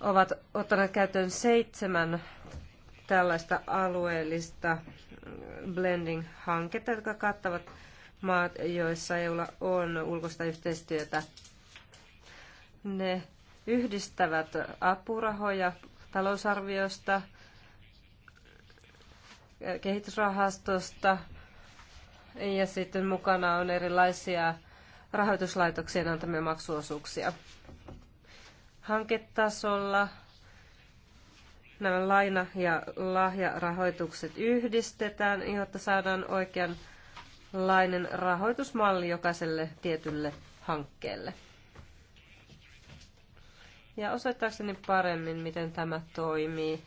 ovat ottaneet käyttöön seitsemän tällaista alueellista blending-hanketta, jotka kattavat maat, joissa EUlla on ulkoista yhteistyötä. Ne yhdistävät apurahoja talousarviosta, kehitysrahastosta ja sitten mukana on erilaisia rahoituslaitoksien antamia maksuosuuksia hanketasolla nämä laina- ja lahjarahoitukset yhdistetään, jotta saadaan oikeanlainen rahoitusmalli jokaiselle tietylle hankkeelle. Ja osoittaakseni paremmin, miten tämä toimii,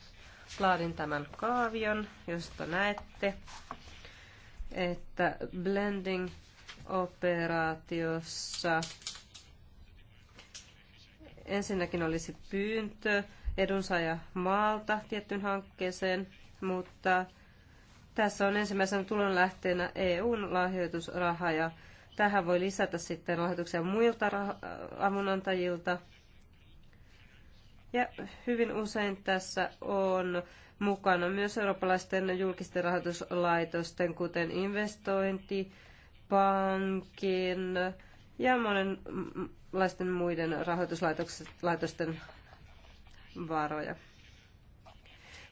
laadin tämän kaavion, josta näette, että blending-operaatiossa Ensinnäkin olisi pyyntö edunsaaja maalta tiettyyn hankkeeseen, mutta tässä on ensimmäisenä tulonlähteenä EUn lahjoitusraha ja tähän voi lisätä sitten lahjoituksia muilta avunantajilta. Ja hyvin usein tässä on mukana myös eurooppalaisten julkisten rahoituslaitosten, kuten investointi, pankin, ja monenlaisten muiden rahoituslaitosten varoja.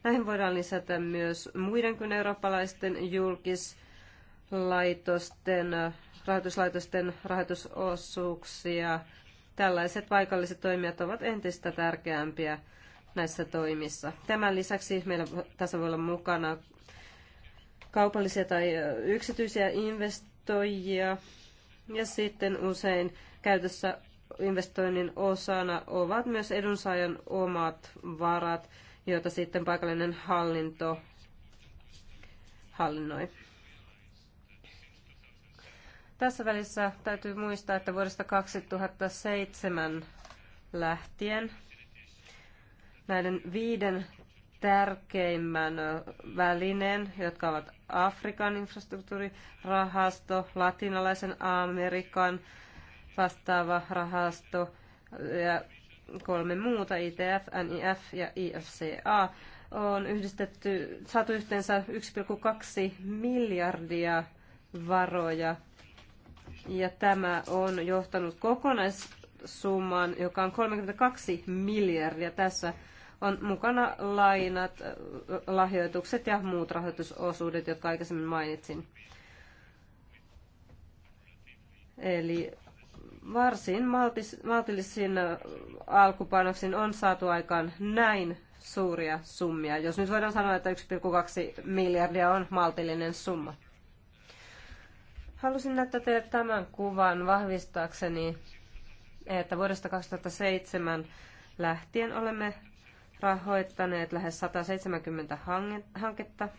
Näihin voidaan lisätä myös muiden kuin eurooppalaisten julkislaitosten, rahoituslaitosten rahoitusosuuksia. Tällaiset paikalliset toimijat ovat entistä tärkeämpiä näissä toimissa. Tämän lisäksi meillä tässä voi olla mukana kaupallisia tai yksityisiä investoijia, ja sitten usein käytössä investoinnin osana ovat myös edunsaajan omat varat, joita sitten paikallinen hallinto hallinnoi. Tässä välissä täytyy muistaa, että vuodesta 2007 lähtien näiden viiden tärkeimmän välineen, jotka ovat Afrikan infrastruktuurirahasto, latinalaisen Amerikan vastaava rahasto ja kolme muuta, ITF, NIF ja IFCA, on yhdistetty, saatu yhteensä 1,2 miljardia varoja. Ja tämä on johtanut kokonaissummaan, joka on 32 miljardia tässä on mukana lainat, lahjoitukset ja muut rahoitusosuudet, jotka aikaisemmin mainitsin. Eli varsin maltis, maltillisin alkupanoksin on saatu aikaan näin suuria summia. Jos nyt voidaan sanoa, että 1,2 miljardia on maltillinen summa. Halusin näyttää teille tämän kuvan vahvistaakseni, että vuodesta 2007 lähtien olemme rahoittaneet lähes 170 hanketta.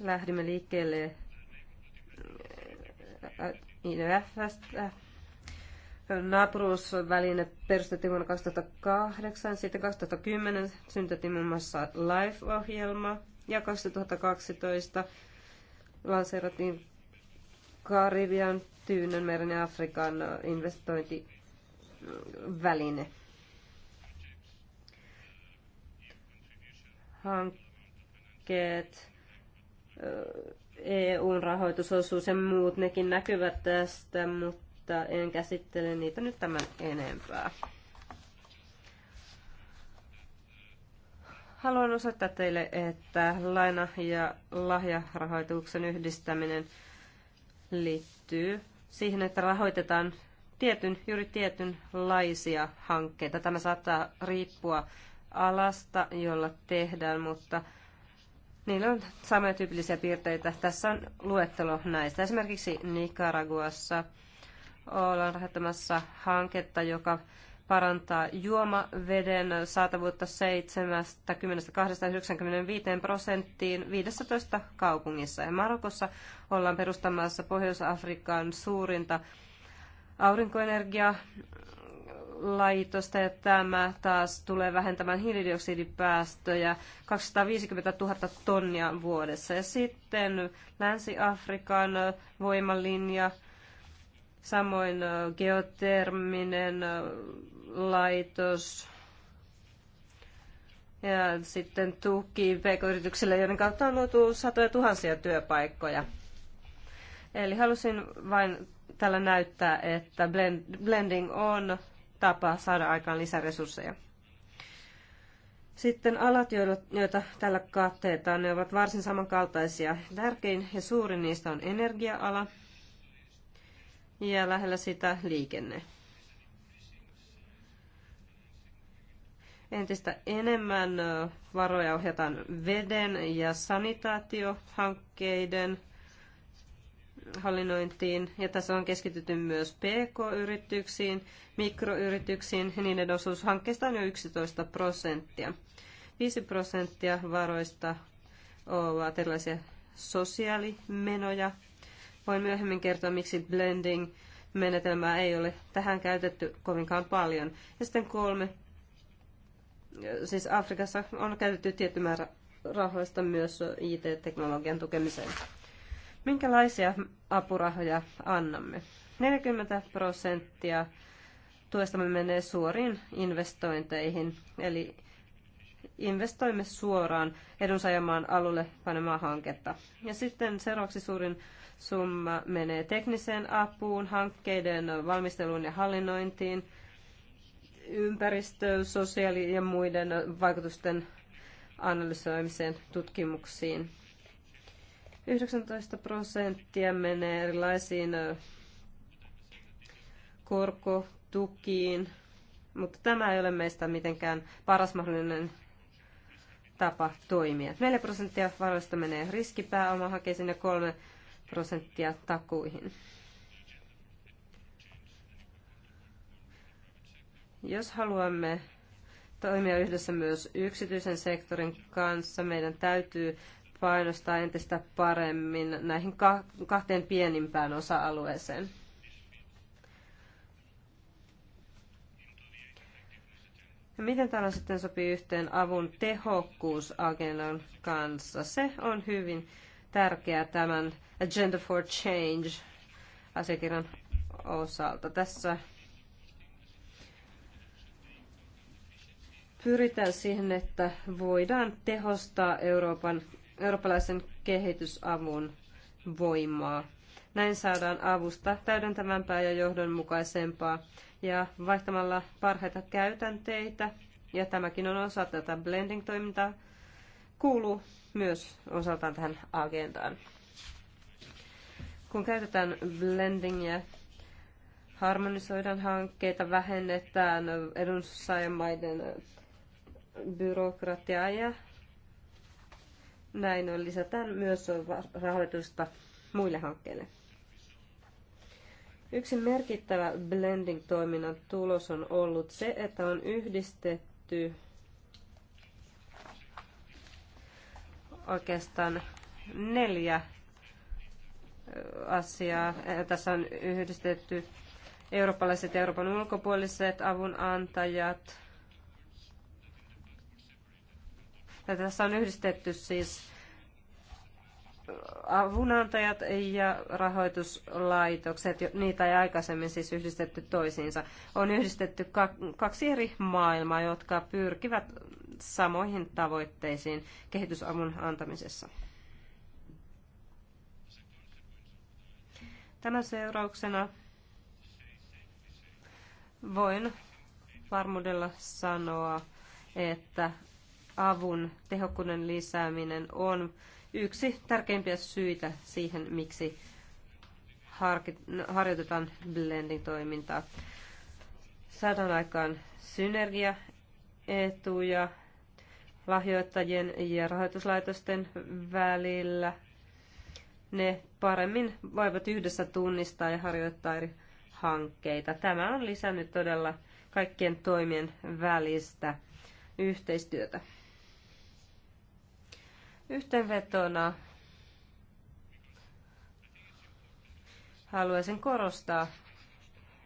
Lähdimme liikkeelle äh, IDFstä. Naapuruusväline perustettiin vuonna 2008, sitten 2010 syntettiin muun muassa LIFE-ohjelma ja 2012 lanseerattiin Karibian, Tyynenmeren ja Afrikan investointi väline. Hankkeet, EUn rahoitusosuus ja muut, nekin näkyvät tästä, mutta en käsittele niitä nyt tämän enempää. haluan osoittaa teille, että laina- ja lahjarahoituksen yhdistäminen liittyy siihen, että rahoitetaan tietyn, juuri tietynlaisia hankkeita. Tämä saattaa riippua alasta, jolla tehdään, mutta niillä on samoja tyypillisiä piirteitä. Tässä on luettelo näistä. Esimerkiksi Nicaraguassa ollaan rahoittamassa hanketta, joka parantaa juomaveden saatavuutta 72-95 prosenttiin 15 kaupungissa. Ja Marokossa ollaan perustamassa Pohjois-Afrikan suurinta aurinkoenergialaitosta ja tämä taas tulee vähentämään hiilidioksidipäästöjä 250 000 tonnia vuodessa. Ja sitten Länsi-Afrikan voimalinja, samoin geoterminen laitos, ja sitten tuki pk-yrityksille, joiden kautta on luotu satoja tuhansia työpaikkoja. Eli halusin vain Tällä näyttää, että blending on tapa saada aikaan lisäresursseja. Sitten alat, joita tällä katteetaan, ne ovat varsin samankaltaisia. Tärkein ja suurin niistä on energia-ala ja lähellä sitä liikenne. Entistä enemmän varoja ohjataan veden ja sanitaatiohankkeiden hallinnointiin ja tässä on keskitytty myös PK-yrityksiin, mikroyrityksiin ja niiden osuus hankkeesta on jo 11 prosenttia. 5 prosenttia varoista ovat erilaisia sosiaalimenoja. Voin myöhemmin kertoa, miksi blending-menetelmää ei ole tähän käytetty kovinkaan paljon. Ja sitten kolme, siis Afrikassa on käytetty tietty määrä rahoista myös IT-teknologian tukemiseen. Minkälaisia apurahoja annamme? 40 prosenttia tuestamme menee suoriin investointeihin, eli investoimme suoraan edunsaajamaan alulle panemaan hanketta. Ja sitten seuraavaksi suurin summa menee tekniseen apuun, hankkeiden valmisteluun ja hallinnointiin, ympäristö-, sosiaali- ja muiden vaikutusten analysoimiseen, tutkimuksiin. 19 prosenttia menee erilaisiin korkotukiin, mutta tämä ei ole meistä mitenkään paras mahdollinen tapa toimia. 4 prosenttia varoista menee riskipääomahakeisiin ja 3 prosenttia takuihin. Jos haluamme toimia yhdessä myös yksityisen sektorin kanssa, meidän täytyy painostaa entistä paremmin näihin kahteen pienimpään osa-alueeseen. Miten tämä sitten sopii yhteen avun tehokkuusagendan kanssa? Se on hyvin tärkeää tämän Agenda for Change asiakirjan osalta. Tässä pyritään siihen, että voidaan tehostaa Euroopan eurooppalaisen kehitysavun voimaa. Näin saadaan avusta täydentävämpää ja johdonmukaisempaa ja vaihtamalla parhaita käytänteitä, ja tämäkin on osa tätä blending-toimintaa, kuuluu myös osaltaan tähän agendaan. Kun käytetään blendingiä, harmonisoidaan hankkeita, vähennetään edunsaajamaiden byrokratiaa ja näin on lisätään myös rahoitusta muille hankkeille. Yksi merkittävä blending-toiminnan tulos on ollut se, että on yhdistetty oikeastaan neljä asiaa. Tässä on yhdistetty eurooppalaiset ja Euroopan ulkopuoliset avunantajat, Ja tässä on yhdistetty siis avunantajat ja rahoituslaitokset, niitä ei aikaisemmin siis yhdistetty toisiinsa. On yhdistetty kaksi eri maailmaa, jotka pyrkivät samoihin tavoitteisiin kehitysavun antamisessa. Tämän seurauksena voin varmuudella sanoa, että avun tehokkuuden lisääminen on yksi tärkeimpiä syitä siihen, miksi harjoitetaan blending-toimintaa. Saadaan aikaan synergiaetuja lahjoittajien ja rahoituslaitosten välillä. Ne paremmin voivat yhdessä tunnistaa ja harjoittaa eri hankkeita. Tämä on lisännyt todella kaikkien toimien välistä yhteistyötä. Yhteenvetona haluaisin korostaa,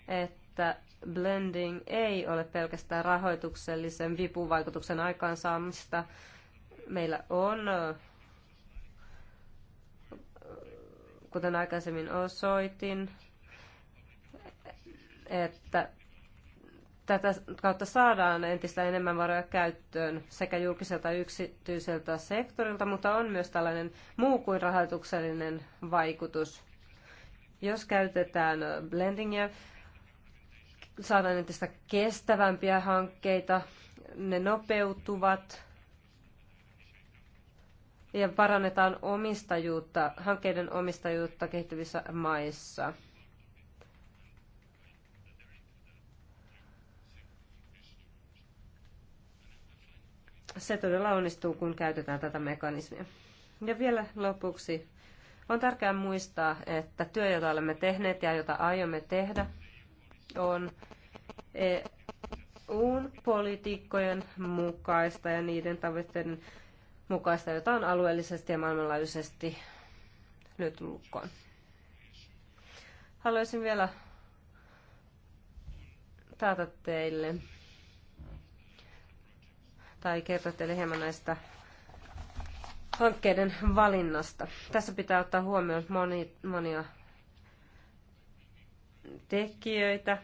että blending ei ole pelkästään rahoituksellisen vipuvaikutuksen aikaansaamista. Meillä on, kuten aikaisemmin osoitin, että tätä kautta saadaan entistä enemmän varoja käyttöön sekä julkiselta yksityiseltä sektorilta, mutta on myös tällainen muu kuin rahoituksellinen vaikutus. Jos käytetään blendingia. saadaan entistä kestävämpiä hankkeita, ne nopeutuvat ja parannetaan omistajuutta, hankkeiden omistajuutta kehittyvissä maissa. se todella onnistuu, kun käytetään tätä mekanismia. Ja vielä lopuksi on tärkeää muistaa, että työ, jota olemme tehneet ja jota aiomme tehdä, on EUn politiikkojen mukaista ja niiden tavoitteiden mukaista, jota on alueellisesti ja maailmanlaajuisesti lyöty lukkoon. Haluaisin vielä taata teille tai kertoa teille hieman näistä hankkeiden valinnasta. Tässä pitää ottaa huomioon moni, monia tekijöitä,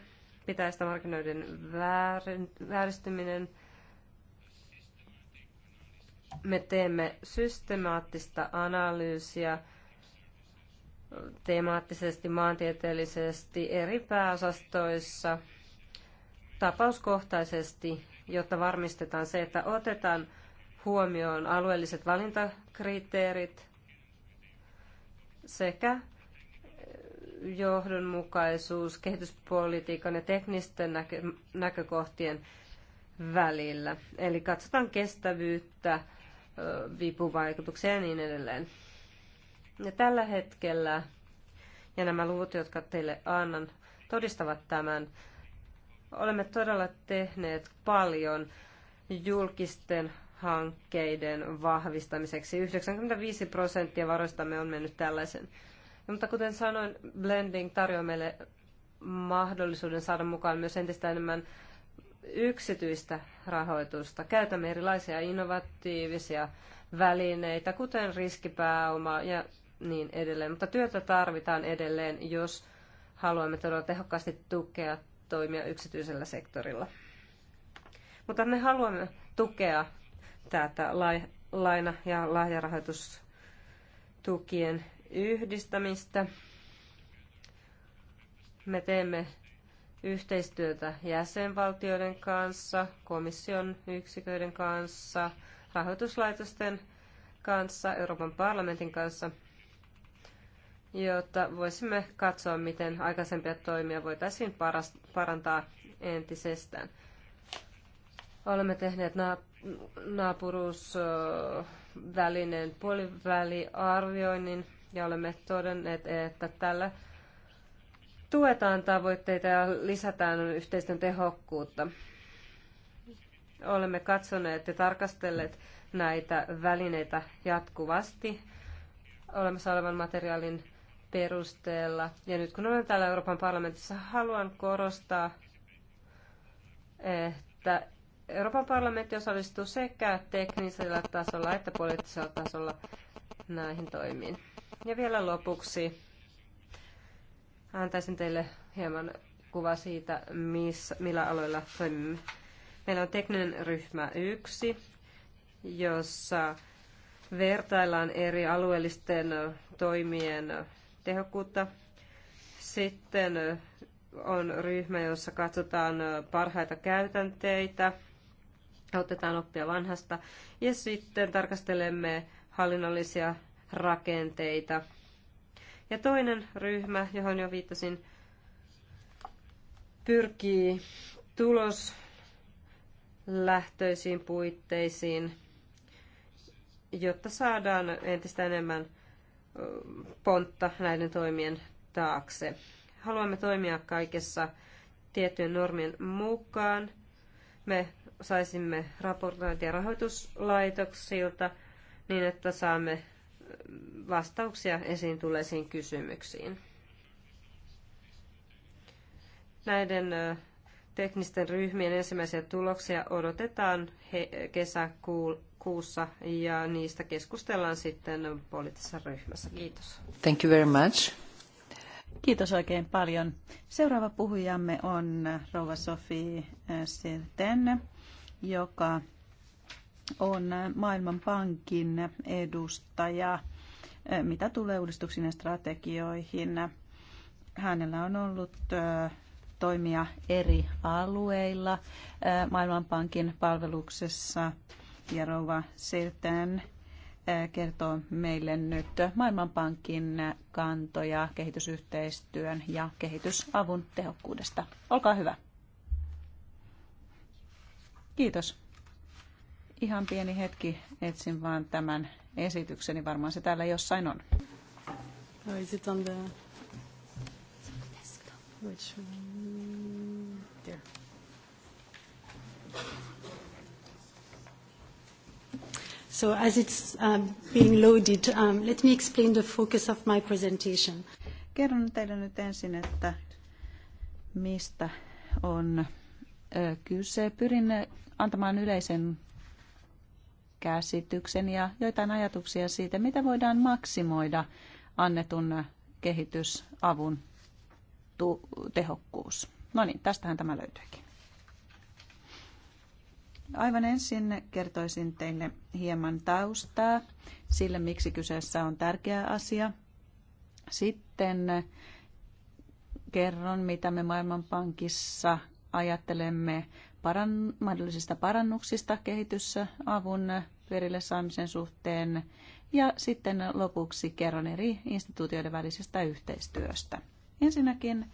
sitä markkinoiden väärin, vääristyminen. Me teemme systemaattista analyysiä temaattisesti, maantieteellisesti eri pääosastoissa tapauskohtaisesti jotta varmistetaan se, että otetaan huomioon alueelliset valintakriteerit sekä eh, johdonmukaisuus kehityspolitiikan ja teknisten näkö, näkökohtien välillä. Eli katsotaan kestävyyttä, eh, vipuvaikutuksia ja niin edelleen. Ja tällä hetkellä, ja nämä luvut, jotka teille annan, todistavat tämän, Olemme todella tehneet paljon julkisten hankkeiden vahvistamiseksi. 95 prosenttia varoistamme on mennyt tällaisen. Mutta kuten sanoin, blending tarjoaa meille mahdollisuuden saada mukaan myös entistä enemmän yksityistä rahoitusta. Käytämme erilaisia innovatiivisia välineitä, kuten riskipääoma ja niin edelleen. Mutta työtä tarvitaan edelleen, jos haluamme todella tehokkaasti tukea toimia yksityisellä sektorilla. Mutta me haluamme tukea tätä laina- ja lahjarahoitustukien yhdistämistä. Me teemme yhteistyötä jäsenvaltioiden kanssa, komission yksiköiden kanssa, rahoituslaitosten kanssa, Euroopan parlamentin kanssa – jotta voisimme katsoa, miten aikaisempia toimia voitaisiin parantaa entisestään. Olemme tehneet naapuruusvälineen puoliväliarvioinnin ja olemme todenneet, että tällä tuetaan tavoitteita ja lisätään yhteisten tehokkuutta. Olemme katsoneet ja tarkastelleet näitä välineitä jatkuvasti olemassa olevan materiaalin perusteella. Ja nyt kun olen täällä Euroopan parlamentissa, haluan korostaa, että Euroopan parlamentti osallistuu sekä teknisellä tasolla että poliittisella tasolla näihin toimiin. Ja vielä lopuksi antaisin teille hieman kuva siitä, missä, millä aloilla toimimme. Meillä on tekninen ryhmä yksi, jossa vertaillaan eri alueellisten toimien tehokkuutta. Sitten on ryhmä, jossa katsotaan parhaita käytänteitä, otetaan oppia vanhasta ja sitten tarkastelemme hallinnollisia rakenteita. Ja toinen ryhmä, johon jo viittasin, pyrkii tuloslähtöisiin puitteisiin, jotta saadaan entistä enemmän pontta näiden toimien taakse. Haluamme toimia kaikessa tiettyjen normien mukaan. Me saisimme raportointia rahoituslaitoksilta niin, että saamme vastauksia esiin tulleisiin kysymyksiin. Näiden teknisten ryhmien ensimmäisiä tuloksia odotetaan kesäkuun kuussa ja niistä keskustellaan sitten poliittisessa ryhmässä. Kiitos. Thank you very much. Kiitos oikein paljon. Seuraava puhujamme on rouva Sofi eh, Sirten, joka on Maailmanpankin edustaja, eh, mitä tulee uudistuksiin ja strategioihin. Hänellä on ollut eh, toimia eri alueilla Maailmanpankin palveluksessa – ja Rouva kertoo meille nyt Maailmanpankin kantoja kehitysyhteistyön ja kehitysavun tehokkuudesta. Olkaa hyvä. Kiitos. Ihan pieni hetki etsin vaan tämän esitykseni. Varmaan se täällä jossain on. Is it on the... Which one? So as it's um, being loaded, um, let me explain the focus of my presentation. Kerron teille nyt ensin, että mistä on kyse. Pyrin antamaan yleisen käsityksen ja joitain ajatuksia siitä, mitä voidaan maksimoida annetun kehitysavun tehokkuus. No niin, tästähän tämä löytyykin. Aivan ensin kertoisin teille hieman taustaa sille, miksi kyseessä on tärkeä asia. Sitten kerron, mitä me Maailmanpankissa ajattelemme paran, mahdollisista parannuksista kehityssä avun perille saamisen suhteen. Ja sitten lopuksi kerron eri instituutioiden välisestä yhteistyöstä. Ensinnäkin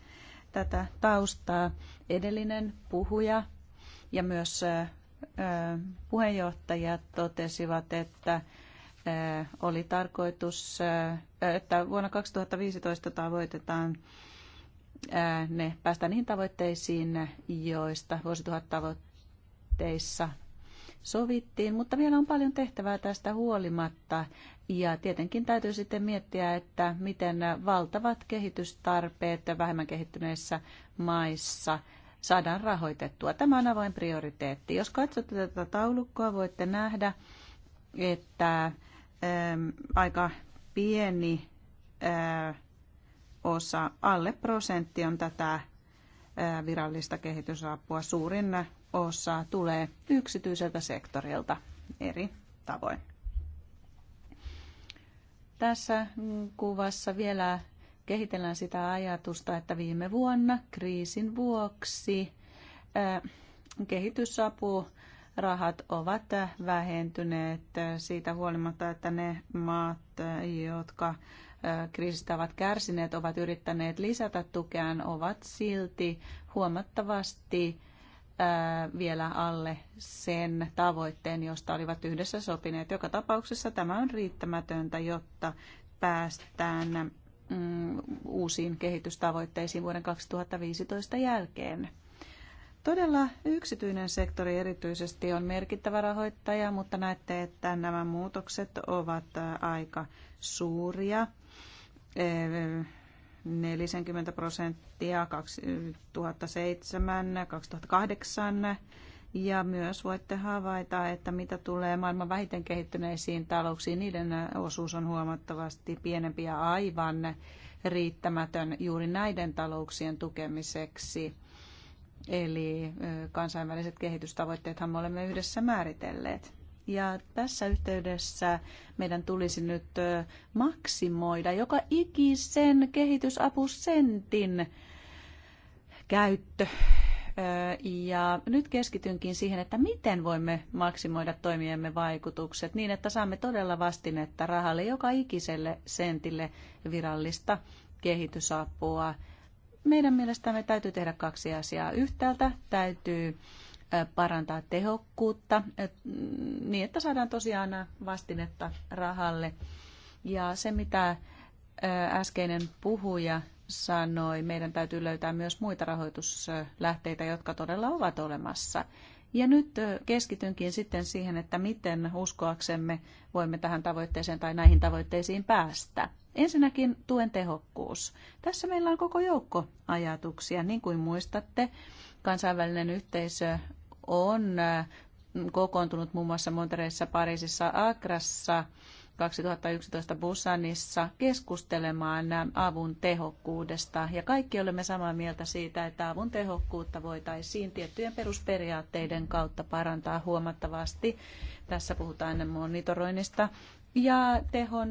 tätä taustaa edellinen puhuja ja myös puheenjohtajat totesivat, että oli tarkoitus, että vuonna 2015 tavoitetaan ne päästään niihin tavoitteisiin, joista vuosituhattavoitteissa sovittiin, mutta vielä on paljon tehtävää tästä huolimatta. Ja tietenkin täytyy sitten miettiä, että miten valtavat kehitystarpeet vähemmän kehittyneissä maissa – saadaan rahoitettua. Tämä on avoin prioriteetti. Jos katsotte tätä taulukkoa, voitte nähdä, että ähm, aika pieni ää, äh, osa, alle prosentti on tätä ää, äh, virallista kehitysapua. Suurin osa tulee yksityiseltä sektorilta eri tavoin. Tässä kuvassa vielä kehitellään sitä ajatusta, että viime vuonna kriisin vuoksi äh, kehitysapu rahat ovat vähentyneet siitä huolimatta, että ne maat, jotka äh, kriisistä ovat kärsineet, ovat yrittäneet lisätä tukeaan, ovat silti huomattavasti äh, vielä alle sen tavoitteen, josta olivat yhdessä sopineet. Joka tapauksessa tämä on riittämätöntä, jotta päästään Mm, uusiin kehitystavoitteisiin vuoden 2015 jälkeen. Todella yksityinen sektori erityisesti on merkittävä rahoittaja, mutta näette, että nämä muutokset ovat aika suuria. 40 e, prosenttia 2007, 2008 ja myös voitte havaita, että mitä tulee maailman vähiten kehittyneisiin talouksiin, niiden osuus on huomattavasti pienempi ja aivan riittämätön juuri näiden talouksien tukemiseksi. Eli kansainväliset kehitystavoitteethan me olemme yhdessä määritelleet. Ja tässä yhteydessä meidän tulisi nyt maksimoida joka ikisen kehitysapusentin käyttö ja nyt keskitynkin siihen, että miten voimme maksimoida toimiemme vaikutukset niin, että saamme todella vastinetta rahalle joka ikiselle sentille virallista kehitysapua. Meidän mielestämme täytyy tehdä kaksi asiaa. Yhtäältä täytyy parantaa tehokkuutta niin, että saadaan tosiaan vastinetta rahalle. Ja se, mitä äskeinen puhuja sanoi, meidän täytyy löytää myös muita rahoituslähteitä, jotka todella ovat olemassa. Ja nyt keskitynkin sitten siihen, että miten uskoaksemme voimme tähän tavoitteeseen tai näihin tavoitteisiin päästä. Ensinnäkin tuen tehokkuus. Tässä meillä on koko joukko ajatuksia. Niin kuin muistatte, kansainvälinen yhteisö on kokoontunut muun muassa Montereissa, Pariisissa, Akrassa – 2011 Busanissa keskustelemaan avun tehokkuudesta. Ja kaikki olemme samaa mieltä siitä, että avun tehokkuutta voitaisiin tiettyjen perusperiaatteiden kautta parantaa huomattavasti. Tässä puhutaan monitoroinnista ja tehon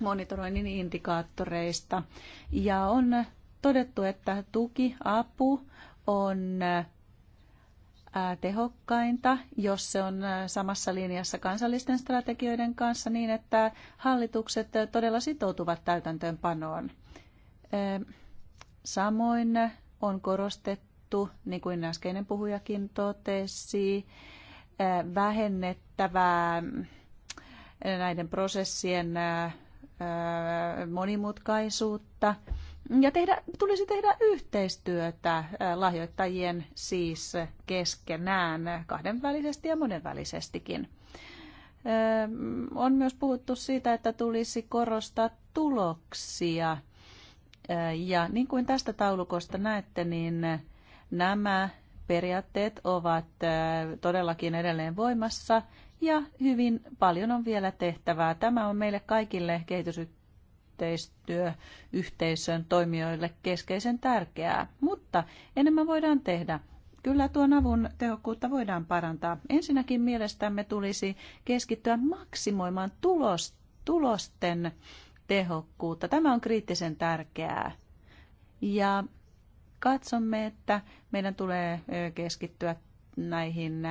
monitoroinnin indikaattoreista. Ja on todettu, että tuki, apu on tehokkainta, jos se on samassa linjassa kansallisten strategioiden kanssa niin, että hallitukset todella sitoutuvat täytäntöönpanoon. Samoin on korostettu, niin kuin äskeinen puhujakin totesi, vähennettävää näiden prosessien monimutkaisuutta ja tehdä, tulisi tehdä yhteistyötä lahjoittajien siis keskenään kahdenvälisesti ja monenvälisestikin. On myös puhuttu siitä, että tulisi korostaa tuloksia. Ja niin kuin tästä taulukosta näette, niin nämä periaatteet ovat todellakin edelleen voimassa ja hyvin paljon on vielä tehtävää. Tämä on meille kaikille kehitysyhteistyötä yhteistyö yhteisön toimijoille keskeisen tärkeää, mutta enemmän voidaan tehdä. Kyllä tuon avun tehokkuutta voidaan parantaa. Ensinnäkin mielestämme tulisi keskittyä maksimoimaan tulos, tulosten tehokkuutta. Tämä on kriittisen tärkeää. Ja katsomme, että meidän tulee keskittyä näihin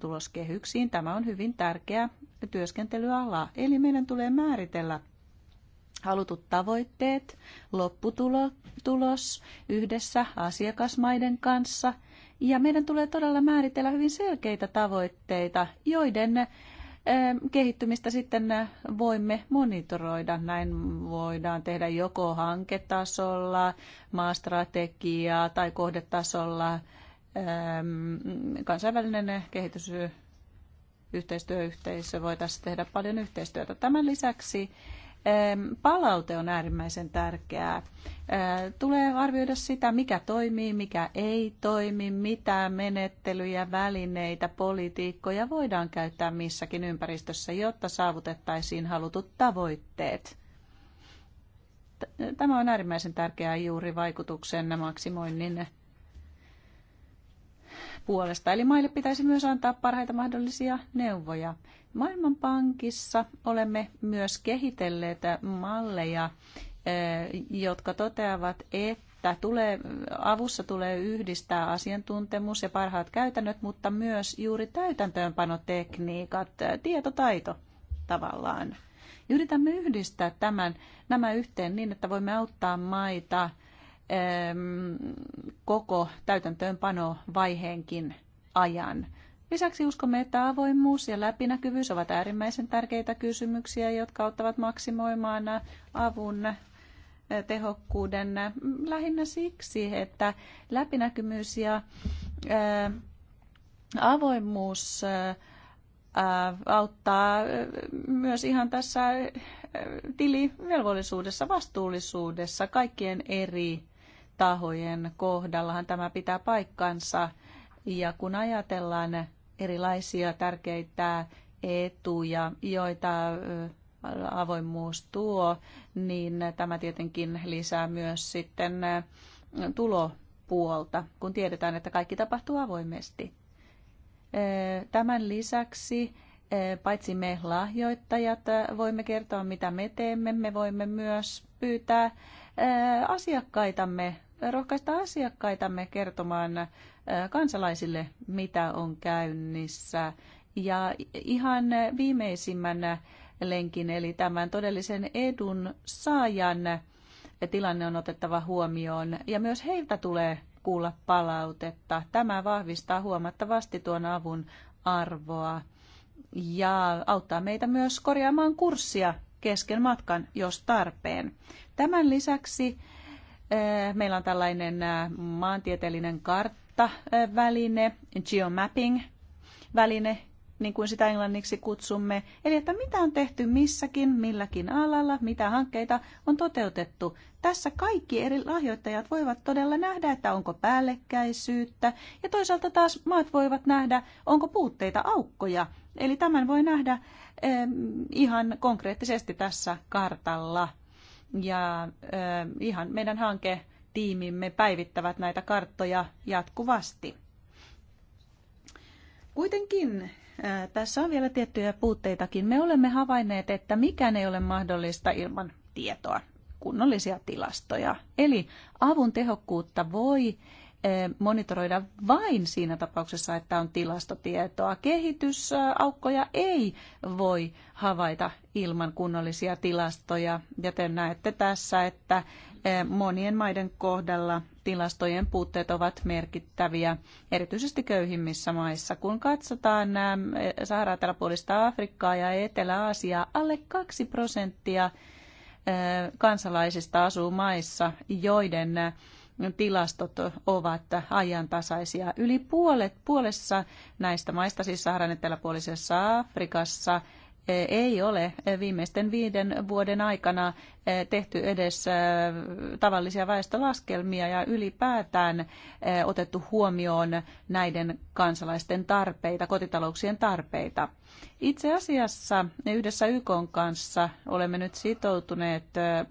tuloskehyksiin. Tämä on hyvin tärkeä työskentelyala. Eli meidän tulee määritellä halutut tavoitteet, lopputulos yhdessä asiakasmaiden kanssa. Ja meidän tulee todella määritellä hyvin selkeitä tavoitteita, joiden eh, kehittymistä sitten eh, voimme monitoroida. Näin voidaan tehdä joko hanketasolla, maastrategiaa tai kohdetasolla ehm, kansainvälinen kehitys yhteistyöyhteisö voi tässä tehdä paljon yhteistyötä. Tämän lisäksi Palaute on äärimmäisen tärkeää. Tulee arvioida sitä, mikä toimii, mikä ei toimi, mitä menettelyjä, välineitä, politiikkoja voidaan käyttää missäkin ympäristössä, jotta saavutettaisiin halutut tavoitteet. Tämä on äärimmäisen tärkeää juuri vaikutuksen maksimoinnin puolesta. Eli maille pitäisi myös antaa parhaita mahdollisia neuvoja. Maailmanpankissa olemme myös kehitelleet malleja, eh, jotka toteavat, että tulee, avussa tulee yhdistää asiantuntemus ja parhaat käytännöt, mutta myös juuri täytäntöönpanotekniikat, eh, tietotaito tavallaan. Yritämme yhdistää tämän, nämä yhteen niin, että voimme auttaa maita koko täytäntöönpanovaiheenkin ajan. Lisäksi uskomme, että avoimuus ja läpinäkyvyys ovat äärimmäisen tärkeitä kysymyksiä, jotka auttavat maksimoimaan avun tehokkuuden lähinnä siksi, että läpinäkyvyys ja avoimuus auttaa myös ihan tässä tilivelvollisuudessa, vastuullisuudessa kaikkien eri tahojen kohdallahan tämä pitää paikkansa. Ja kun ajatellaan erilaisia tärkeitä etuja, joita avoimuus tuo, niin tämä tietenkin lisää myös sitten tulopuolta, kun tiedetään, että kaikki tapahtuu avoimesti. Tämän lisäksi paitsi me lahjoittajat voimme kertoa, mitä me teemme, me voimme myös pyytää asiakkaitamme, rohkaista asiakkaitamme kertomaan kansalaisille, mitä on käynnissä. Ja ihan viimeisimmän lenkin, eli tämän todellisen edun saajan tilanne on otettava huomioon ja myös heiltä tulee kuulla palautetta. Tämä vahvistaa huomattavasti tuon avun arvoa ja auttaa meitä myös korjaamaan kurssia kesken matkan, jos tarpeen. Tämän lisäksi Eh, meillä on tällainen eh, maantieteellinen karttaväline, geomapping-väline, niin kuin sitä englanniksi kutsumme. Eli että mitä on tehty missäkin, milläkin alalla, mitä hankkeita on toteutettu. Tässä kaikki eri lahjoittajat voivat todella nähdä, että onko päällekkäisyyttä, ja toisaalta taas maat voivat nähdä, onko puutteita, aukkoja. Eli tämän voi nähdä eh, ihan konkreettisesti tässä kartalla ja ihan meidän hanketiimimme päivittävät näitä karttoja jatkuvasti. Kuitenkin tässä on vielä tiettyjä puutteitakin. Me olemme havainneet, että mikään ei ole mahdollista ilman tietoa, kunnollisia tilastoja. Eli avun tehokkuutta voi Eh, monitoroida vain siinä tapauksessa, että on tilastotietoa. Kehitysaukkoja ei voi havaita ilman kunnollisia tilastoja, joten näette tässä, että eh, monien maiden kohdalla tilastojen puutteet ovat merkittäviä, erityisesti köyhimmissä maissa. Kun katsotaan nämä eh, Saharaa eteläpuolista Afrikkaa ja Etelä-Aasiaa, alle 2 prosenttia kansalaisista asuu maissa, joiden tilastot ovat ajantasaisia. Yli puolet, puolessa näistä maista, siis Saharan eteläpuolisessa Afrikassa, e, ei ole viimeisten viiden vuoden aikana e, tehty edes e, tavallisia väestölaskelmia ja ylipäätään otettu huomioon näiden kansalaisten tarpeita, kotitalouksien tarpeita. Itse asiassa yhdessä YK kanssa olemme nyt sitoutuneet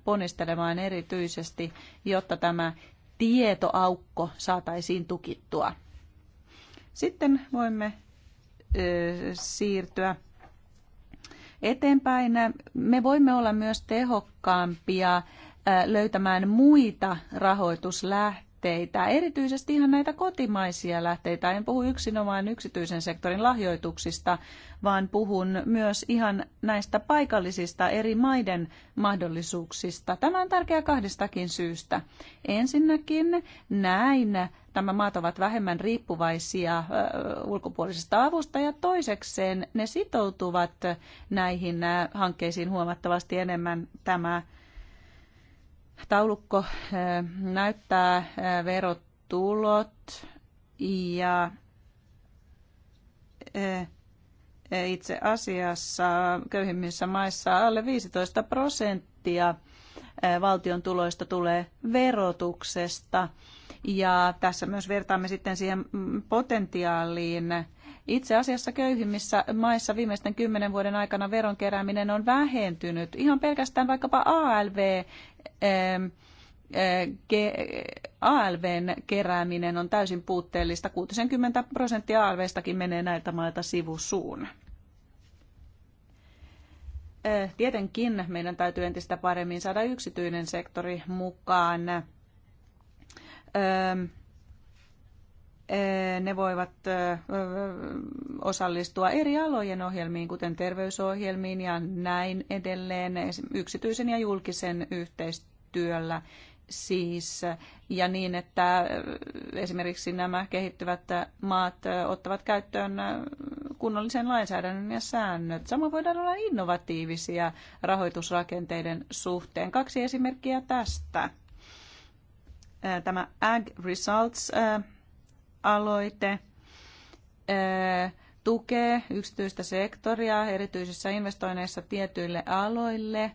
ponnistelemaan erityisesti, jotta tämä tietoaukko saataisiin tukittua. Sitten voimme siirtyä eteenpäin. Me voimme olla myös tehokkaampia löytämään muita rahoituslähteitä lähteitä, erityisesti ihan näitä kotimaisia lähteitä. En puhu yksinomaan yksityisen sektorin lahjoituksista, vaan puhun myös ihan näistä paikallisista eri maiden mahdollisuuksista. Tämä on tärkeää kahdestakin syystä. Ensinnäkin näin nämä maat ovat vähemmän riippuvaisia ulkopuolisesta avusta ja toisekseen ne sitoutuvat näihin hankkeisiin huomattavasti enemmän tämä taulukko eh, näyttää eh, verotulot ja eh, itse asiassa köyhimmissä maissa alle 15 prosenttia valtion tuloista tulee verotuksesta ja tässä myös vertaamme sitten siihen mm, potentiaaliin. Itse asiassa köyhimmissä maissa viimeisten kymmenen vuoden aikana veron kerääminen on vähentynyt. Ihan pelkästään vaikkapa ALV eh, ALVn kerääminen on täysin puutteellista. 60 prosenttia ALVstakin menee näiltä mailta sivusuun. Eh, tietenkin meidän täytyy entistä paremmin saada yksityinen sektori mukaan Öö, ne voivat öö, öö, osallistua eri alojen ohjelmiin, kuten terveysohjelmiin ja näin edelleen, yksityisen ja julkisen yhteistyöllä siis, ja niin, että esimerkiksi nämä kehittyvät maat ottavat käyttöön kunnollisen lainsäädännön ja säännöt. Samoin voidaan olla innovatiivisia rahoitusrakenteiden suhteen. Kaksi esimerkkiä tästä tämä Ag Results-aloite tukee yksityistä sektoria erityisissä investoinneissa tietyille aloille,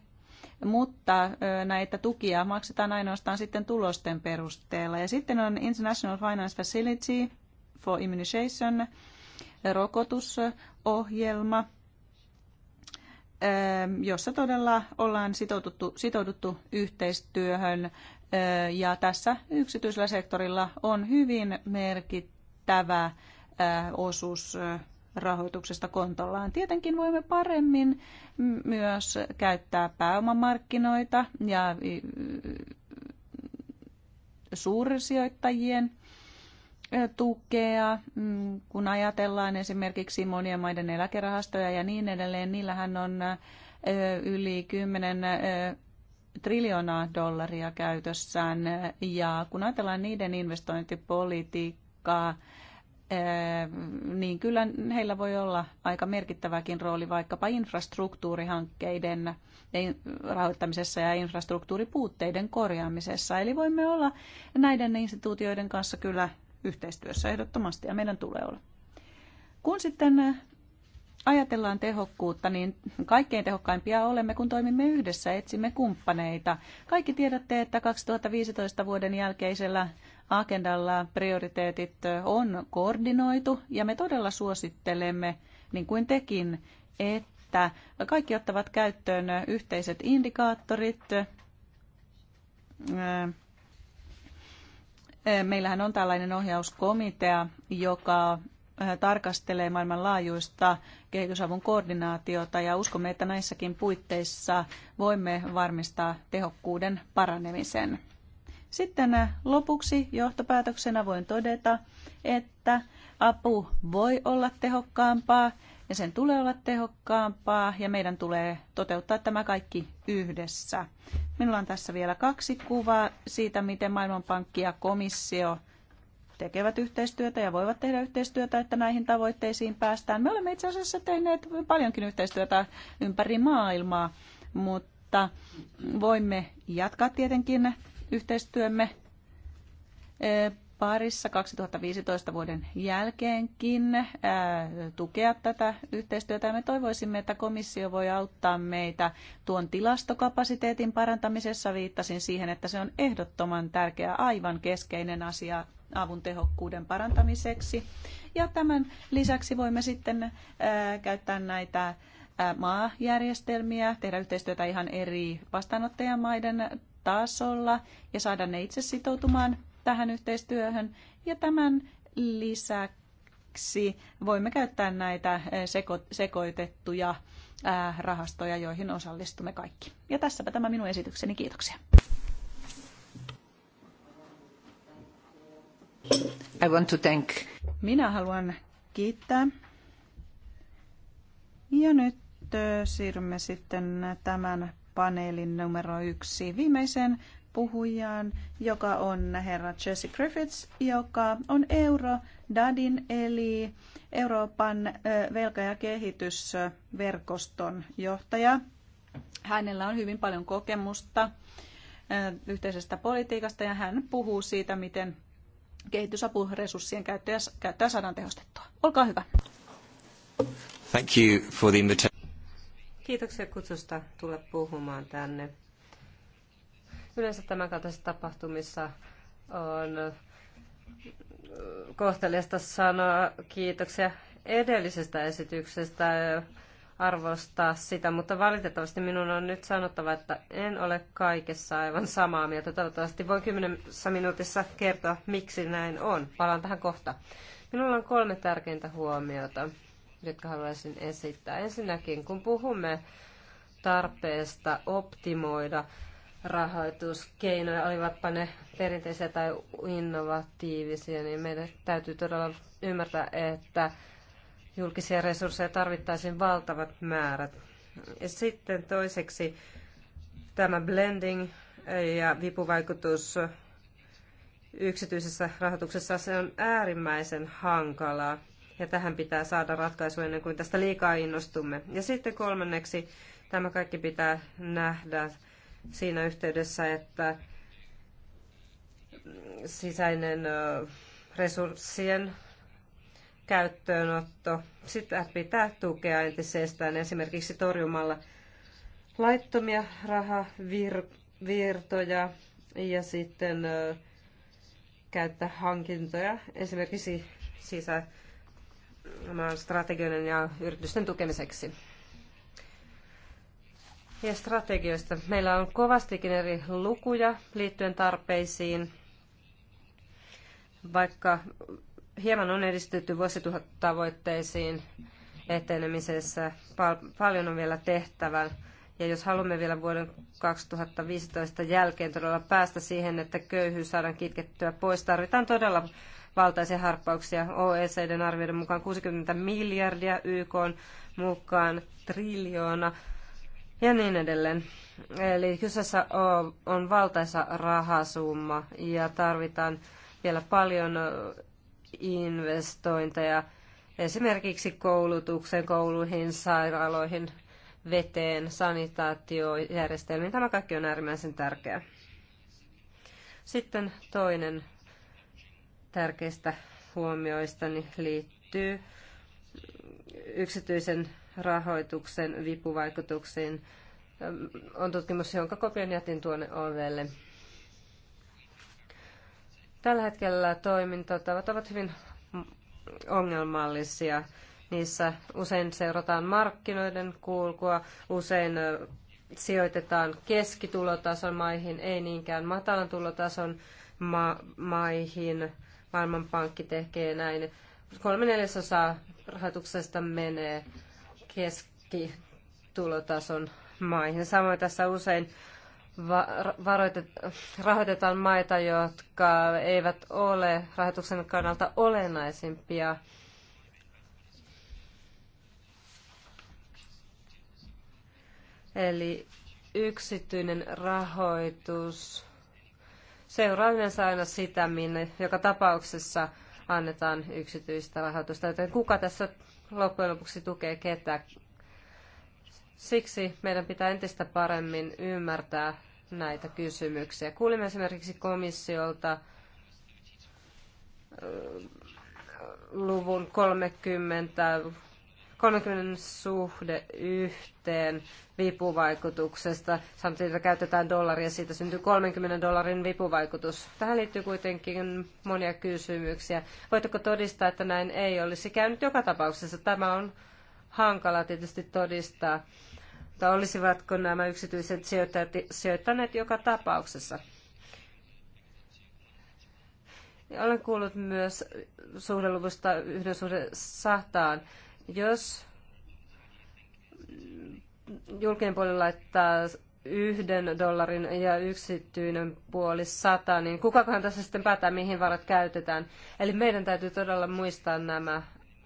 mutta näitä tukia maksetaan ainoastaan sitten tulosten perusteella. Ja sitten on International Finance Facility for Immunization rokotusohjelma, jossa todella ollaan sitouduttu, sitouduttu yhteistyöhön ja tässä yksityisellä sektorilla on hyvin merkittävä osuus rahoituksesta kontollaan. Tietenkin voimme paremmin myös käyttää pääomamarkkinoita ja suursijoittajien tukea, mm, kun ajatellaan esimerkiksi monien maiden eläkerahastoja ja niin edelleen, niillähän on yli 10 triljoonaa dollaria käytössään. Ja kun ajatellaan niiden investointipolitiikkaa, eh, niin kyllä heillä voi olla aika merkittäväkin rooli vaikkapa infrastruktuurihankkeiden rahoittamisessa ja infrastruktuuripuutteiden korjaamisessa. Eli voimme olla näiden instituutioiden kanssa kyllä yhteistyössä ehdottomasti ja meidän tulee olla. Kun sitten ajatellaan tehokkuutta, niin kaikkein tehokkaimpia olemme, kun toimimme yhdessä, etsimme kumppaneita. Kaikki tiedätte, että 2015 vuoden jälkeisellä agendalla prioriteetit on koordinoitu ja me todella suosittelemme, niin kuin tekin, että kaikki ottavat käyttöön yhteiset indikaattorit. Meillähän on tällainen ohjauskomitea, joka Äh, tarkastelee maailmanlaajuista kehitysavun koordinaatiota ja uskomme, että näissäkin puitteissa voimme varmistaa tehokkuuden paranemisen. Sitten äh, lopuksi johtopäätöksenä voin todeta, että apu voi olla tehokkaampaa ja sen tulee olla tehokkaampaa ja meidän tulee toteuttaa tämä kaikki yhdessä. Minulla on tässä vielä kaksi kuvaa siitä, miten Maailmanpankki ja komissio tekevät yhteistyötä ja voivat tehdä yhteistyötä, että näihin tavoitteisiin päästään. Me olemme itse asiassa tehneet paljonkin yhteistyötä ympäri maailmaa, mutta voimme jatkaa tietenkin yhteistyömme eh, parissa 2015 vuoden jälkeenkin eh, tukea tätä yhteistyötä. Me toivoisimme, että komissio voi auttaa meitä tuon tilastokapasiteetin parantamisessa. Viittasin siihen, että se on ehdottoman tärkeä, aivan keskeinen asia avun tehokkuuden parantamiseksi. Ja tämän lisäksi voimme sitten äh, käyttää näitä äh, maajärjestelmiä, tehdä yhteistyötä ihan eri vastaanottajamaiden tasolla ja saada ne itse sitoutumaan tähän yhteistyöhön. Ja tämän lisäksi voimme käyttää näitä äh, seko- sekoitettuja rahastoja, joihin osallistumme kaikki. Ja tässäpä tämä minun esitykseni. Kiitoksia. I want to thank. Minä haluan kiittää. Ja nyt siirrymme sitten tämän paneelin numero yksi viimeisen puhujaan, joka on herra Jesse Griffiths, joka on Euro Dadin eli Euroopan velka- ja kehitysverkoston johtaja. Hänellä on hyvin paljon kokemusta yhteisestä politiikasta ja hän puhuu siitä, miten kehitysapuresurssien käyttöä, käyttöä saadaan tehostettua. Olkaa hyvä. Thank you for the invitation. Kiitoksia kutsusta tulla puhumaan tänne. Yleensä tämän kaltaisissa tapahtumissa on kohteliasta sanoa kiitoksia edellisestä esityksestä arvostaa sitä, mutta valitettavasti minun on nyt sanottava, että en ole kaikessa aivan samaa mieltä. Toivottavasti voin kymmenessä minuutissa kertoa, miksi näin on. Palaan tähän kohta. Minulla on kolme tärkeintä huomiota, jotka haluaisin esittää. Ensinnäkin, kun puhumme tarpeesta optimoida rahoituskeinoja, olivatpa ne perinteisiä tai innovatiivisia, niin meidän täytyy todella ymmärtää, että julkisia resursseja tarvittaisiin valtavat määrät. Ja sitten toiseksi tämä blending ja vipuvaikutus yksityisessä rahoituksessa se on äärimmäisen hankalaa. Ja tähän pitää saada ratkaisu ennen kuin tästä liikaa innostumme. Ja sitten kolmanneksi tämä kaikki pitää nähdä siinä yhteydessä, että sisäinen resurssien käyttöönotto, sitä pitää tukea entisestään esimerkiksi torjumalla laittomia rahavirtoja ja sitten käyttää hankintoja esimerkiksi sisämaan strategioiden ja yritysten tukemiseksi. Ja strategioista. Meillä on kovastikin eri lukuja liittyen tarpeisiin, vaikka hieman on edistytty vuosituhattavoitteisiin etenemisessä. Pal- paljon on vielä tehtävän. Ja jos haluamme vielä vuoden 2015 jälkeen todella päästä siihen, että köyhyys saadaan kitkettyä pois, tarvitaan todella valtaisia harppauksia. OECDn arvioiden mukaan 60 miljardia, YK mukaan triljoona ja niin edelleen. Eli kyseessä on valtaisa rahasumma ja tarvitaan vielä paljon investointeja esimerkiksi koulutukseen, kouluihin, sairaaloihin, veteen, sanitaatiojärjestelmiin. Tämä kaikki on äärimmäisen tärkeää. Sitten toinen tärkeistä huomioistani niin liittyy yksityisen rahoituksen vipuvaikutuksiin. On tutkimus, jonka kopion jätin tuonne ovelle. Tällä hetkellä toimintatavat ovat hyvin ongelmallisia. Niissä usein seurataan markkinoiden kulkua, usein sijoitetaan keskitulotason maihin, ei niinkään matalan tulotason ma- maihin. Maailmanpankki tekee näin. Kolme neljäsosaa rahoituksesta menee keskitulotason maihin. Samoin tässä usein va- rahoitetaan maita, jotka eivät ole rahoituksen kannalta olennaisimpia. Eli yksityinen rahoitus seuraa yleensä aina sitä, minne joka tapauksessa annetaan yksityistä rahoitusta, joten kuka tässä loppujen lopuksi tukee ketä. Siksi meidän pitää entistä paremmin ymmärtää näitä kysymyksiä. Kuulimme esimerkiksi komissiolta luvun 30, 30 suhde yhteen vipuvaikutuksesta. Sanotaan, että käytetään dollaria, siitä syntyy 30 dollarin vipuvaikutus. Tähän liittyy kuitenkin monia kysymyksiä. Voitteko todistaa, että näin ei olisi käynyt joka tapauksessa? Tämä on hankala tietysti todistaa mutta olisivatko nämä yksityiset sijoittajat sijoittaneet joka tapauksessa? Olen kuullut myös suhdeluvusta yhden suhde sahtaan. Jos julkinen puoli laittaa yhden dollarin ja yksityinen puoli sata, niin kukakohan tässä sitten päättää, mihin varat käytetään. Eli meidän täytyy todella muistaa nämä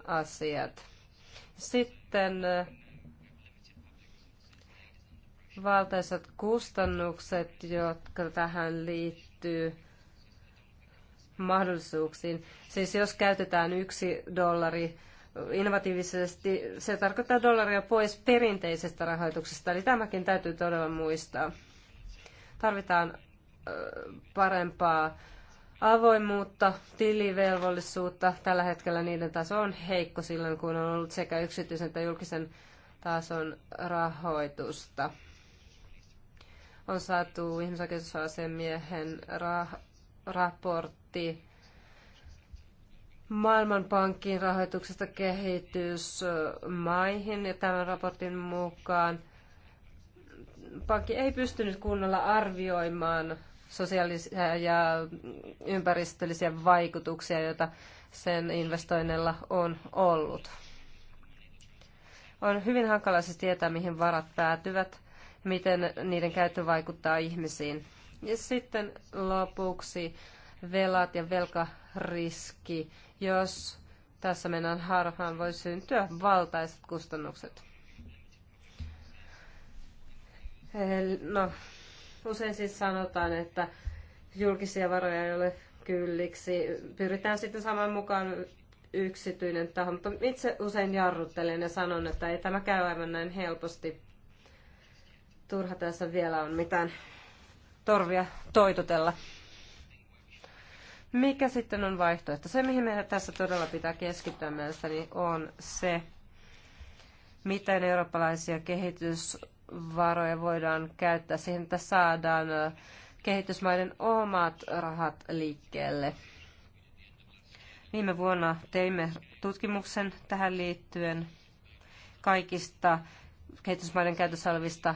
asiat. Sitten valtaisat kustannukset, jotka tähän liittyy mahdollisuuksiin. Siis jos käytetään yksi dollari innovatiivisesti, se tarkoittaa dollaria pois perinteisestä rahoituksesta, eli tämäkin täytyy todella muistaa. Tarvitaan parempaa avoimuutta, tilivelvollisuutta. Tällä hetkellä niiden taso on heikko silloin, kun on ollut sekä yksityisen että julkisen tason rahoitusta on saatu ihmisoikeusasiamiehen ra- raportti Maailmanpankin rahoituksesta kehitysmaihin ja tämän raportin mukaan pankki ei pystynyt kunnolla arvioimaan sosiaalisia ja ympäristöllisiä vaikutuksia, joita sen investoinnilla on ollut. On hyvin hankala siis tietää, mihin varat päätyvät miten niiden käyttö vaikuttaa ihmisiin. Ja sitten lopuksi velat ja velkariski. Jos tässä mennään harhaan, voi syntyä valtaiset kustannukset. No, usein siis sanotaan, että julkisia varoja ei ole kylliksi. Pyritään sitten saman mukaan yksityinen taho, mutta itse usein jarruttelen ja sanon, että ei tämä käy aivan näin helposti. Turha tässä vielä on mitään torvia toitotella. Mikä sitten on vaihtoehto? Se, mihin meidän tässä todella pitää keskittyä mielestäni, on se, miten eurooppalaisia kehitysvaroja voidaan käyttää siihen, että saadaan kehitysmaiden omat rahat liikkeelle. Viime vuonna teimme tutkimuksen tähän liittyen kaikista kehitysmaiden käytössä olevista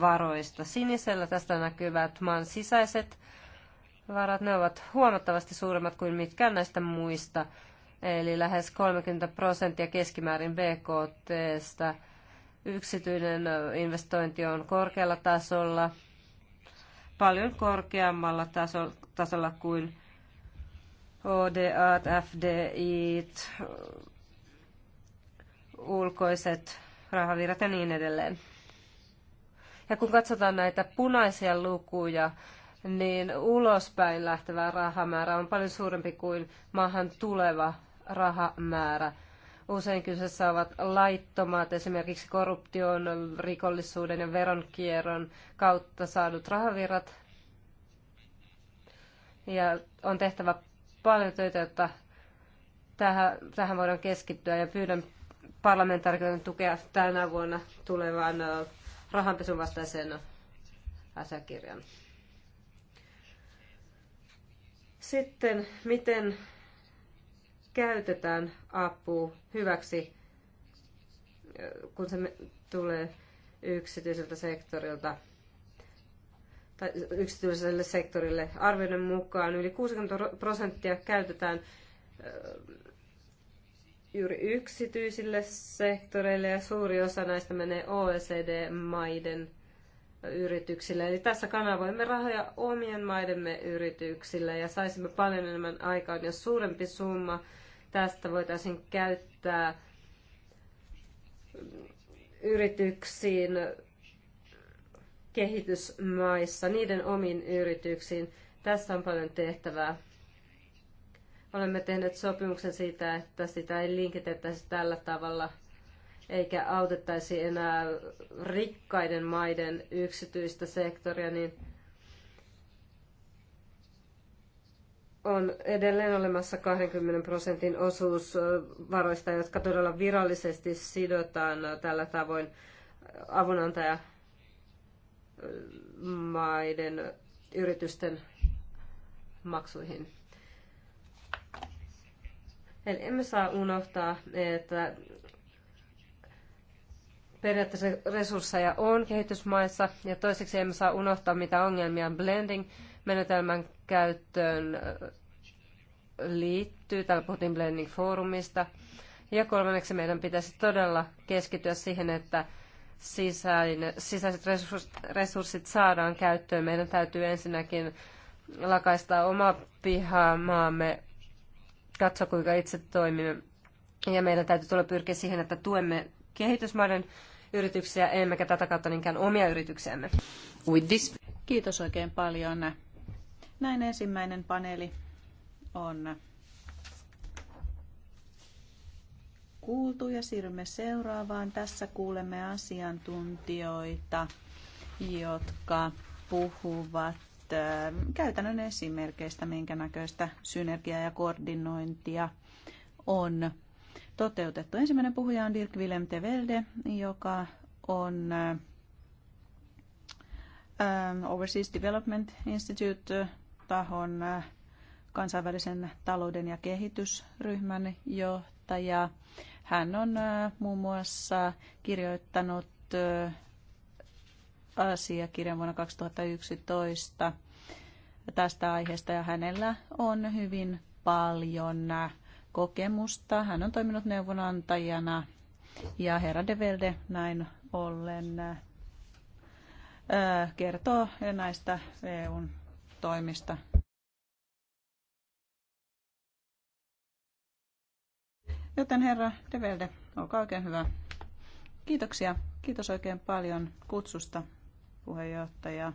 varoista. Sinisellä tästä näkyvät maan sisäiset varat. Ne ovat huomattavasti suuremmat kuin mitkään näistä muista, eli lähes 30 prosenttia keskimäärin BKTstä. Yksityinen investointi on korkealla tasolla, paljon korkeammalla tasolla, tasolla kuin ODA, FDI, ulkoiset rahavirrat ja niin edelleen. Ja kun katsotaan näitä punaisia lukuja, niin ulospäin lähtevä rahamäärä on paljon suurempi kuin maahan tuleva rahamäärä. Usein kyseessä ovat laittomat, esimerkiksi korruption, rikollisuuden ja veronkierron kautta saadut rahavirrat. Ja on tehtävä paljon töitä, jotta tähän, tähän voidaan keskittyä ja pyydän parlamentaarikoiden tukea tänä vuonna tulevaan rahanpesun vastaisen asiakirjan. Sitten, miten käytetään apu hyväksi, kun se tulee yksityiseltä sektorilta tai yksityiselle sektorille. Arvioiden mukaan yli 60 prosenttia käytetään juuri yksityisille sektoreille ja suuri osa näistä menee OECD-maiden yrityksille. Eli tässä kanavoimme rahoja omien maidemme yrityksille ja saisimme paljon enemmän aikaan, jos suurempi summa tästä voitaisiin käyttää yrityksiin kehitysmaissa, niiden omiin yrityksiin. Tässä on paljon tehtävää. Olemme tehneet sopimuksen siitä, että sitä ei linkitettäisi tällä tavalla eikä autettaisi enää rikkaiden maiden yksityistä sektoria, niin on edelleen olemassa 20 prosentin osuus varoista, jotka todella virallisesti sidotaan tällä tavoin avunantaja maiden yritysten maksuihin. Eli emme saa unohtaa, että periaatteessa resursseja on kehitysmaissa ja toiseksi emme saa unohtaa, mitä ongelmia blending-menetelmän käyttöön äh, liittyy. Täällä puhuttiin blending-foorumista. Ja kolmanneksi meidän pitäisi todella keskittyä siihen, että sisäiset resurssit saadaan käyttöön. Meidän täytyy ensinnäkin lakaista oma pihamaamme katsoa, kuinka itse toimimme. Ja meidän täytyy tulla pyrkiä siihen, että tuemme kehitysmaiden yrityksiä, emmekä tätä kautta niinkään omia yrityksiämme. Kiitos oikein paljon. Näin ensimmäinen paneeli on kuultu ja siirrymme seuraavaan. Tässä kuulemme asiantuntijoita, jotka puhuvat käytännön esimerkkeistä, minkä näköistä synergiaa ja koordinointia on toteutettu. Ensimmäinen puhuja on Dirk Willem Tevelde, joka on Overseas Development Institute-tahon kansainvälisen talouden ja kehitysryhmän johtaja. Hän on muun muassa kirjoittanut asiakirjan vuonna 2011 tästä aiheesta ja hänellä on hyvin paljon kokemusta. Hän on toiminut neuvonantajana ja herra De Velde näin ollen kertoo näistä EUn toimista. Joten herra De Velde, olkaa oikein hyvä. Kiitoksia. Kiitos oikein paljon kutsusta puheenjohtaja.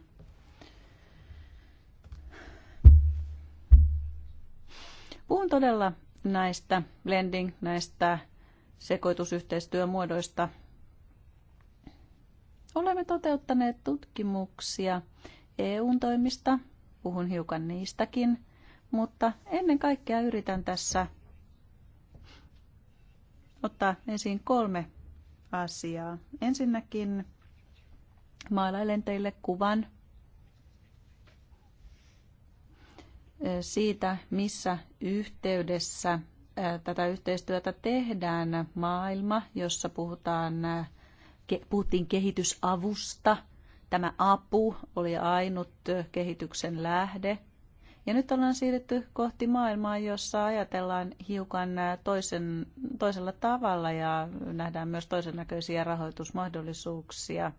Puhun todella näistä blending, näistä sekoitusyhteistyömuodoista. Olemme toteuttaneet tutkimuksia EUn toimista, puhun hiukan niistäkin, mutta ennen kaikkea yritän tässä ottaa esiin kolme asiaa. Ensinnäkin maalailen teille kuvan siitä, missä yhteydessä tätä yhteistyötä tehdään. Maailma, jossa puhutaan, puhuttiin kehitysavusta. Tämä apu oli ainut kehityksen lähde. Ja nyt ollaan siirretty kohti maailmaa, jossa ajatellaan hiukan toisen, toisella tavalla ja nähdään myös toisen näköisiä rahoitusmahdollisuuksia –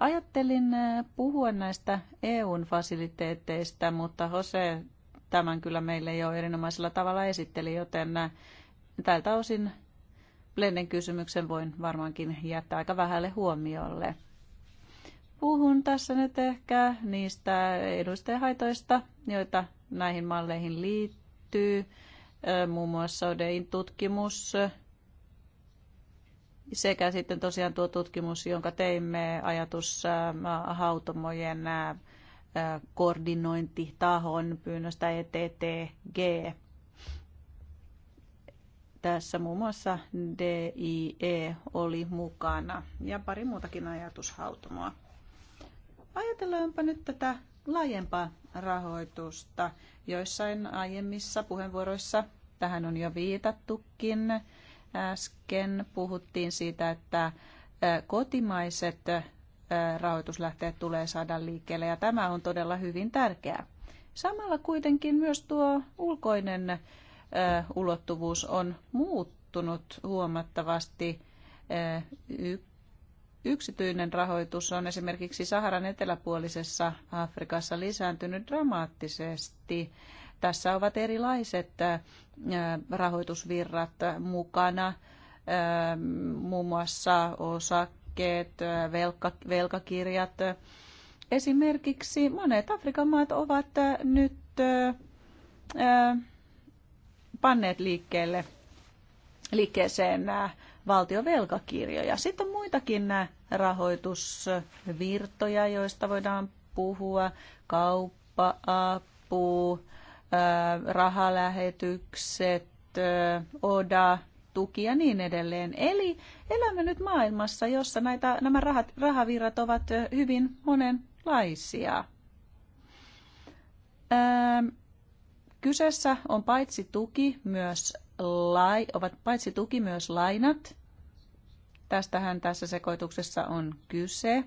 Ajattelin äh, puhua näistä EUn fasiliteetteistä, mutta Jose tämän kyllä meille jo erinomaisella tavalla esitteli, joten äh, tältä osin Blenden kysymyksen voin varmaankin jättää aika vähälle huomiolle. Puhun tässä nyt ehkä niistä edustajahaitoista, joita näihin malleihin liittyy. Äh, muun muassa Odein tutkimus sekä sitten tosiaan tuo tutkimus, jonka teimme ajatus ähm, hautomojen äh, koordinointitahon pyynnöstä ETTG. Tässä muun muassa DIE oli mukana ja pari muutakin ajatushautomoa. Ajatellaanpa nyt tätä laajempaa rahoitusta. Joissain aiemmissa puheenvuoroissa tähän on jo viitattukin äsken puhuttiin siitä, että kotimaiset rahoituslähteet tulee saada liikkeelle ja tämä on todella hyvin tärkeää. Samalla kuitenkin myös tuo ulkoinen ulottuvuus on muuttunut huomattavasti. Yksityinen rahoitus on esimerkiksi Saharan eteläpuolisessa Afrikassa lisääntynyt dramaattisesti tässä ovat erilaiset rahoitusvirrat mukana, muun muassa osakkeet, velka, velkakirjat. Esimerkiksi monet Afrikan maat ovat nyt panneet liikkeelle liikkeeseen nämä valtiovelkakirjoja. Sitten on muitakin nämä rahoitusvirtoja, joista voidaan puhua, kauppa-apu, rahalähetykset, ODA, tuki ja niin edelleen. Eli elämme nyt maailmassa, jossa näitä, nämä rahat, rahavirrat ovat hyvin monenlaisia. Öö, kyseessä on paitsi tuki myös lai, ovat paitsi tuki myös lainat. Tästähän tässä sekoituksessa on kyse.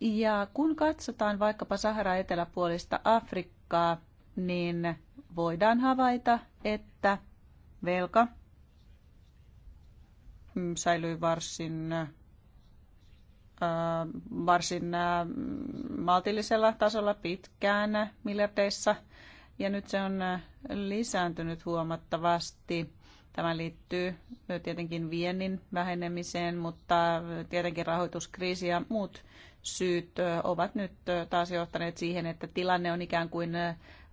Ja kun katsotaan vaikkapa Sahara eteläpuolista Afrikkaa, niin voidaan havaita, että velka mm, säilyi varsin, varsin maltillisella tasolla pitkään miljardeissa, ja nyt se on lisääntynyt huomattavasti. Tämä liittyy tietenkin viennin vähenemiseen, mutta tietenkin rahoituskriisi ja muut syyt ovat nyt taas johtaneet siihen, että tilanne on ikään kuin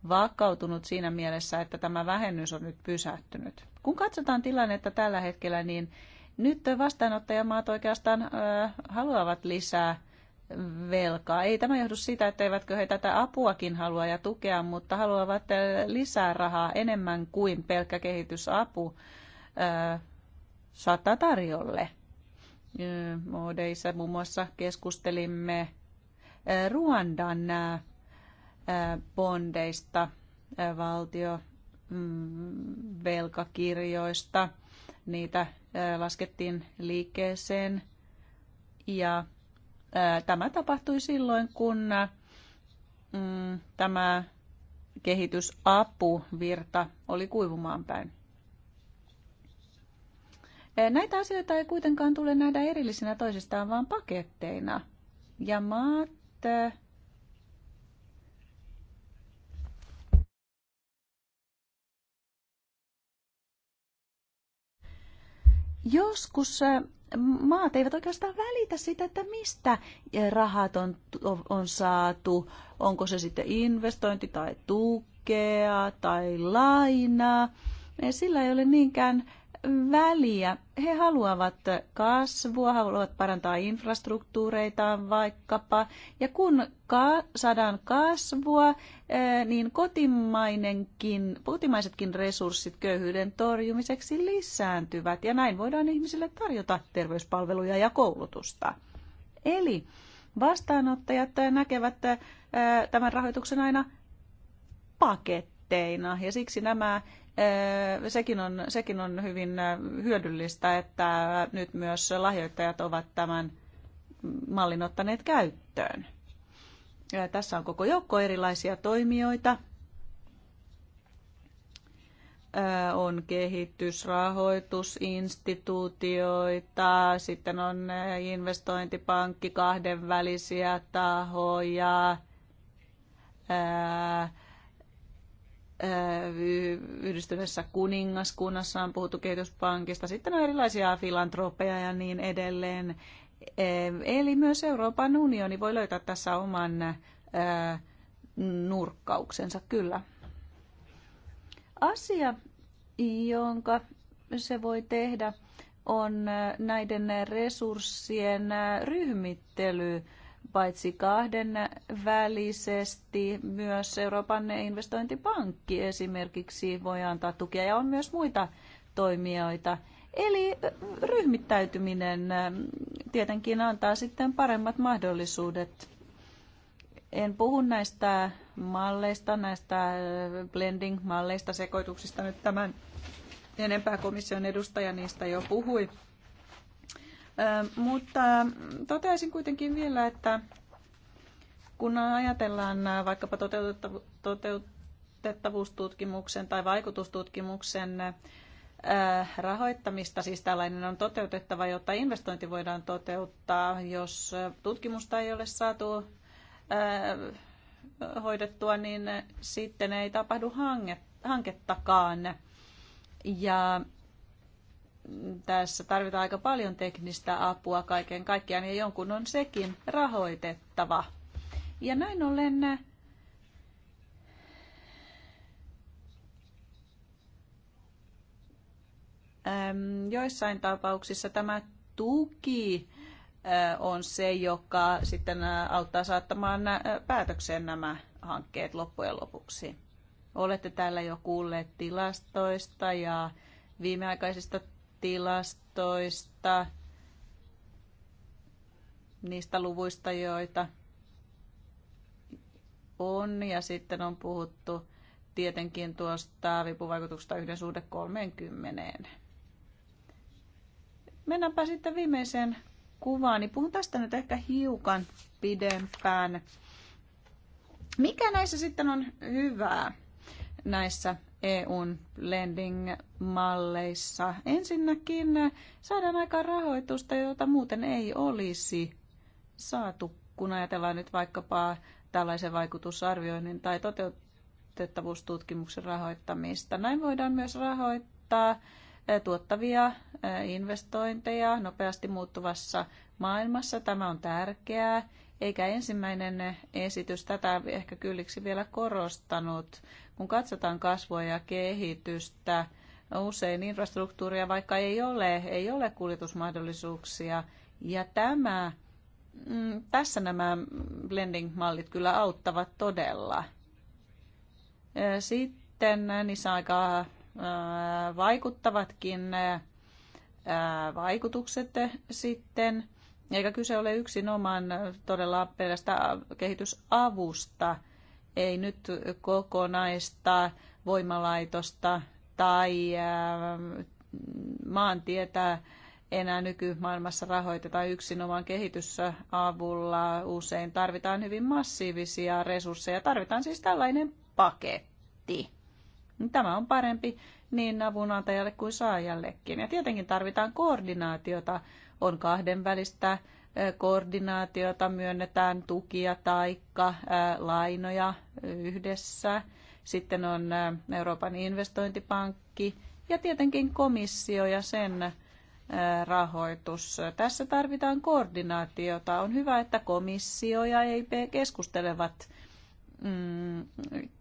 vakautunut siinä mielessä, että tämä vähennys on nyt pysähtynyt. Kun katsotaan tilannetta tällä hetkellä, niin nyt vastaanottajamaat oikeastaan ö, haluavat lisää velkaa. Ei tämä johdu siitä, eivätkö he tätä apuakin halua ja tukea, mutta haluavat lisää rahaa enemmän kuin pelkkä kehitysapu ö, saattaa tarjolle. Odeissa muun muassa keskustelimme Ruandan bondeista, valtio mm, velkakirjoista. Niitä laskettiin liikkeeseen ja tämä tapahtui silloin, kun mm, tämä kehitysapuvirta oli kuivumaan päin. Näitä asioita ei kuitenkaan tule nähdä erillisinä toisistaan, vaan paketteina. Ja maat joskus äh, maat eivät oikeastaan välitä sitä, että mistä äh, rahat on, on saatu, onko se sitten investointi tai tukea tai lainaa. Sillä ei ole niinkään väliä. He haluavat kasvua, haluavat parantaa infrastruktuureitaan vaikkapa. Ja kun ka- saadaan kasvua, eh, niin kotimainenkin, kotimaisetkin resurssit köyhyyden torjumiseksi lisääntyvät. Ja näin voidaan ihmisille tarjota terveyspalveluja ja koulutusta. Eli vastaanottajat näkevät eh, tämän rahoituksen aina pakettina paketteina. Ja siksi nämä sekin on, sekin on hyvin hyödyllistä, että nyt myös lahjoittajat ovat tämän mallin ottaneet käyttöön. Ja tässä on koko joukko erilaisia toimijoita. On kehitysrahoitus, instituutioita, sitten on investointipankki, kahdenvälisiä tahoja, Äh, yhdistyneessä kuningaskunnassa on puhuttu kehityspankista, sitten on erilaisia filantropeja ja niin edelleen. Äh, eli myös Euroopan unioni voi löytää tässä oman äh, nurkkauksensa, kyllä. Asia, jonka se voi tehdä, on näiden resurssien ryhmittely paitsi kahden välisesti, myös Euroopan investointipankki esimerkiksi voi antaa tukea ja on myös muita toimijoita. Eli ryhmittäytyminen tietenkin antaa sitten paremmat mahdollisuudet. En puhu näistä malleista, näistä blending-malleista, sekoituksista nyt tämän enempää komission edustaja niistä jo puhui mutta toteaisin kuitenkin vielä, että kun ajatellaan vaikkapa toteutettavuustutkimuksen tai vaikutustutkimuksen rahoittamista, siis tällainen on toteutettava, jotta investointi voidaan toteuttaa. Jos tutkimusta ei ole saatu hoidettua, niin sitten ei tapahdu hankettakaan. Ja tässä tarvitaan aika paljon teknistä apua kaiken kaikkiaan ja jonkun on sekin rahoitettava. Ja näin ollen joissain tapauksissa tämä tuki on se, joka sitten auttaa saattamaan päätökseen nämä hankkeet loppujen lopuksi. Olette täällä jo kuulleet tilastoista ja viimeaikaisista tilastoista, niistä luvuista, joita on. Ja sitten on puhuttu tietenkin tuosta vipuvaikutuksesta yhden suhde 30. Mennäänpä sitten viimeiseen kuvaan, niin puhun tästä nyt ehkä hiukan pidempään. Mikä näissä sitten on hyvää? näissä EUn lending-malleissa. Ensinnäkin saadaan aikaan rahoitusta, jota muuten ei olisi saatu, kun ajatellaan nyt vaikkapa tällaisen vaikutusarvioinnin tai toteutettavuustutkimuksen rahoittamista. Näin voidaan myös rahoittaa eh, tuottavia eh, investointeja nopeasti muuttuvassa maailmassa. Tämä on tärkeää eikä ensimmäinen esitys tätä ehkä kylliksi vielä korostanut. Kun katsotaan kasvua ja kehitystä, usein infrastruktuuria vaikka ei ole, ei ole kuljetusmahdollisuuksia. Ja tämä, mm, tässä nämä blending-mallit kyllä auttavat todella. Sitten niissä aika vaikuttavatkin vaikutukset sitten eikä kyse ole yksinomaan todella pelkästä kehitysavusta, ei nyt kokonaista voimalaitosta tai maantietä enää nykymaailmassa rahoiteta yksinomaan kehitysavulla. Usein tarvitaan hyvin massiivisia resursseja. Tarvitaan siis tällainen paketti. Tämä on parempi niin avunantajalle kuin saajallekin. Ja tietenkin tarvitaan koordinaatiota on kahdenvälistä koordinaatiota, myönnetään tukia taikka lainoja yhdessä. Sitten on Euroopan investointipankki ja tietenkin komissio ja sen rahoitus. Tässä tarvitaan koordinaatiota. On hyvä, että komissio ja EIP keskustelevat mm,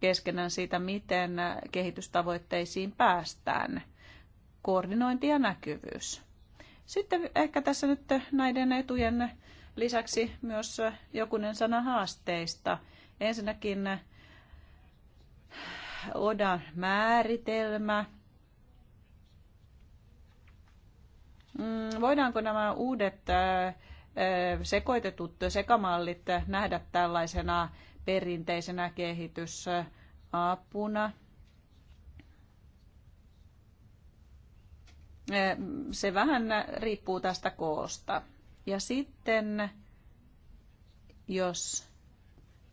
keskenään siitä, miten kehitystavoitteisiin päästään. Koordinointi ja näkyvyys. Sitten ehkä tässä nyt näiden etujen lisäksi myös jokunen sana haasteista. Ensinnäkin odan määritelmä. Mm, voidaanko nämä uudet sekoitetut sekamallit nähdä tällaisena perinteisenä kehitysapuna? se vähän riippuu tästä koosta. Ja sitten, jos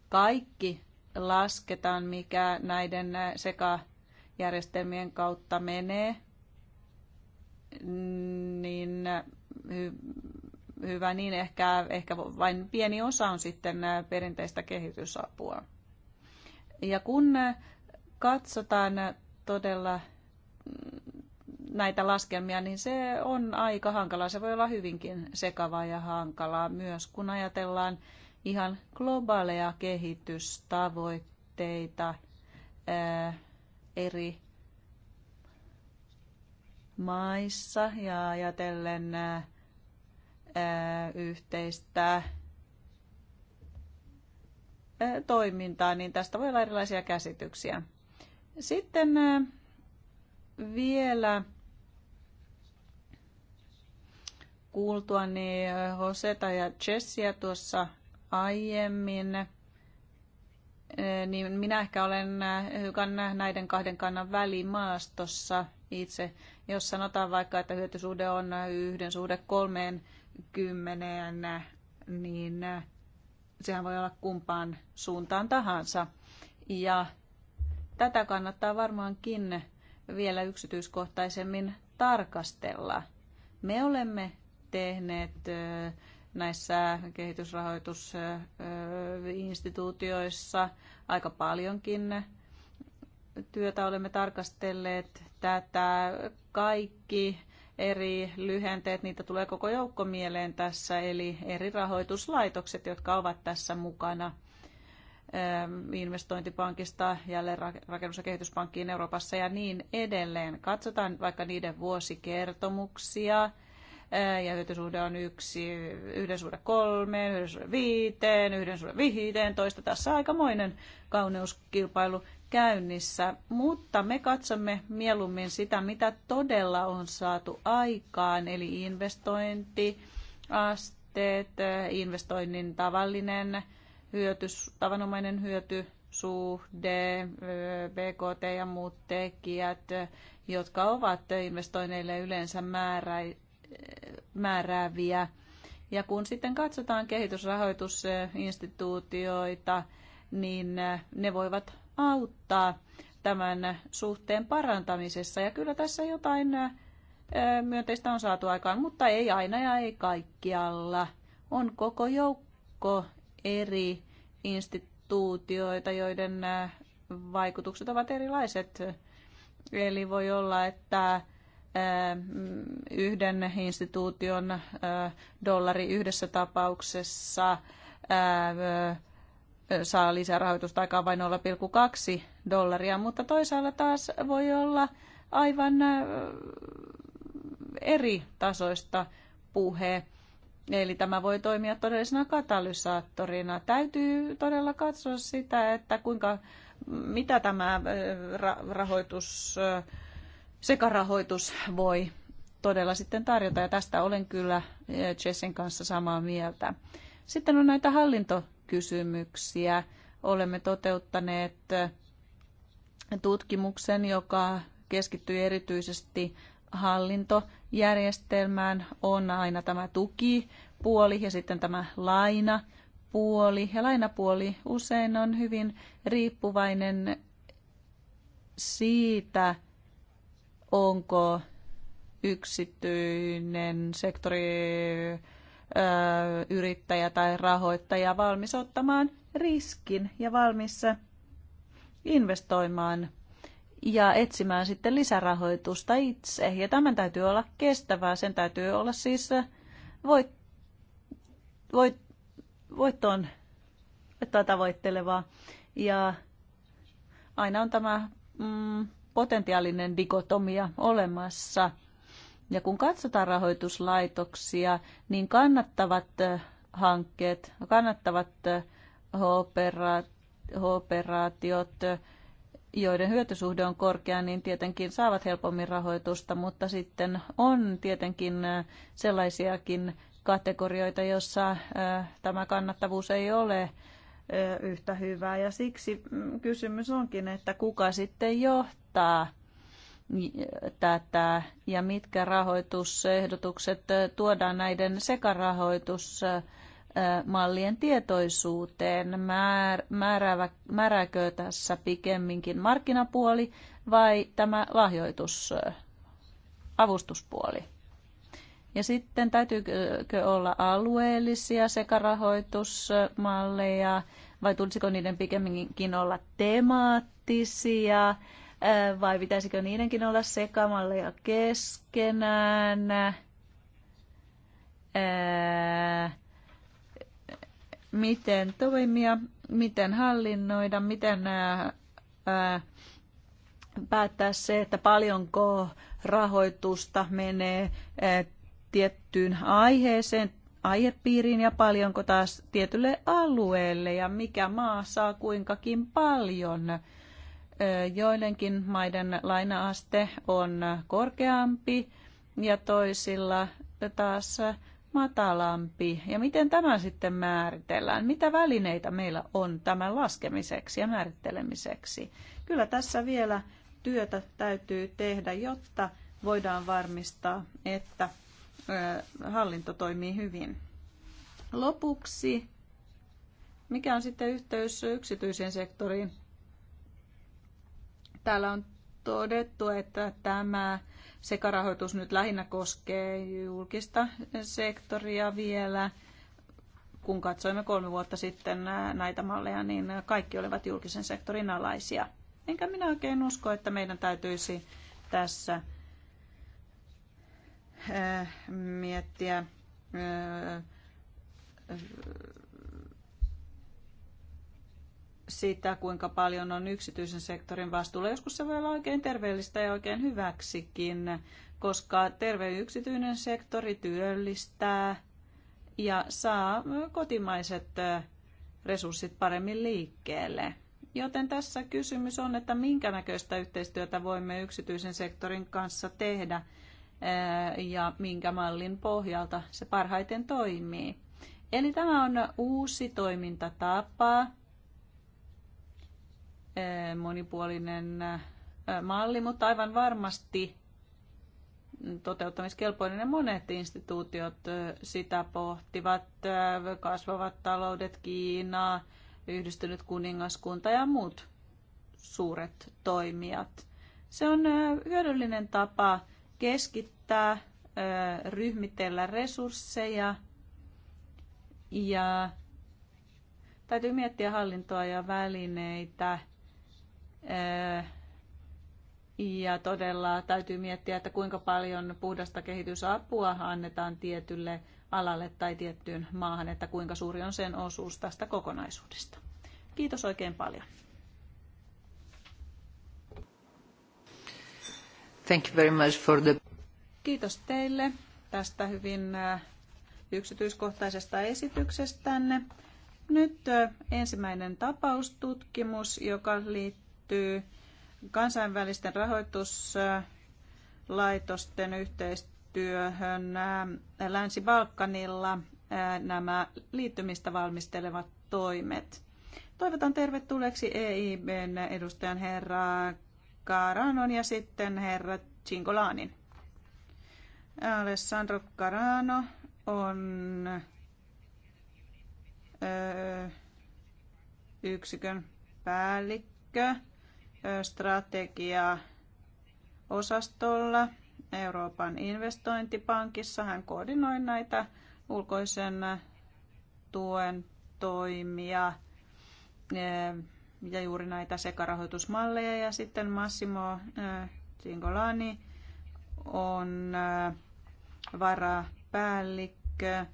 kaikki lasketaan, mikä näiden sekajärjestelmien kautta menee, niin hy- hyvä, niin ehkä, ehkä vain pieni osa on sitten perinteistä kehitysapua. Ja kun katsotaan todella näitä laskelmia, niin se on aika hankalaa. Se voi olla hyvinkin sekavaa ja hankalaa myös, kun ajatellaan ihan globaaleja kehitystavoitteita ää, eh, eri maissa ja ajatellen ää, eh, eh, yhteistä toimintaa, niin tästä voi olla erilaisia käsityksiä. Sitten vielä kuultua niin Hoseta ja Jessia tuossa aiemmin, niin minä ehkä olen hyvän näiden kahden kannan välimaastossa itse. Jos sanotaan vaikka, että hyötysuhde on yhden suhde kolmeen kymmeneen, niin sehän voi olla kumpaan suuntaan tahansa. Ja tätä kannattaa varmaankin vielä yksityiskohtaisemmin tarkastella. Me olemme tehneet näissä kehitysrahoitusinstituutioissa aika paljonkin työtä olemme tarkastelleet tätä kaikki eri lyhenteet, niitä tulee koko joukko mieleen tässä, eli eri rahoituslaitokset, jotka ovat tässä mukana investointipankista, jälleen rakennus- ja kehityspankkiin Euroopassa ja niin edelleen. Katsotaan vaikka niiden vuosikertomuksia, ja hyötysuhde on yksi, yhden suhde kolmeen, yhden suhde viiteen, yhden suhde viiteen, toista tässä aikamoinen kauneuskilpailu käynnissä, mutta me katsomme mieluummin sitä, mitä todella on saatu aikaan, eli investointiasteet, investoinnin tavallinen hyöty, tavanomainen hyöty, suhde, BKT ja muut tekijät, jotka ovat investoinneille yleensä määrä, määrääviä. Ja kun sitten katsotaan kehitysrahoitusinstituutioita, niin ne voivat auttaa tämän suhteen parantamisessa. Ja kyllä tässä jotain myönteistä on saatu aikaan, mutta ei aina ja ei kaikkialla. On koko joukko eri instituutioita, joiden vaikutukset ovat erilaiset. Eli voi olla, että Mm, yhden instituution dollari yhdessä tapauksessa saa rahoitusta aikaan vain 0,2 dollaria, mutta toisaalla taas voi olla aivan eri tasoista puhe. Eli tämä voi toimia todellisena katalysaattorina. Täytyy todella katsoa sitä, että kuinka, mitä tämä rahoitus sekarahoitus voi todella sitten tarjota, ja tästä olen kyllä eh, Jessin kanssa samaa mieltä. Sitten on näitä hallintokysymyksiä. Olemme toteuttaneet eh, tutkimuksen, joka keskittyy erityisesti hallintojärjestelmään. On aina tämä tukipuoli ja sitten tämä lainapuoli. Ja lainapuoli usein on hyvin riippuvainen siitä, onko yksityinen sektori yrittäjä tai rahoittaja valmis ottamaan riskin ja valmis investoimaan ja etsimään sitten lisärahoitusta itse. Ja tämän täytyy olla kestävää, sen täytyy olla siis voit, voit, voittoon voittoa tavoittelevaa. Ja aina on tämä mm, potentiaalinen dikotomia olemassa. Ja kun katsotaan rahoituslaitoksia, niin kannattavat hankkeet, kannattavat operaatiot, joiden hyötysuhde on korkea, niin tietenkin saavat helpommin rahoitusta, mutta sitten on tietenkin sellaisiakin kategorioita, joissa tämä kannattavuus ei ole yhtä hyvää. Ja siksi mm, kysymys onkin, että kuka sitten johtaa tätä ja mitkä rahoitusehdotukset tuodaan näiden sekarahoitusmallien tietoisuuteen? Määr, määrääkö tässä pikemminkin markkinapuoli vai tämä lahjoitus, avustuspuoli? Ja sitten täytyykö olla alueellisia sekarahoitusmalleja vai tulisiko niiden pikemminkin olla temaattisia äh, vai pitäisikö niidenkin olla sekamalleja keskenään? Äh, miten toimia, miten hallinnoida, miten äh, päättää se, että paljonko rahoitusta menee tiettyyn aiheeseen, aihepiiriin ja paljonko taas tietylle alueelle ja mikä maa saa kuinkakin paljon. Joidenkin maiden lainaaste on korkeampi ja toisilla taas matalampi. Ja miten tämä sitten määritellään? Mitä välineitä meillä on tämän laskemiseksi ja määrittelemiseksi? Kyllä tässä vielä työtä täytyy tehdä, jotta voidaan varmistaa, että hallinto toimii hyvin. Lopuksi, mikä on sitten yhteys yksityiseen sektoriin? Täällä on todettu, että tämä sekarahoitus nyt lähinnä koskee julkista sektoria vielä. Kun katsoimme kolme vuotta sitten näitä malleja, niin kaikki olivat julkisen sektorin alaisia. Enkä minä oikein usko, että meidän täytyisi tässä miettiä sitä, kuinka paljon on yksityisen sektorin vastuulla. Joskus se voi olla oikein terveellistä ja oikein hyväksikin, koska terve yksityinen sektori työllistää ja saa kotimaiset resurssit paremmin liikkeelle. Joten tässä kysymys on, että minkä näköistä yhteistyötä voimme yksityisen sektorin kanssa tehdä ja minkä mallin pohjalta se parhaiten toimii. Eli tämä on uusi toimintatapa, monipuolinen malli, mutta aivan varmasti toteuttamiskelpoinen ja monet instituutiot sitä pohtivat, kasvavat taloudet, Kiina, yhdistynyt kuningaskunta ja muut suuret toimijat. Se on hyödyllinen tapa keskittää, ryhmitellä resursseja ja täytyy miettiä hallintoa ja välineitä. Ja todella täytyy miettiä, että kuinka paljon puhdasta kehitysapua annetaan tietylle alalle tai tiettyyn maahan, että kuinka suuri on sen osuus tästä kokonaisuudesta. Kiitos oikein paljon. Kiitos teille tästä hyvin yksityiskohtaisesta esityksestänne. Nyt ensimmäinen tapaustutkimus, joka liittyy kansainvälisten rahoituslaitosten yhteistyöhön Länsi-Balkanilla nämä liittymistä valmistelevat toimet. Toivotan tervetulleeksi EIBn edustajan herra Karanon ja sitten herra Cingolanin. Alessandro Carano on ö, yksikön päällikkö strategiaosastolla Euroopan investointipankissa. Hän koordinoi näitä ulkoisen tuen toimia ja juuri näitä sekarahoitusmalleja. Ja sitten Massimo äh, Cingolani on äh, varapäällikkö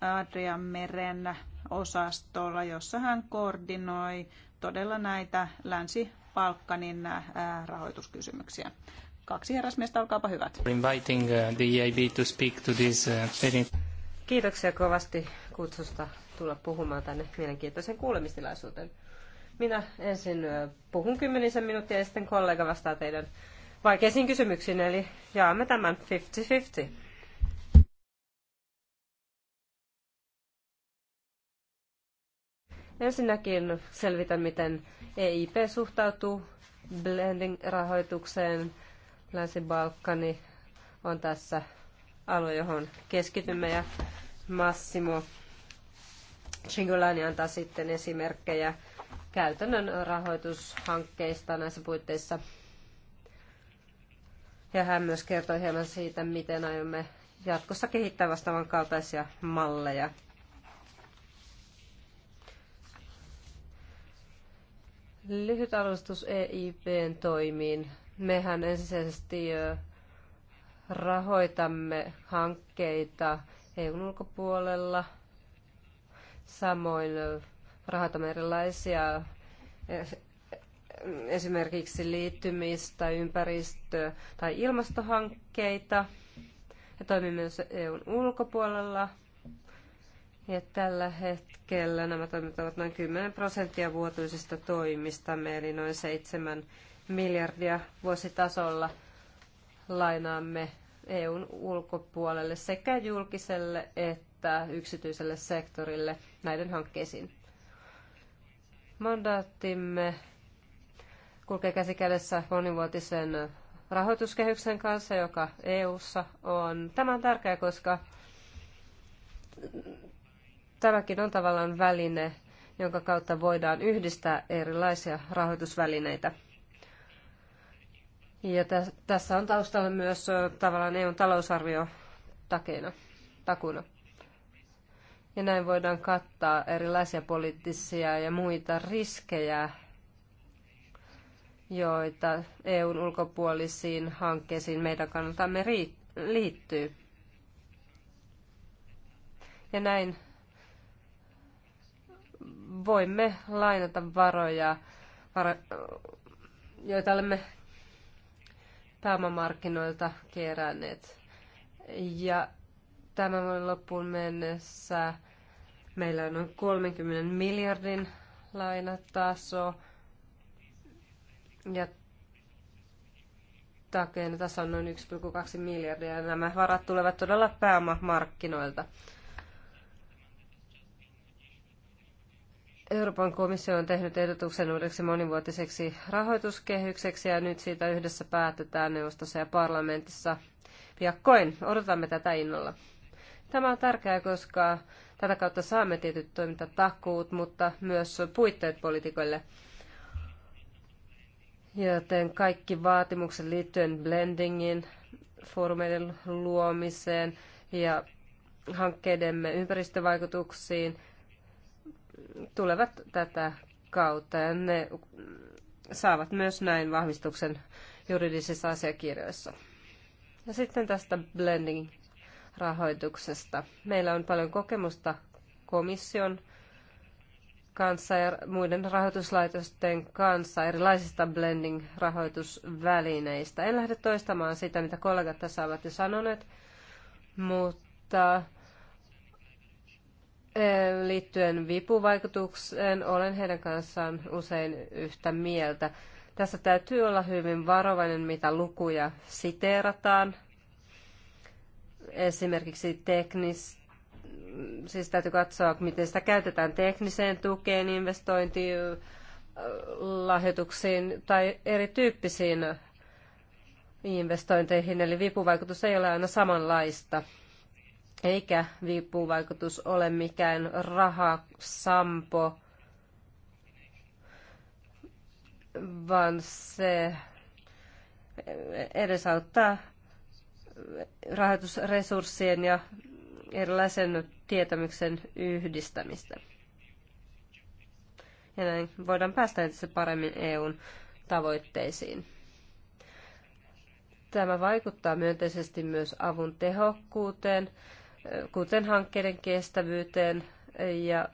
Adrian Meren osastolla, jossa hän koordinoi todella näitä Länsi-Palkkanin äh, rahoituskysymyksiä. Kaksi herrasmiestä, olkaapa hyvät. Inviting uh, the EIB to speak to this uh, Kiitoksia kovasti kutsusta tulla puhumaan tänne mielenkiintoisen kuulemistilaisuuteen. Minä ensin puhun kymmenisen minuuttia ja sitten kollega vastaa teidän vaikeisiin kysymyksiin, eli jaamme tämän 50-50. Ensinnäkin selvitän, miten EIP suhtautuu blending-rahoitukseen. Länsi-Balkani on tässä alue, johon keskitymme ja Massimo Cingolani antaa sitten esimerkkejä käytännön rahoitushankkeista näissä puitteissa. Ja hän myös kertoi hieman siitä, miten aiomme jatkossa kehittää vastaavan kaltaisia malleja. Lyhyt alustus EIPn toimiin. Mehän ensisijaisesti rahoitamme hankkeita EUn ulkopuolella, samoin on erilaisia esimerkiksi liittymistä, ympäristö- tai ilmastohankkeita ja toimii myös EUn ulkopuolella. Ja tällä hetkellä nämä toimet ovat noin 10 prosenttia vuotuisista toimistamme, eli noin 7 miljardia vuositasolla lainaamme EUn ulkopuolelle sekä julkiselle että yksityiselle sektorille näiden hankkeisiin. Mandaattimme kulkee kädessä monivuotisen rahoituskehyksen kanssa, joka EU:ssa on. Tämä on tärkeää, koska tämäkin on tavallaan väline, jonka kautta voidaan yhdistää erilaisia rahoitusvälineitä. Ja tässä on taustalla myös tavallaan EUn talousarvio takeena, takuna. Ja näin voidaan kattaa erilaisia poliittisia ja muita riskejä, joita EUn ulkopuolisiin hankkeisiin meidän kannaltamme liittyy. Ja näin voimme lainata varoja, joita olemme pääomamarkkinoilta keränneet. Ja tämän vuoden loppuun mennessä Meillä on noin 30 miljardin lainataso ja takeen tässä on noin 1,2 miljardia ja nämä varat tulevat todella pääomamarkkinoilta. Euroopan komissio on tehnyt ehdotuksen uudeksi monivuotiseksi rahoituskehykseksi ja nyt siitä yhdessä päätetään neuvostossa ja parlamentissa piakkoin. Odotamme tätä innolla. Tämä on tärkeää, koska Tätä kautta saamme tietyt toimintatakuut, mutta myös puitteet poliitikoille. Joten kaikki vaatimukset liittyen blendingin, foorumeiden luomiseen ja hankkeidemme ympäristövaikutuksiin tulevat tätä kautta ja ne saavat myös näin vahvistuksen juridisissa asiakirjoissa. Ja sitten tästä blending rahoituksesta. Meillä on paljon kokemusta komission kanssa ja muiden rahoituslaitosten kanssa erilaisista blending-rahoitusvälineistä. En lähde toistamaan sitä, mitä kollegat tässä ovat jo sanoneet, mutta e, liittyen vipuvaikutukseen olen heidän kanssaan usein yhtä mieltä. Tässä täytyy olla hyvin varovainen, mitä lukuja siteerataan, esimerkiksi teknis, siis täytyy katsoa, miten sitä käytetään tekniseen tukeen, investointiin, lahjoituksiin tai erityyppisiin investointeihin, eli vipuvaikutus ei ole aina samanlaista. Eikä vipuvaikutus ole mikään rahasampo, vaan se edesauttaa rahoitusresurssien ja erilaisen tietämyksen yhdistämistä. Ja näin voidaan päästä entistä paremmin EUn tavoitteisiin. Tämä vaikuttaa myönteisesti myös avun tehokkuuteen, kuten hankkeiden kestävyyteen ja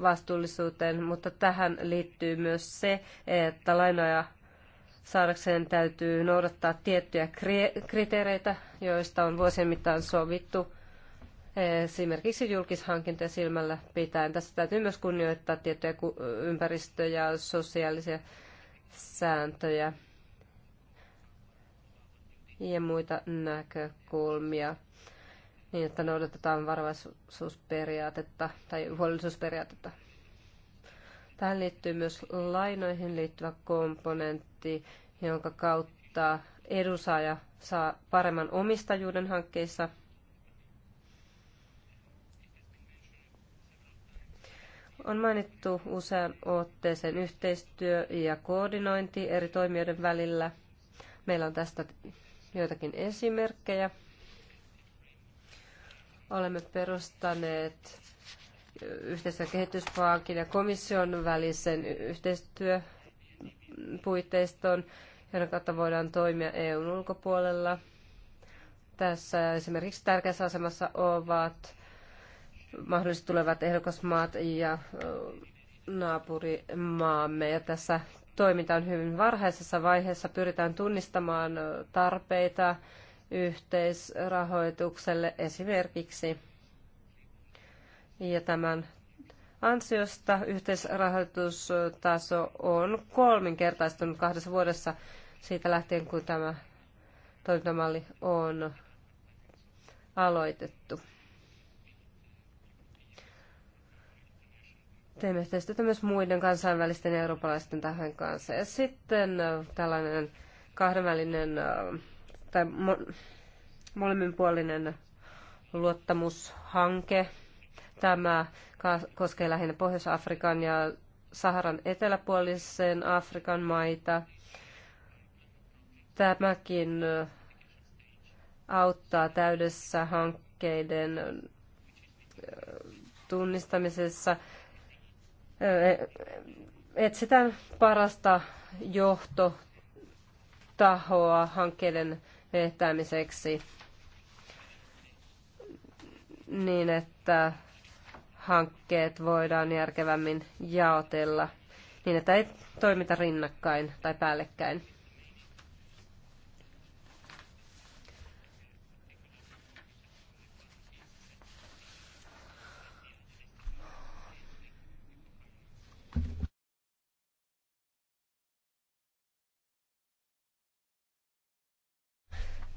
vastuullisuuteen, mutta tähän liittyy myös se, että lainoja Saadakseen täytyy noudattaa tiettyjä kriteereitä, joista on vuosien mittaan sovittu esimerkiksi julkishankintoja silmällä pitäen. Tässä täytyy myös kunnioittaa tiettyjä ympäristö- ja sosiaalisia sääntöjä ja muita näkökulmia niin, että noudatetaan varovaisuusperiaatetta tai huolellisuusperiaatetta. Tähän liittyy myös lainoihin liittyvä komponentti, jonka kautta edunsaaja saa paremman omistajuuden hankkeissa. On mainittu usean otteeseen yhteistyö ja koordinointi eri toimijoiden välillä. Meillä on tästä joitakin esimerkkejä. Olemme perustaneet yhteistyö kehityspankin ja komission välisen yhteistyöpuitteiston, jonka kautta voidaan toimia EUn ulkopuolella. Tässä esimerkiksi tärkeässä asemassa ovat mahdollisesti tulevat ehdokasmaat ja naapurimaamme. Ja tässä toiminta on hyvin varhaisessa vaiheessa. Pyritään tunnistamaan tarpeita yhteisrahoitukselle esimerkiksi. Ja tämän ansiosta yhteisrahoitustaso on kolminkertaistunut kahdessa vuodessa siitä lähtien, kun tämä toimintamalli on aloitettu. Teemme yhteistyötä myös muiden kansainvälisten ja eurooppalaisten tahojen kanssa. Ja sitten äh, tällainen kahdenvälinen äh, tai molemminpuolinen luottamushanke, Tämä koskee lähinnä Pohjois-Afrikan ja Saharan eteläpuolisen Afrikan maita. Tämäkin auttaa täydessä hankkeiden tunnistamisessa. E, etsitään parasta johtotahoa hankkeiden vehtäämiseksi niin, että hankkeet voidaan järkevämmin jaotella niin, että ei toimita rinnakkain tai päällekkäin.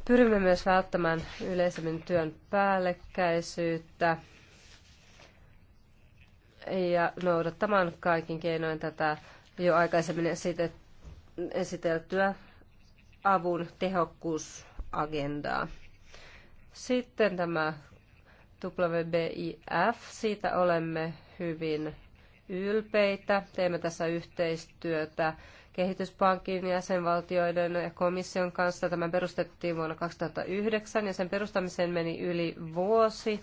Pyrimme myös välttämään yleisemmin työn päällekkäisyyttä ja noudattamaan kaikin keinoin tätä jo aikaisemmin esiteltyä avun tehokkuusagendaa. Sitten tämä WBIF, siitä olemme hyvin ylpeitä. Teemme tässä yhteistyötä kehityspankin, jäsenvaltioiden ja komission kanssa. Tämä perustettiin vuonna 2009 ja sen perustamiseen meni yli vuosi.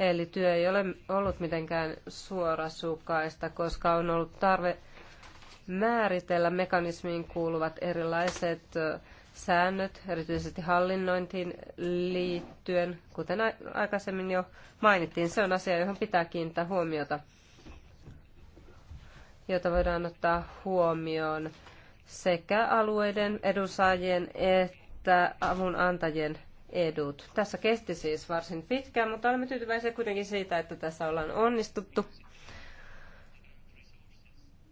Eli työ ei ole ollut mitenkään suorasukaista, koska on ollut tarve määritellä mekanismiin kuuluvat erilaiset säännöt, erityisesti hallinnointiin liittyen, kuten aikaisemmin jo mainittiin, se on asia, johon pitää kiinnittää huomiota, jota voidaan ottaa huomioon sekä alueiden edunsaajien että avunantajien edut. Tässä kesti siis varsin pitkään, mutta olemme tyytyväisiä kuitenkin siitä, että tässä ollaan onnistuttu,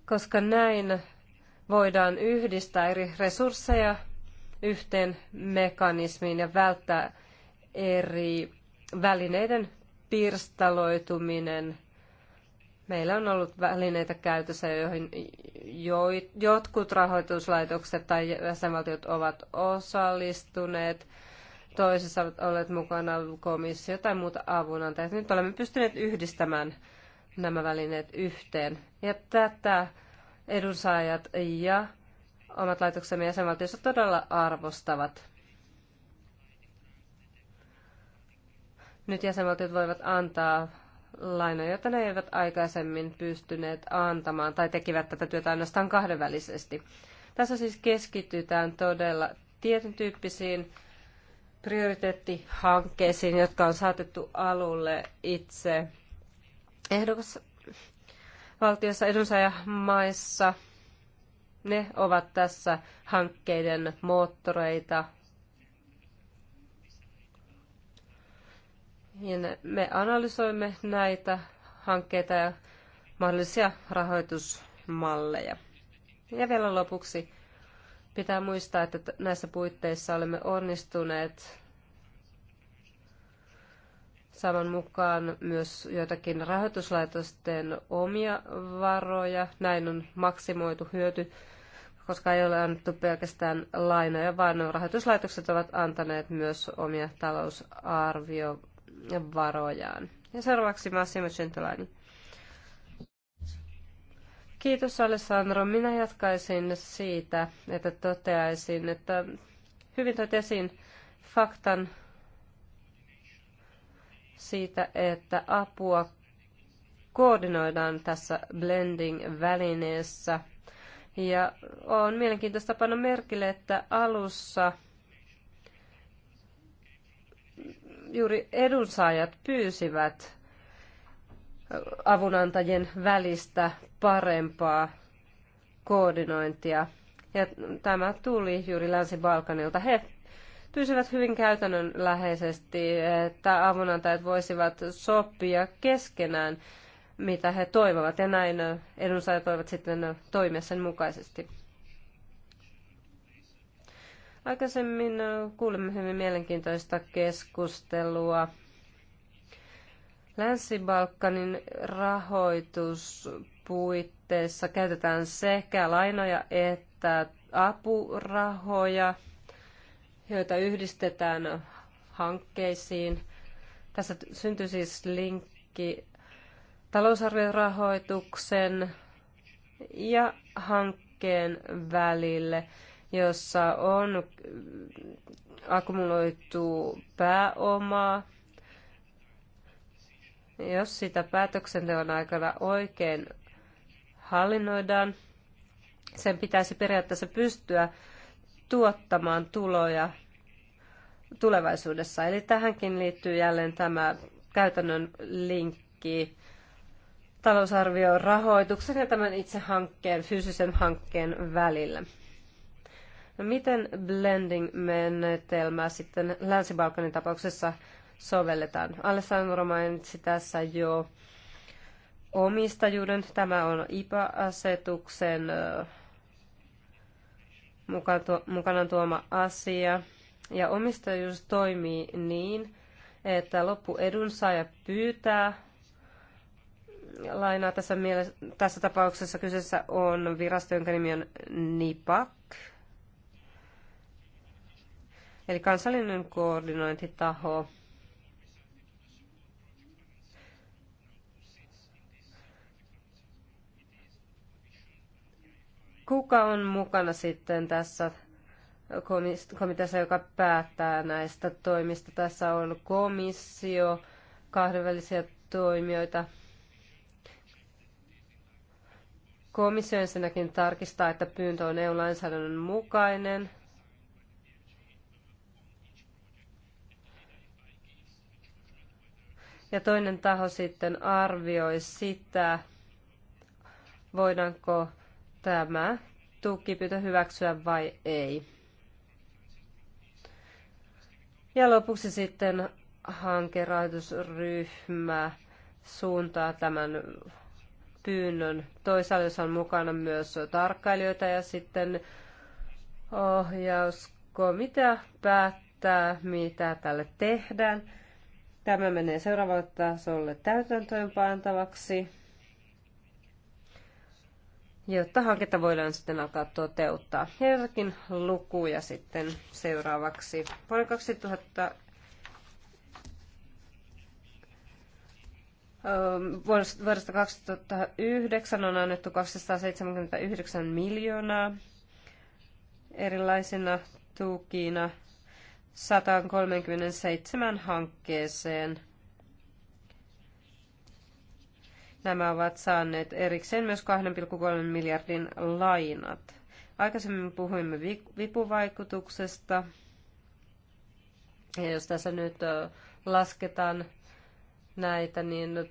koska näin voidaan yhdistää eri resursseja yhteen mekanismiin ja välttää eri välineiden pirstaloituminen. Meillä on ollut välineitä käytössä, joihin jo, jotkut rahoituslaitokset tai jäsenvaltiot ovat osallistuneet, toisessa olet olleet mukana komissio tai muuta avunantajat. Nyt olemme pystyneet yhdistämään nämä välineet yhteen. Ja tätä edunsaajat ja omat laitoksemme jäsenvaltiossa todella arvostavat. Nyt jäsenvaltiot voivat antaa lainoja, joita ne eivät aikaisemmin pystyneet antamaan tai tekivät tätä työtä ainoastaan kahdenvälisesti. Tässä siis keskitytään todella tietyn tyyppisiin prioriteettihankkeisiin, jotka on saatettu alulle itse ehdokas valtiossa edunsaajamaissa. Ne ovat tässä hankkeiden moottoreita. Ja me analysoimme näitä hankkeita ja mahdollisia rahoitusmalleja. Ja vielä lopuksi Pitää muistaa, että näissä puitteissa olemme onnistuneet saman mukaan myös joitakin rahoituslaitosten omia varoja. Näin on maksimoitu hyöty, koska ei ole annettu pelkästään lainoja, vaan rahoituslaitokset ovat antaneet myös omia talousarviovarojaan. Ja seuraavaksi Massimo Centolainen. Kiitos Alessandro. Minä jatkaisin siitä, että toteaisin, että hyvin toit esiin faktan siitä, että apua koordinoidaan tässä blending-välineessä. Ja on mielenkiintoista panna merkille, että alussa juuri edunsaajat pyysivät avunantajien välistä parempaa koordinointia. Ja tämä tuli juuri Länsi-Balkanilta. He pysyvät hyvin käytännönläheisesti, että avunantajat voisivat sopia keskenään, mitä he toivovat, ja näin edunsaajat voivat sitten toimia sen mukaisesti. Aikaisemmin kuulimme hyvin mielenkiintoista keskustelua Länsi-Balkanin rahoituspuitteissa käytetään sekä lainoja että apurahoja, joita yhdistetään hankkeisiin. Tässä syntyy siis linkki talousarviorahoituksen ja hankkeen välille, jossa on akkumuloitu pääomaa jos sitä päätöksenteon aikana oikein hallinnoidaan, sen pitäisi periaatteessa pystyä tuottamaan tuloja tulevaisuudessa. Eli tähänkin liittyy jälleen tämä käytännön linkki talousarvion rahoituksen ja tämän itse hankkeen, fyysisen hankkeen välillä. No miten blending-menetelmää sitten Länsi-Balkanin tapauksessa sovelletaan. Alessandro mainitsi tässä jo omistajuuden. Tämä on IPA-asetuksen mukanaan tuoma asia. Ja omistajuus toimii niin, että loppuedunsaaja pyytää lainaa tässä, mielessä, tässä tapauksessa kyseessä on virasto, jonka nimi on NIPAC, eli kansallinen koordinointitaho. kuka on mukana sitten tässä komiteassa, joka päättää näistä toimista. Tässä on komissio, kahdenvälisiä toimijoita. Komissio ensinnäkin tarkistaa, että pyyntö on EU-lainsäädännön mukainen. Ja toinen taho sitten arvioi sitä, voidaanko tämä tukipyytö hyväksyä vai ei. Ja lopuksi sitten hankerahoitusryhmä suuntaa tämän pyynnön. Toisaalta, jos on mukana myös tarkkailijoita ja sitten ohjauskomitea päättää, mitä tälle tehdään. Tämä menee seuraavalle tasolle täytäntöönpantavaksi jotta hanketta voidaan sitten alkaa toteuttaa. Herkin lukuja sitten seuraavaksi. Vuonna 2000 ähm, Vuodesta 2009 on annettu 279 miljoonaa erilaisina tukina 137 hankkeeseen – nämä ovat saaneet erikseen myös 2,3 miljardin lainat. Aikaisemmin puhuimme vipuvaikutuksesta. Ja jos tässä nyt lasketaan näitä, niin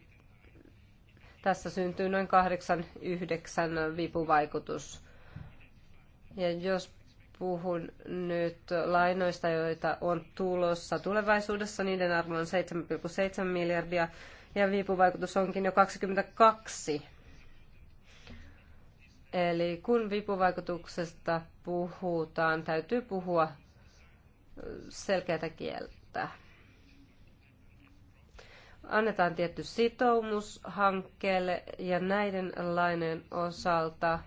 tässä syntyy noin 8-9 vipuvaikutus. Ja jos puhun nyt lainoista, joita on tulossa tulevaisuudessa, niiden arvo on 7,7 miljardia ja vipuvaikutus onkin jo 22. Eli kun vipuvaikutuksesta puhutaan, täytyy puhua selkeätä kieltä. Annetaan tietty sitoumus hankkeelle ja näiden lainojen osalta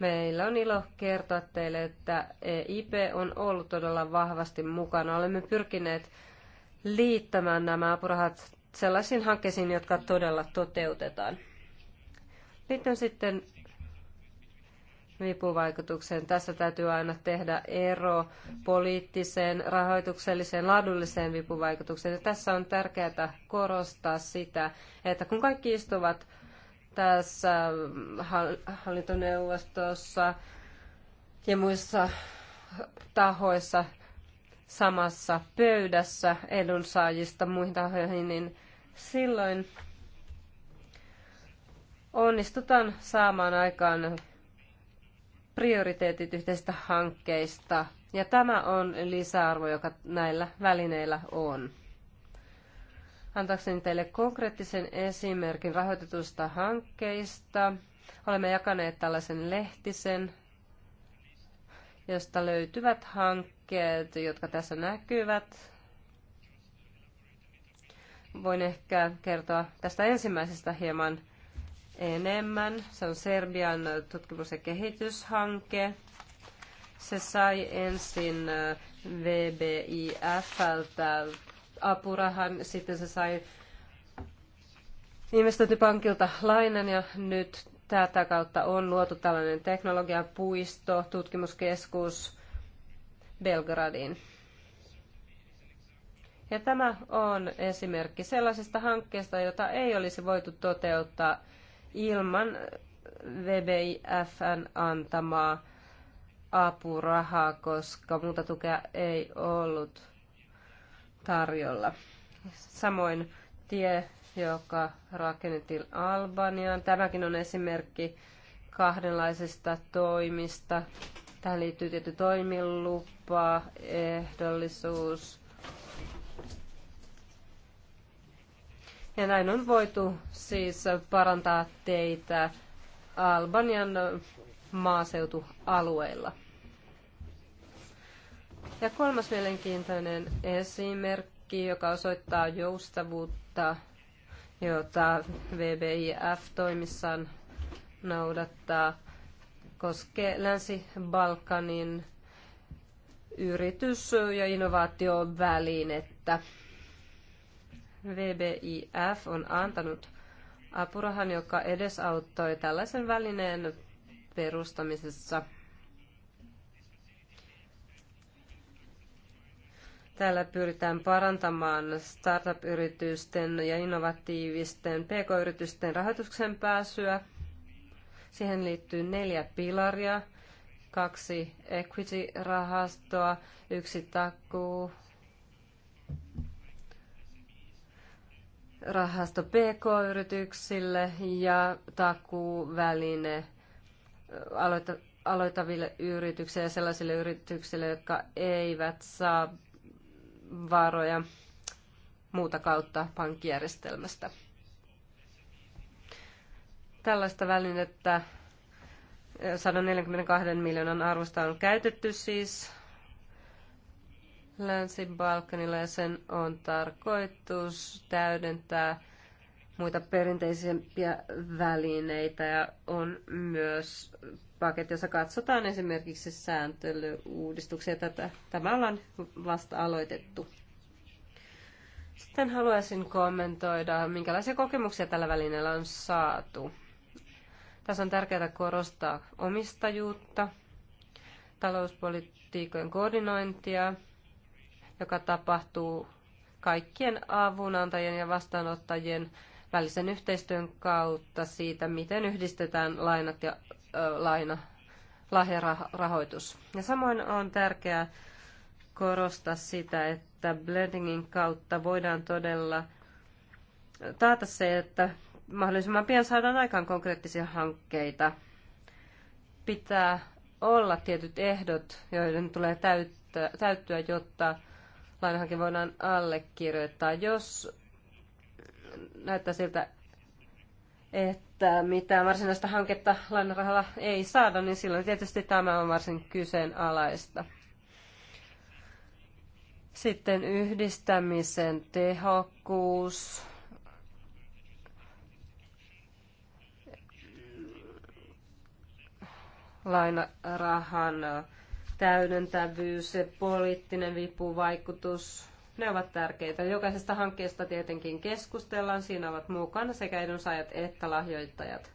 meillä on ilo kertoa teille, että EIP on ollut todella vahvasti mukana. Olemme pyrkineet liittämään nämä apurahat sellaisiin hankkeisiin, jotka todella toteutetaan. Liittyen sitten vipuvaikutukseen. Tässä täytyy aina tehdä ero poliittiseen, rahoitukselliseen, laadulliseen vipuvaikutukseen. Ja tässä on tärkeää korostaa sitä, että kun kaikki istuvat tässä hallintoneuvostossa ja muissa tahoissa, samassa pöydässä edunsaajista muihin tahoihin, niin silloin onnistutaan saamaan aikaan prioriteetit yhteistä hankkeista. Ja tämä on lisäarvo, joka näillä välineillä on. Antaakseni teille konkreettisen esimerkin rahoitetusta hankkeista. Olemme jakaneet tällaisen lehtisen, josta löytyvät hankkeet liikkeet, jotka tässä näkyvät. Voin ehkä kertoa tästä ensimmäisestä hieman enemmän. Se on Serbian tutkimus- ja kehityshanke. Se sai ensin äh, VBIFltä apurahan, sitten se sai investointipankilta lainan ja nyt tätä kautta on luotu tällainen teknologiapuisto, tutkimuskeskus, Belgradiin. Ja tämä on esimerkki sellaisesta hankkeesta, jota ei olisi voitu toteuttaa ilman VBIFn antamaa apurahaa, koska muuta tukea ei ollut tarjolla. Samoin tie, joka rakennettiin Albaniaan. Tämäkin on esimerkki kahdenlaisista toimista, Tähän liittyy tietty toimilupa, ehdollisuus. Ja näin on voitu siis parantaa teitä Albanian maaseutualueilla. Ja kolmas mielenkiintoinen esimerkki, joka osoittaa joustavuutta, jota VBIF toimissaan noudattaa, koskee Länsi-Balkanin yritys- ja innovaatiovälinettä. VBIF on antanut apurahan, joka edesauttoi tällaisen välineen perustamisessa. Tällä pyritään parantamaan startup-yritysten ja innovatiivisten pk-yritysten rahoituksen pääsyä – Siihen liittyy neljä pilaria, kaksi equity-rahastoa, yksi takuu, rahasto PK-yrityksille ja takuuväline aloita, aloitaville yrityksille ja sellaisille yrityksille, jotka eivät saa varoja muuta kautta pankkijärjestelmästä. Tällaista välinettä 142 miljoonan arvosta on käytetty siis Länsi-Balkanilla ja sen on tarkoitus täydentää muita perinteisempiä välineitä ja on myös paketti, jossa katsotaan esimerkiksi sääntelyuudistuksia. Tätä, tämä ollaan vasta aloitettu. Sitten haluaisin kommentoida, minkälaisia kokemuksia tällä välineellä on saatu. Tässä on tärkeää korostaa omistajuutta, talouspolitiikojen koordinointia, joka tapahtuu kaikkien avunantajien ja vastaanottajien välisen yhteistyön kautta siitä, miten yhdistetään lainat ja äh, laina, lahjarahoitus. Ja samoin on tärkeää korostaa sitä, että blendingin kautta voidaan todella taata se, että mahdollisimman pian saadaan aikaan konkreettisia hankkeita. Pitää olla tietyt ehdot, joiden tulee täyttä, täyttyä, jotta lainahanke voidaan allekirjoittaa. Jos näyttää siltä, että mitään varsinaista hanketta lainarahalla ei saada, niin silloin tietysti tämä on varsin kyseenalaista. Sitten yhdistämisen tehokkuus lainarahan täydentävyys ja poliittinen vipuvaikutus, ne ovat tärkeitä. Jokaisesta hankkeesta tietenkin keskustellaan, siinä ovat mukana sekä edunsaajat että lahjoittajat.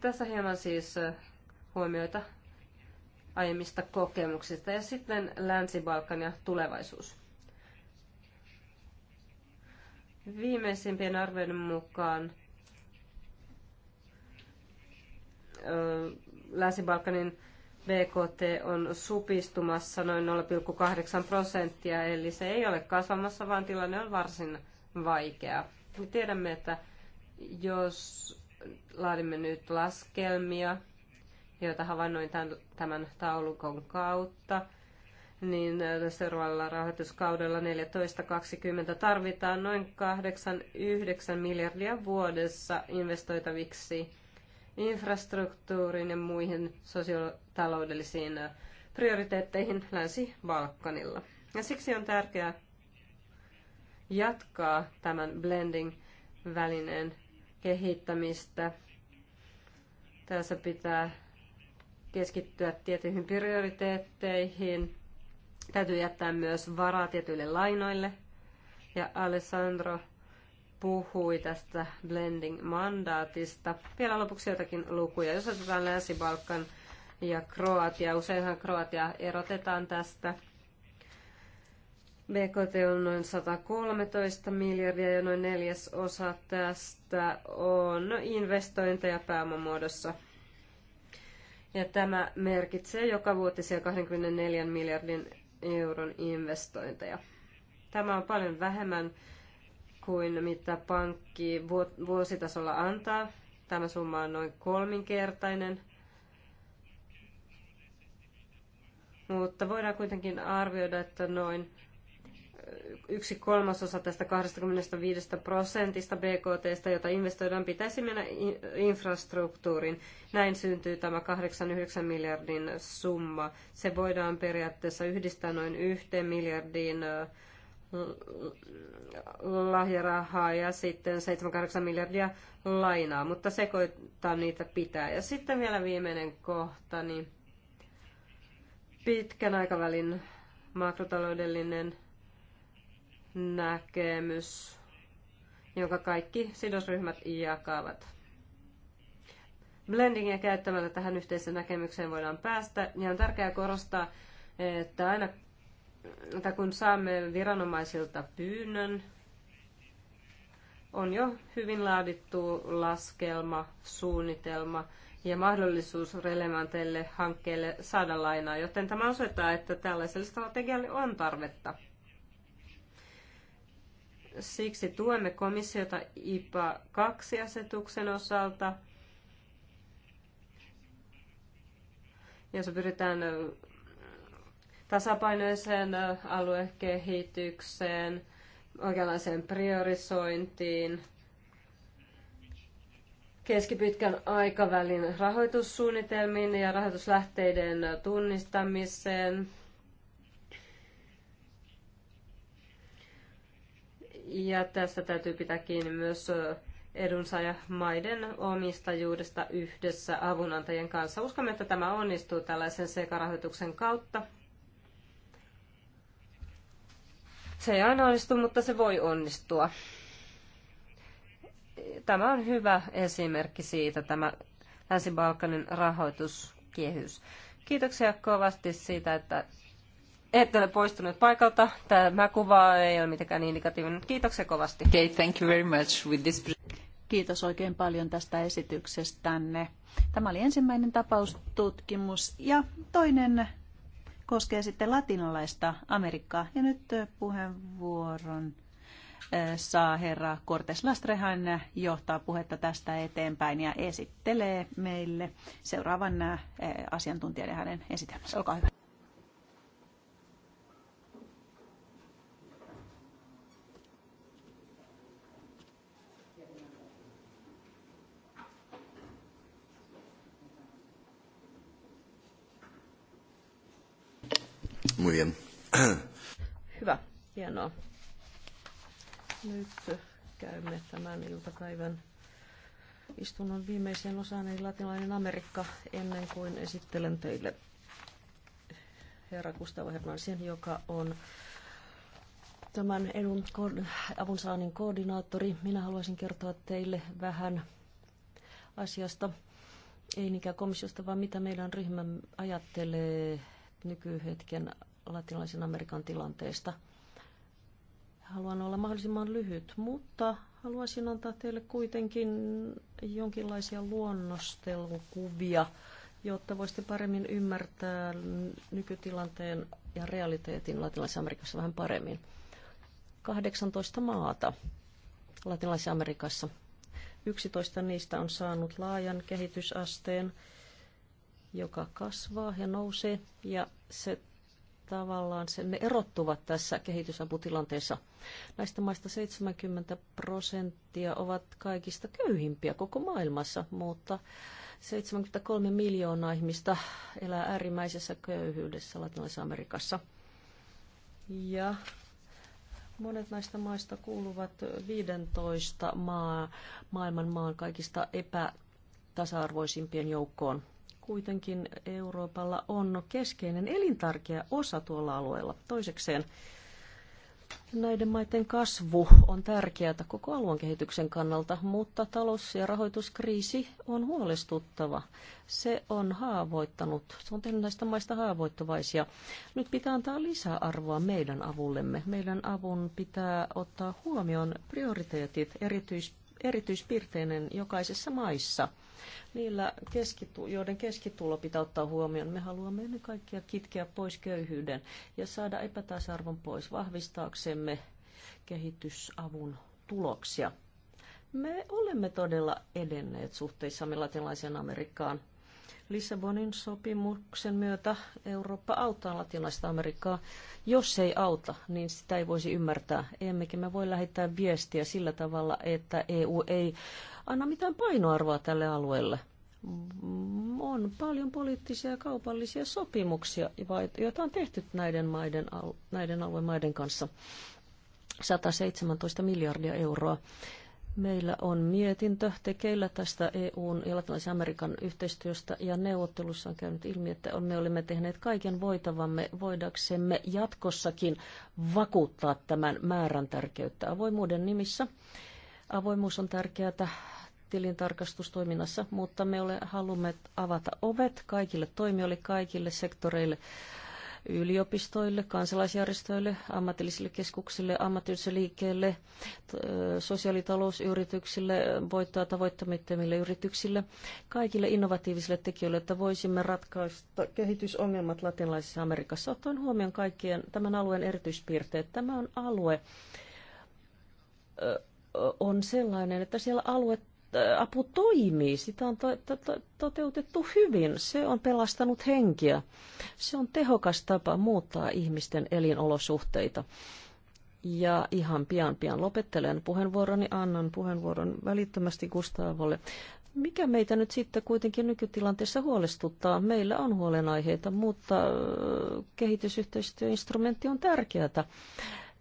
Tässä hieman siis huomioita aiemmista kokemuksista ja sitten Länsi-Balkan ja tulevaisuus. Viimeisimpien arvioiden mukaan Länsi-Balkanin BKT on supistumassa noin 0,8 prosenttia, eli se ei ole kasvamassa, vaan tilanne on varsin vaikea. Me tiedämme, että jos laadimme nyt laskelmia, joita havainnoin tämän, tämän taulukon kautta, niin seuraavalla rahoituskaudella 14-20 tarvitaan noin 8-9 miljardia vuodessa investoitaviksi infrastruktuuriin ja muihin sosiotaloudellisiin prioriteetteihin Länsi-Balkanilla. Ja siksi on tärkeää jatkaa tämän blending-välineen kehittämistä. Tässä pitää keskittyä tiettyihin prioriteetteihin. Täytyy jättää myös varaa tietyille lainoille. Ja Alessandro puhui tästä blending-mandaatista. Vielä lopuksi jotakin lukuja. Jos otetaan Länsi-Balkan ja Kroatia, useinhan Kroatia erotetaan tästä. BKT on noin 113 miljardia ja noin neljäs osa tästä on investointeja pääomamuodossa. Ja tämä merkitsee joka vuotisia 24 miljardin euron investointeja. Tämä on paljon vähemmän kuin mitä pankki vuositasolla antaa. Tämä summa on noin kolminkertainen. Mutta voidaan kuitenkin arvioida, että noin yksi kolmasosa tästä 25 prosentista BKTstä, jota investoidaan, pitäisi mennä infrastruktuuriin. Näin syntyy tämä 8-9 miljardin summa. Se voidaan periaatteessa yhdistää noin yhteen miljardiin lahjarahaa ja sitten 7-8 miljardia lainaa, mutta sekoittaa niitä pitää. Ja sitten vielä viimeinen kohta, niin pitkän aikavälin makrotaloudellinen näkemys, jonka kaikki sidosryhmät jakavat. Blendingiä käyttämällä tähän yhteiseen näkemykseen voidaan päästä, ja on tärkeää korostaa, että aina tai kun saamme viranomaisilta pyynnön, on jo hyvin laadittu laskelma, suunnitelma ja mahdollisuus relevanteille hankkeille saada lainaa, joten tämä osoittaa, että tällaiselle strategialle on tarvetta. Siksi tuemme komissiota IPA 2-asetuksen osalta, jossa pyritään tasapainoiseen aluekehitykseen, oikeanlaiseen priorisointiin, keskipitkän aikavälin rahoitussuunnitelmiin ja rahoituslähteiden tunnistamiseen. Ja tässä täytyy pitää kiinni myös edunsaajamaiden omistajuudesta yhdessä avunantajien kanssa. Uskomme, että tämä onnistuu tällaisen sekarahoituksen kautta Se ei aina onnistu, mutta se voi onnistua. Tämä on hyvä esimerkki siitä, tämä Länsi-Balkanin rahoituskehys. Kiitoksia kovasti siitä, että ette ole poistuneet paikalta. Tämä kuva ei ole mitenkään indikatiivinen. Niin Kiitoksia kovasti. Okay, thank you very much with this... Kiitos oikein paljon tästä esityksestänne. Tämä oli ensimmäinen tapaustutkimus ja toinen koskee sitten latinalaista Amerikkaa. Ja nyt puheenvuoron saa herra Cortes Lastrehan johtaa puhetta tästä eteenpäin ja esittelee meille seuraavan asiantuntijan ja hänen esitelmänsä. Olkaa hyvä. Muy bien. Hyvä, hienoa. Nyt käymme tämän iltapäivän istunnon viimeiseen osaan, eli latinalainen Amerikka, ennen kuin esittelen teille herra Gustavo Hernansin, joka on tämän edun, avunsaannin koordinaattori. Minä haluaisin kertoa teille vähän asiasta, ei niinkään komissiosta, vaan mitä meidän ryhmä ajattelee nykyhetken latinalaisen Amerikan tilanteesta. Haluan olla mahdollisimman lyhyt, mutta haluaisin antaa teille kuitenkin jonkinlaisia luonnostelukuvia, jotta voisitte paremmin ymmärtää nykytilanteen ja realiteetin Latinalaisessa Amerikassa vähän paremmin. 18 maata Latinalaisessa Amerikassa. 11 niistä on saanut laajan kehitysasteen, joka kasvaa ja nousee, ja se tavallaan se, ne erottuvat tässä kehitysaputilanteessa. Näistä maista 70 prosenttia ovat kaikista köyhimpiä koko maailmassa, mutta 73 miljoonaa ihmistä elää äärimmäisessä köyhyydessä Latinalaisessa Amerikassa. Ja monet näistä maista kuuluvat 15 maa, maailman maan kaikista epätasa arvoisimpien joukkoon. Kuitenkin Euroopalla on keskeinen elintärkeä osa tuolla alueella. Toisekseen Näiden maiden kasvu on tärkeää koko alueen kehityksen kannalta, mutta talous- ja rahoituskriisi on huolestuttava. Se on haavoittanut, se on tehnyt näistä maista haavoittuvaisia. Nyt pitää antaa lisäarvoa meidän avullemme. Meidän avun pitää ottaa huomioon prioriteetit, erityisesti erityispiirteinen jokaisessa maissa. Niillä keskitu, joiden keskitulo pitää ottaa huomioon, me haluamme ennen kaikkea kitkeä pois köyhyyden ja saada epätasarvon pois vahvistaaksemme kehitysavun tuloksia. Me olemme todella edenneet suhteissamme latinalaiseen Amerikkaan Lissabonin sopimuksen myötä Eurooppa auttaa latinalaista Amerikkaa. Jos se ei auta, niin sitä ei voisi ymmärtää. Emmekin me voi lähettää viestiä sillä tavalla, että EU ei anna mitään painoarvoa tälle alueelle. On paljon poliittisia ja kaupallisia sopimuksia, joita on tehty näiden, maiden, näiden alueen maiden kanssa. 117 miljardia euroa Meillä on mietintö tekeillä tästä EUn ja latinalaisen Amerikan yhteistyöstä ja neuvottelussa on käynyt ilmi, että me olemme tehneet kaiken voitavamme voidaksemme jatkossakin vakuuttaa tämän määrän tärkeyttä avoimuuden nimissä. Avoimuus on tärkeää tilintarkastustoiminnassa, mutta me ole, haluamme avata ovet kaikille toimijoille, kaikille sektoreille yliopistoille, kansalaisjärjestöille, ammatillisille keskuksille, ammatillisille liikkeelle, sosiaalitalousyrityksille, voittoa tavoittamattomille yrityksille, kaikille innovatiivisille tekijöille, että voisimme ratkaista kehitysongelmat latinalaisessa Amerikassa ottaen huomioon kaikkien tämän alueen erityispiirteet. Tämä on alue, on sellainen, että siellä alue apu toimii, sitä on to, to, to, toteutettu hyvin, se on pelastanut henkiä. Se on tehokas tapa muuttaa ihmisten elinolosuhteita. Ja ihan pian pian lopettelen puheenvuoroni, annan puheenvuoron välittömästi Gustavolle. Mikä meitä nyt sitten kuitenkin nykytilanteessa huolestuttaa? Meillä on huolenaiheita, mutta kehitysyhteistyöinstrumentti on tärkeää.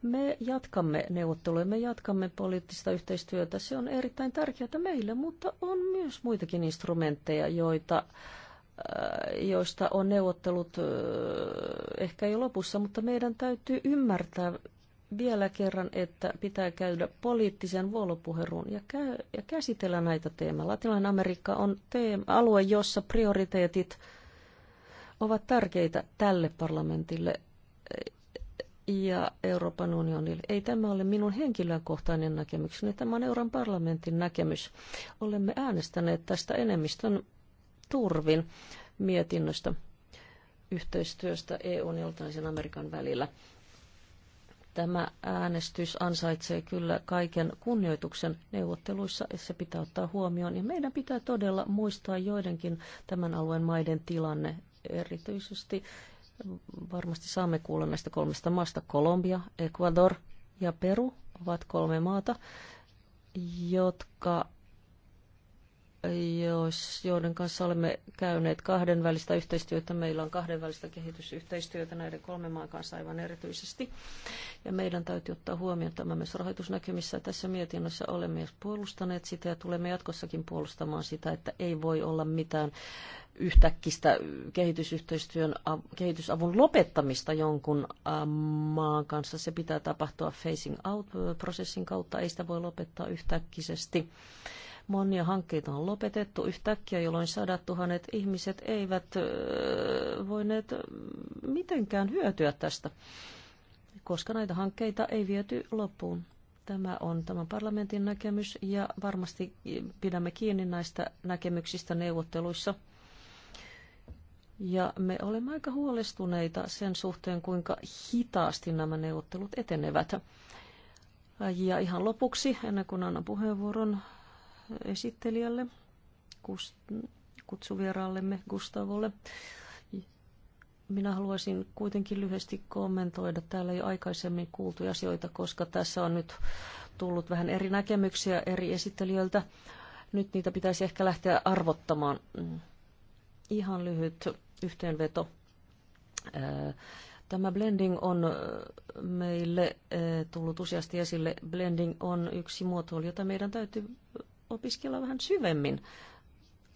Me jatkamme neuvotteluja, me jatkamme poliittista yhteistyötä. Se on erittäin tärkeää meille, mutta on myös muitakin instrumentteja, joita äh, joista on neuvottelut äh, ehkä jo lopussa, mutta meidän täytyy ymmärtää vielä kerran, että pitää käydä poliittisen vuolopuheluun ja, kä- ja käsitellä näitä teemoja. Latinalainen Amerikka on teema, alue, jossa prioriteetit ovat tärkeitä tälle parlamentille ja Euroopan unionille. Ei tämä ole minun henkilökohtainen näkemykseni, tämä on Euroopan parlamentin näkemys. Olemme äänestäneet tästä enemmistön turvin mietinnöstä yhteistyöstä EUn ja Amerikan välillä. Tämä äänestys ansaitsee kyllä kaiken kunnioituksen neuvotteluissa, ja se pitää ottaa huomioon. Ja meidän pitää todella muistaa joidenkin tämän alueen maiden tilanne, erityisesti Varmasti saamme kuulla näistä kolmesta maasta. Kolombia, Ecuador ja Peru ovat kolme maata, jotka jos, joiden kanssa olemme käyneet kahdenvälistä yhteistyötä. Meillä on kahdenvälistä kehitysyhteistyötä näiden kolmen maan kanssa aivan erityisesti. Ja meidän täytyy ottaa huomioon tämä myös rahoitusnäkymissä. Tässä mietinnössä olemme myös puolustaneet sitä ja tulemme jatkossakin puolustamaan sitä, että ei voi olla mitään yhtäkkistä kehitysyhteistyön kehitysavun lopettamista jonkun äh, maan kanssa. Se pitää tapahtua facing out-prosessin äh, kautta, ei sitä voi lopettaa yhtäkkisesti. Monia hankkeita on lopetettu yhtäkkiä, jolloin sadat tuhannet ihmiset eivät äh, voineet mitenkään hyötyä tästä, koska näitä hankkeita ei viety loppuun. Tämä on tämän parlamentin näkemys ja varmasti pidämme kiinni näistä näkemyksistä neuvotteluissa – ja me olemme aika huolestuneita sen suhteen, kuinka hitaasti nämä neuvottelut etenevät. Ja ihan lopuksi, ennen kuin annan puheenvuoron esittelijälle, kutsuvieraallemme Gustavolle, minä haluaisin kuitenkin lyhyesti kommentoida täällä jo aikaisemmin kuultuja asioita, koska tässä on nyt tullut vähän eri näkemyksiä eri esittelijöiltä. Nyt niitä pitäisi ehkä lähteä arvottamaan. Ihan lyhyt yhteenveto. Tämä blending on meille tullut useasti esille. Blending on yksi muoto, jota meidän täytyy opiskella vähän syvemmin.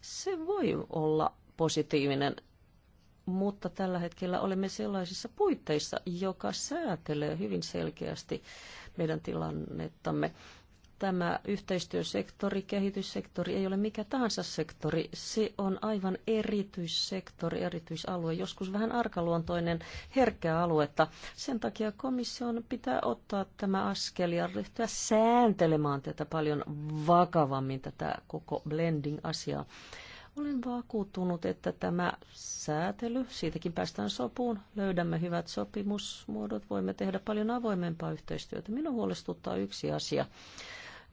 Se voi olla positiivinen, mutta tällä hetkellä olemme sellaisissa puitteissa, joka säätelee hyvin selkeästi meidän tilannettamme tämä yhteistyösektori, kehityssektori ei ole mikä tahansa sektori. Se on aivan erityissektori, erityisalue, joskus vähän arkaluontoinen, herkkää aluetta. Sen takia komission pitää ottaa tämä askel ja ryhtyä sääntelemään tätä paljon vakavammin, tätä koko blending-asiaa. Olen vakuuttunut, että tämä säätely, siitäkin päästään sopuun, löydämme hyvät sopimusmuodot, voimme tehdä paljon avoimempaa yhteistyötä. Minun huolestuttaa yksi asia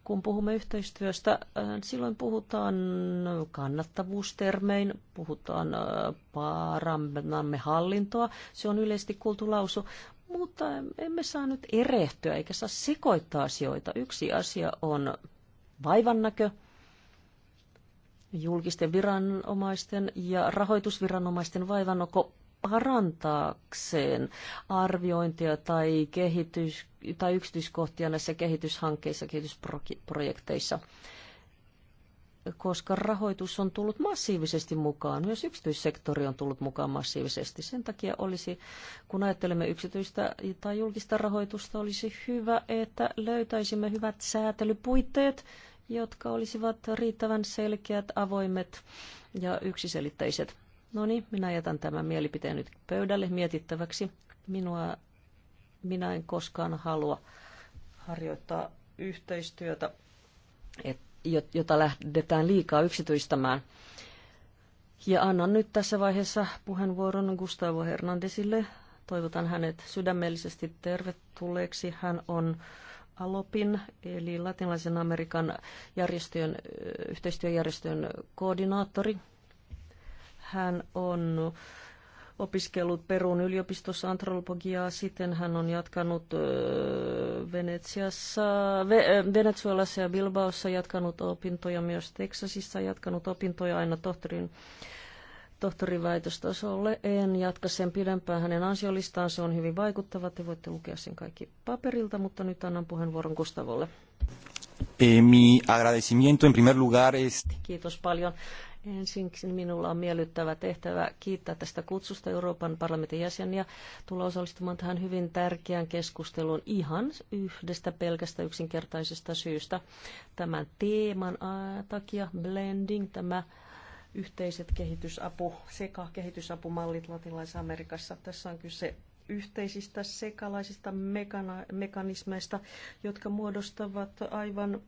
kun puhumme yhteistyöstä, äh, silloin puhutaan kannattavuustermein, puhutaan äh, parannamme hallintoa. Se on yleisesti kuultu lausu, mutta emme saa nyt erehtyä eikä saa sekoittaa asioita. Yksi asia on vaivannäkö, julkisten viranomaisten ja rahoitusviranomaisten vaivannoko parantaakseen arviointia tai, kehitys, tai yksityiskohtia näissä kehityshankkeissa, kehitysprojekteissa, koska rahoitus on tullut massiivisesti mukaan. Myös yksityissektori on tullut mukaan massiivisesti. Sen takia olisi, kun ajattelemme yksityistä tai julkista rahoitusta, olisi hyvä, että löytäisimme hyvät säätelypuitteet, jotka olisivat riittävän selkeät, avoimet ja yksiselitteiset No niin, minä jätän tämän mielipiteen nyt pöydälle mietittäväksi. Minua, minä en koskaan halua harjoittaa yhteistyötä, et, jota lähdetään liikaa yksityistämään. Ja annan nyt tässä vaiheessa puheenvuoron Gustavo Hernandesille. Toivotan hänet sydämellisesti tervetulleeksi. Hän on Alopin, eli Latinalaisen Amerikan järjestön, yhteistyöjärjestön koordinaattori – hän on opiskellut Perun yliopistossa antropologiaa, sitten hän on jatkanut Venetsiassa, Venezuelassa ja Bilbaossa, jatkanut opintoja myös Teksasissa, jatkanut opintoja aina tohtorin tohtoriväitöstasolle. En jatka sen pidempään hänen ansiolistaan. Se on hyvin vaikuttava. Te voitte lukea sen kaikki paperilta, mutta nyt annan puheenvuoron Gustavolle. Eh, mi agradecimiento en primer lugar es... Kiitos paljon. Ensinnäkin minulla on miellyttävä tehtävä kiittää tästä kutsusta Euroopan parlamentin jäseniä tulla osallistumaan tähän hyvin tärkeään keskusteluun ihan yhdestä pelkästä yksinkertaisesta syystä. Tämän teeman takia blending, tämä yhteiset kehitysapu sekä kehitysapumallit Latinalaisessa Amerikassa. Tässä on kyse yhteisistä sekalaisista mekanismeista, jotka muodostavat aivan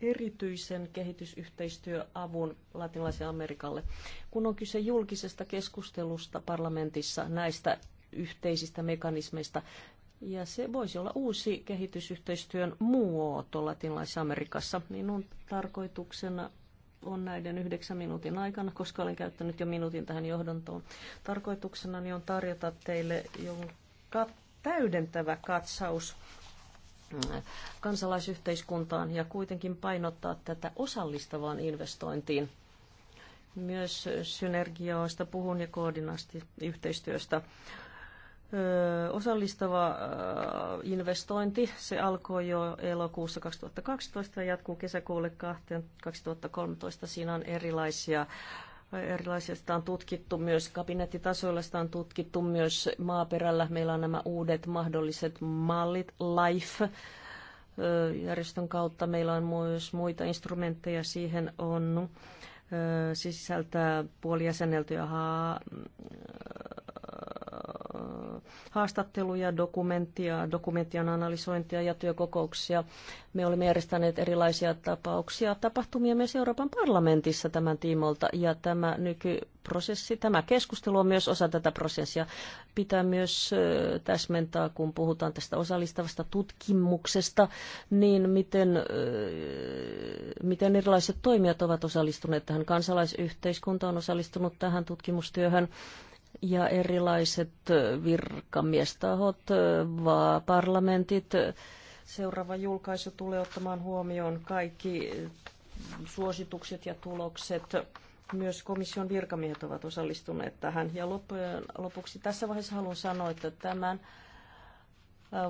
erityisen kehitysyhteistyöavun latinalaisen Amerikalle. Kun on kyse julkisesta keskustelusta parlamentissa näistä yhteisistä mekanismeista, ja se voisi olla uusi kehitysyhteistyön muoto Latinalais-Amerikassa. Minun niin tarkoituksena on näiden yhdeksän minuutin aikana, koska olen käyttänyt jo minuutin tähän johdantoon. Tarkoituksena niin on tarjota teille jonkun täydentävä katsaus kansalaisyhteiskuntaan ja kuitenkin painottaa tätä osallistavaan investointiin. Myös synergioista puhun ja koordinaasti yhteistyöstä osallistava investointi, se alkoi jo elokuussa 2012 ja jatkuu kesäkuulle 2013. Siinä on erilaisia erilaisia. Sitä on tutkittu myös kabinettitasoilla, sitä on tutkittu myös maaperällä. Meillä on nämä uudet mahdolliset mallit, LIFE, järjestön kautta. Meillä on myös muita instrumentteja siihen on. Se sisältää puolijäseneltyjä haastatteluja, dokumenttia, dokumenttien analysointia ja työkokouksia. Me olemme järjestäneet erilaisia tapauksia, tapahtumia myös Euroopan parlamentissa tämän tiimolta ja tämä nykyprosessi, tämä keskustelu on myös osa tätä prosessia. Pitää myös täsmentää, kun puhutaan tästä osallistavasta tutkimuksesta, niin miten, miten erilaiset toimijat ovat osallistuneet tähän. Kansalaisyhteiskunta on osallistunut tähän tutkimustyöhön ja erilaiset virkamiestahot, vaan parlamentit. Seuraava julkaisu tulee ottamaan huomioon kaikki suositukset ja tulokset. Myös komission virkamiehet ovat osallistuneet tähän. Ja lopuksi tässä vaiheessa haluan sanoa, että tämän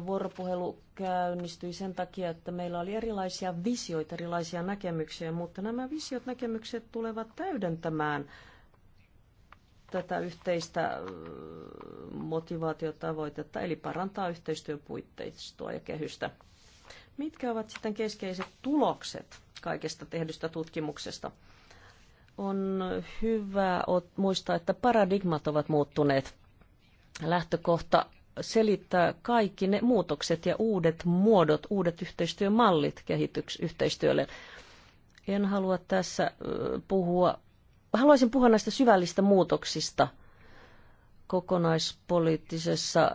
vuoropuhelu käynnistyi sen takia, että meillä oli erilaisia visioita, erilaisia näkemyksiä, mutta nämä visiot, näkemykset tulevat täydentämään tätä yhteistä motivaatiotavoitetta, eli parantaa yhteistyön puitteistoa ja kehystä. Mitkä ovat sitten keskeiset tulokset kaikesta tehdystä tutkimuksesta? On hyvä muistaa, että paradigmat ovat muuttuneet. Lähtökohta selittää kaikki ne muutokset ja uudet muodot, uudet yhteistyömallit kehitysyhteistyölle. En halua tässä puhua Haluaisin puhua näistä syvällistä muutoksista kokonaispoliittisessa äh,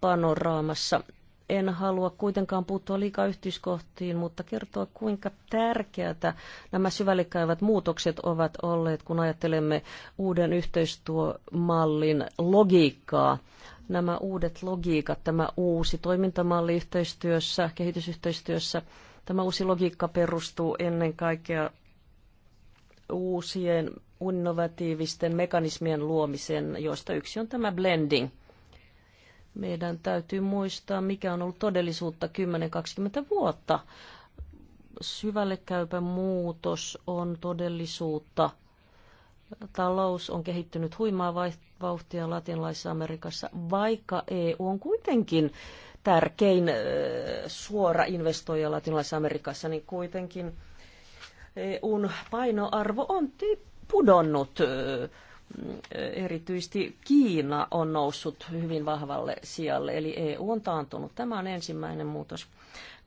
panoraamassa. En halua kuitenkaan puuttua liikaa yhtyiskohtiin, mutta kertoa kuinka tärkeätä nämä syvällikäivät muutokset ovat olleet, kun ajattelemme uuden yhteistyömallin logiikkaa nämä uudet logiikat, tämä uusi toimintamalli yhteistyössä, kehitysyhteistyössä, tämä uusi logiikka perustuu ennen kaikkea uusien innovatiivisten mekanismien luomisen, joista yksi on tämä blending. Meidän täytyy muistaa, mikä on ollut todellisuutta 10-20 vuotta. Syvälle käypä muutos on todellisuutta. Talous on kehittynyt huimaa vauhtia latinalaisessa Amerikassa, vaikka EU on kuitenkin tärkein suora investoija latinalaisessa Amerikassa, niin kuitenkin – EUn painoarvo on pudonnut erityisesti Kiina on noussut hyvin vahvalle sijalle, eli EU on taantunut. Tämä on ensimmäinen muutos.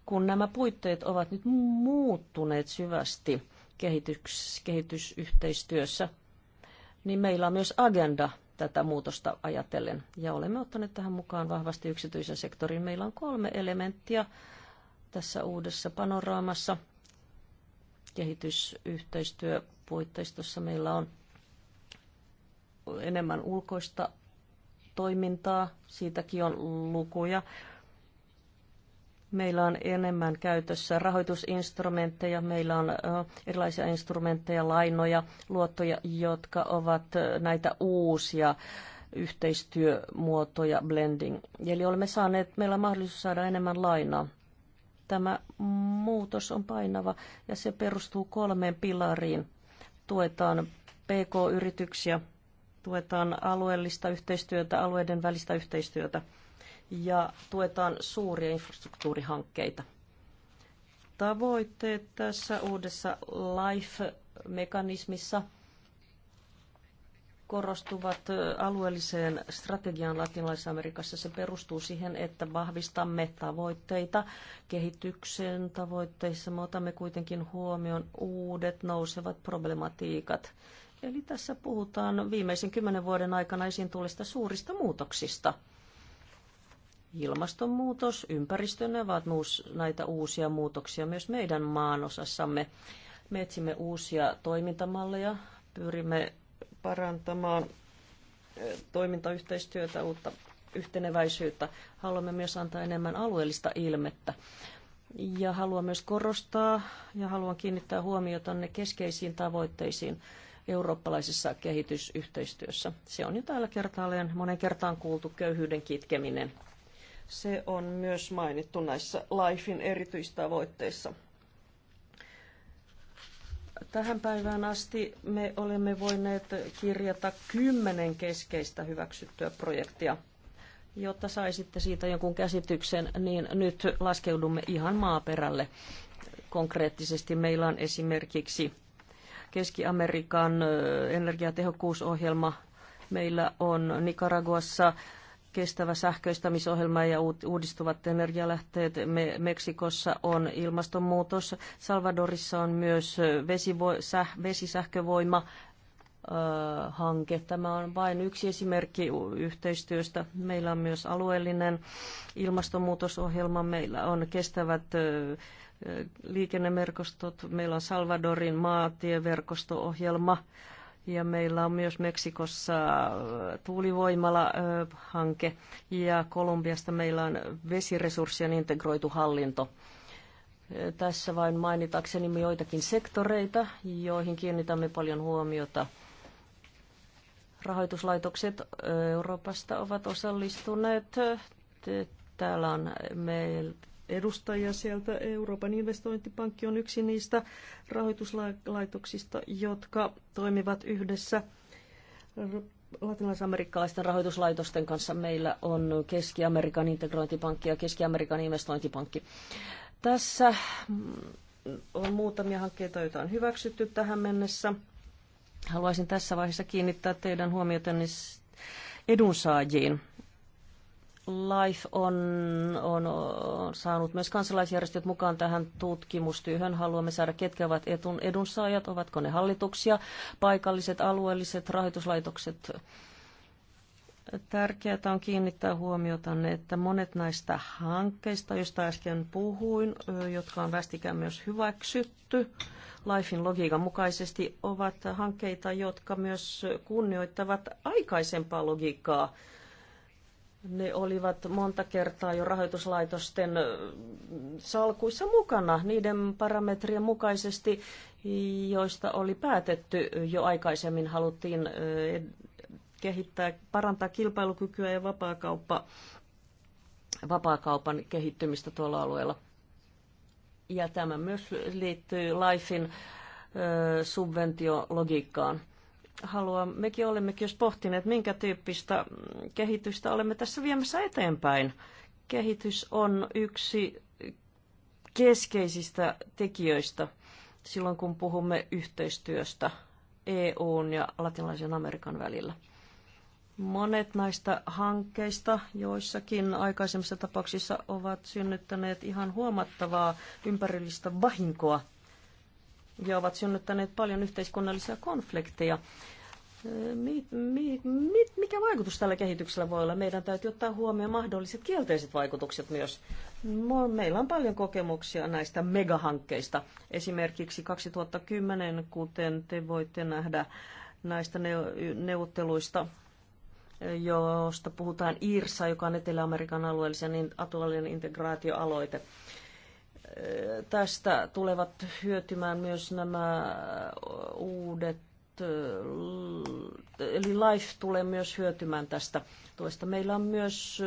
Kun nämä puitteet ovat nyt muuttuneet syvästi kehitys, kehitysyhteistyössä, niin meillä on myös agenda tätä muutosta ajatellen. Ja olemme ottaneet tähän mukaan vahvasti yksityisen sektorin. Meillä on kolme elementtiä tässä uudessa panoraamassa – kehitysyhteistyöpuitteistossa meillä on enemmän ulkoista toimintaa, siitäkin on lukuja. Meillä on enemmän käytössä rahoitusinstrumentteja, meillä on erilaisia instrumentteja, lainoja, luottoja, jotka ovat näitä uusia yhteistyömuotoja, blending. Eli olemme saaneet, meillä on mahdollisuus saada enemmän lainaa. Tämä muutos on painava ja se perustuu kolmeen pilariin. Tuetaan PK-yrityksiä, tuetaan alueellista yhteistyötä, alueiden välistä yhteistyötä ja tuetaan suuria infrastruktuurihankkeita. Tavoitteet tässä uudessa LIFE-mekanismissa – korostuvat alueelliseen strategiaan Latinalaisessa Amerikassa. Se perustuu siihen, että vahvistamme tavoitteita kehityksen tavoitteissa. Me otamme kuitenkin huomioon uudet nousevat problematiikat. Eli tässä puhutaan viimeisen kymmenen vuoden aikana esiin tulleista suurista muutoksista. Ilmastonmuutos, ympäristön ne ovat näitä uusia muutoksia myös meidän maanosassamme. Me etsimme uusia toimintamalleja, pyrimme parantamaan toimintayhteistyötä, uutta yhteneväisyyttä. Haluamme myös antaa enemmän alueellista ilmettä. Ja haluan myös korostaa ja haluan kiinnittää huomiota ne keskeisiin tavoitteisiin eurooppalaisessa kehitysyhteistyössä. Se on jo täällä kertaalleen monen kertaan kuultu köyhyyden kitkeminen. Se on myös mainittu näissä LIFEin erityistavoitteissa. Tähän päivään asti me olemme voineet kirjata kymmenen keskeistä hyväksyttyä projektia. Jotta saisitte siitä jonkun käsityksen, niin nyt laskeudumme ihan maaperälle. Konkreettisesti meillä on esimerkiksi Keski-Amerikan energiatehokkuusohjelma. Meillä on Nicaraguassa kestävä sähköistämisohjelma ja uudistuvat energialähteet. Me, Meksikossa on ilmastonmuutos. Salvadorissa on myös vesivo, säh, vesisähkövoima hanke. Tämä on vain yksi esimerkki yhteistyöstä. Meillä on myös alueellinen ilmastonmuutosohjelma, meillä on kestävät liikenneverkostot, meillä on Salvadorin maatieverkosto-ohjelma, ja meillä on myös Meksikossa äh, tuulivoimala-hanke äh, ja Kolumbiasta meillä on vesiresurssien integroitu hallinto. Äh, tässä vain mainitakseni joitakin sektoreita, joihin kiinnitämme paljon huomiota. Rahoituslaitokset Euroopasta ovat osallistuneet. Täällä on meillä edustajia sieltä. Euroopan investointipankki on yksi niistä rahoituslaitoksista, jotka toimivat yhdessä latinalaisamerikkalaisten rahoituslaitosten kanssa. Meillä on Keski-Amerikan integrointipankki ja Keski-Amerikan investointipankki. Tässä on muutamia hankkeita, joita on hyväksytty tähän mennessä. Haluaisin tässä vaiheessa kiinnittää teidän huomiotenne edunsaajiin. Life on, on, on saanut myös kansalaisjärjestöt mukaan tähän tutkimustyöhön. Haluamme saada, ketkä ovat etun, edunsaajat, ovatko ne hallituksia, paikalliset, alueelliset, rahoituslaitokset. Tärkeää on kiinnittää huomiota, että monet näistä hankkeista, joista äsken puhuin, jotka on västikään myös hyväksytty, Lifein logiikan mukaisesti ovat hankkeita, jotka myös kunnioittavat aikaisempaa logiikkaa – ne olivat monta kertaa jo rahoituslaitosten salkuissa mukana niiden parametrien mukaisesti, joista oli päätetty jo aikaisemmin. Haluttiin kehittää, parantaa kilpailukykyä ja vapaakauppa, vapaakaupan kehittymistä tuolla alueella. Ja tämä myös liittyy LIFEin subventiologiikkaan haluaa, mekin olemmekin jos pohtineet, minkä tyyppistä kehitystä olemme tässä viemässä eteenpäin. Kehitys on yksi keskeisistä tekijöistä silloin, kun puhumme yhteistyöstä EUn ja latinalaisen Amerikan välillä. Monet näistä hankkeista joissakin aikaisemmissa tapauksissa ovat synnyttäneet ihan huomattavaa ympärillistä vahinkoa – ja ovat synnyttäneet paljon yhteiskunnallisia konflikteja. Mi, mi, mi, mikä vaikutus tällä kehityksellä voi olla? Meidän täytyy ottaa huomioon mahdolliset kielteiset vaikutukset myös. Meillä on paljon kokemuksia näistä megahankkeista. Esimerkiksi 2010, kuten te voitte nähdä näistä neuvotteluista, josta puhutaan IRSA, joka on Etelä-Amerikan alueellisen, alueellinen integraatioaloite. Tästä tulevat hyötymään myös nämä uudet, eli LIFE tulee myös hyötymään tästä tuesta. Meillä on myös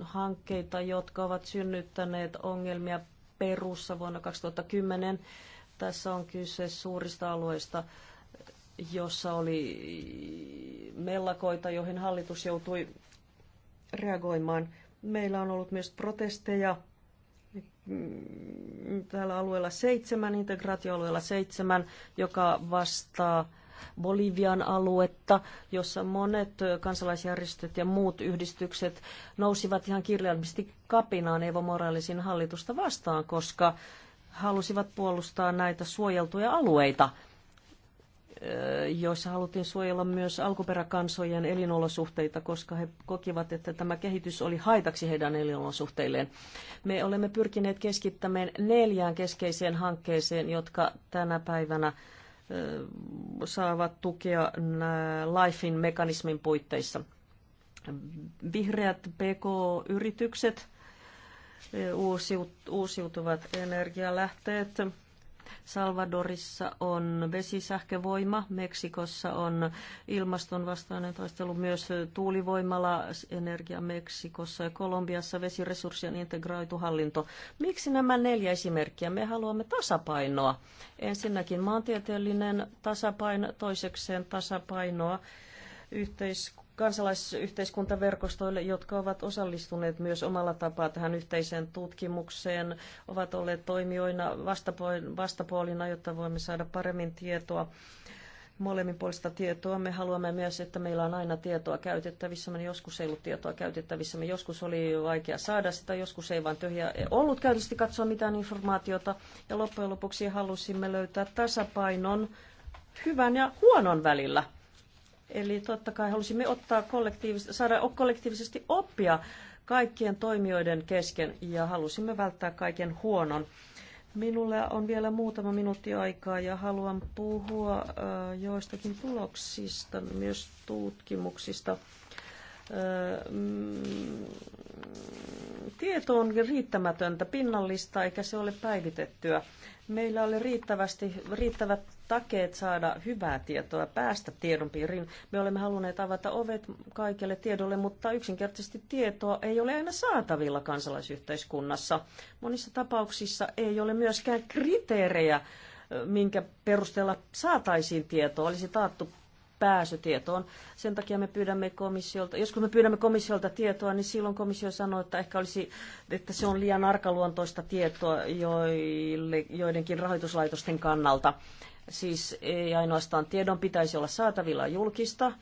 hankkeita, jotka ovat synnyttäneet ongelmia Perussa vuonna 2010. Tässä on kyse suurista alueista, jossa oli mellakoita, joihin hallitus joutui reagoimaan. Meillä on ollut myös protesteja Mm, täällä alueella seitsemän, integraatioalueella seitsemän, joka vastaa Bolivian aluetta, jossa monet kansalaisjärjestöt ja muut yhdistykset nousivat ihan kirjallisesti kapinaan Evo Moralesin hallitusta vastaan, koska halusivat puolustaa näitä suojeltuja alueita – Eh, joissa haluttiin suojella myös alkuperäkansojen elinolosuhteita, koska he kokivat, että tämä kehitys oli haitaksi heidän elinolosuhteilleen. Me olemme pyrkineet keskittämään neljään keskeiseen hankkeeseen, jotka tänä päivänä eh, saavat tukea LIFEin mekanismin puitteissa. Vihreät PK-yritykset, eh, uusiutuvat energialähteet, Salvadorissa on vesisähkövoima, Meksikossa on ilmastonvastainen taistelu, myös tuulivoimala energia Meksikossa ja Kolumbiassa vesiresurssien integroitu hallinto. Miksi nämä neljä esimerkkiä? Me haluamme tasapainoa. Ensinnäkin maantieteellinen tasapaino, toisekseen tasapainoa yhteiskunnassa kansalaisyhteiskuntaverkostoille, jotka ovat osallistuneet myös omalla tapaa tähän yhteiseen tutkimukseen, ovat olleet toimijoina vastapuolina, jotta voimme saada paremmin tietoa molemminpuolista tietoa. Me haluamme myös, että meillä on aina tietoa käytettävissä. Me joskus ei ollut tietoa käytettävissä. Me joskus oli vaikea saada sitä, joskus ei vain tyhjä ollut käytöstä katsoa mitään informaatiota. Ja loppujen lopuksi halusimme löytää tasapainon hyvän ja huonon välillä Eli totta kai halusimme ottaa kollektiivis- saada kollektiivisesti oppia kaikkien toimijoiden kesken ja halusimme välttää kaiken huonon. Minulla on vielä muutama minuutti aikaa ja haluan puhua joistakin tuloksista, myös tutkimuksista. Mm, tieto on riittämätöntä, pinnallista, eikä se ole päivitettyä meillä oli riittävästi, riittävät takeet saada hyvää tietoa, päästä tiedon piiriin. Me olemme halunneet avata ovet kaikille tiedolle, mutta yksinkertaisesti tietoa ei ole aina saatavilla kansalaisyhteiskunnassa. Monissa tapauksissa ei ole myöskään kriteerejä, minkä perusteella saataisiin tietoa. Olisi taattu Pääsytietoon, Sen takia me pyydämme komissiolta, jos kun me pyydämme komissiolta tietoa, niin silloin komissio sanoo, että ehkä olisi, että se on liian arkaluontoista tietoa joille, joidenkin rahoituslaitosten kannalta. Siis ei ainoastaan tiedon pitäisi olla saatavilla julkista,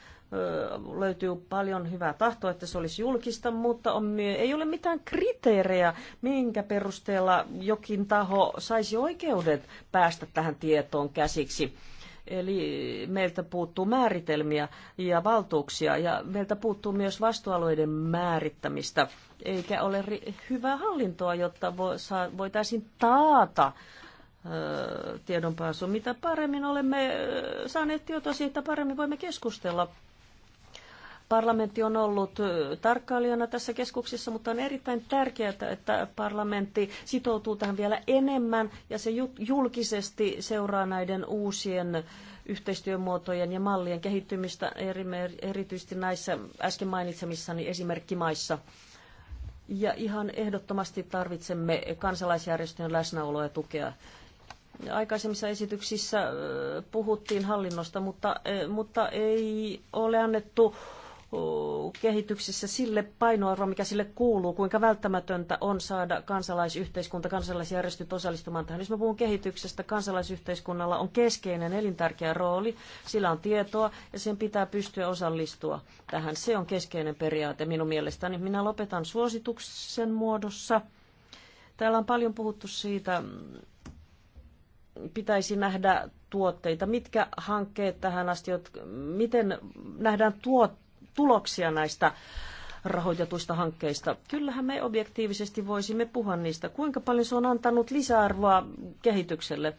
löytyy paljon hyvää tahtoa, että se olisi julkista, mutta on myö- ei ole mitään kriteerejä, minkä perusteella jokin taho saisi oikeudet päästä tähän tietoon käsiksi. Eli meiltä puuttuu määritelmiä ja valtuuksia ja meiltä puuttuu myös vastuualueiden määrittämistä, eikä ole hyvää hallintoa, jotta voitaisiin taata tiedonpääsy. Mitä paremmin olemme saaneet tietoa siitä, paremmin voimme keskustella Parlamentti on ollut tarkkailijana tässä keskuksessa, mutta on erittäin tärkeää, että parlamentti sitoutuu tähän vielä enemmän ja se julkisesti seuraa näiden uusien yhteistyömuotojen ja mallien kehittymistä erityisesti näissä äsken mainitsemissani esimerkkimaissa. Ja ihan ehdottomasti tarvitsemme kansalaisjärjestöjen läsnäoloa ja tukea aikaisemmissa esityksissä puhuttiin hallinnosta, mutta, mutta ei ole annettu kehityksessä sille painoarvo, mikä sille kuuluu, kuinka välttämätöntä on saada kansalaisyhteiskunta, kansalaisjärjestöt osallistumaan tähän. Jos mä puhun kehityksestä, kansalaisyhteiskunnalla on keskeinen elintärkeä rooli, sillä on tietoa ja sen pitää pystyä osallistua tähän. Se on keskeinen periaate minun mielestäni. Minä lopetan suosituksen muodossa. Täällä on paljon puhuttu siitä, pitäisi nähdä tuotteita? Mitkä hankkeet tähän asti, miten nähdään tuotteita? tuloksia näistä rahoitetuista hankkeista. Kyllähän me objektiivisesti voisimme puhua niistä. Kuinka paljon se on antanut lisäarvoa kehitykselle?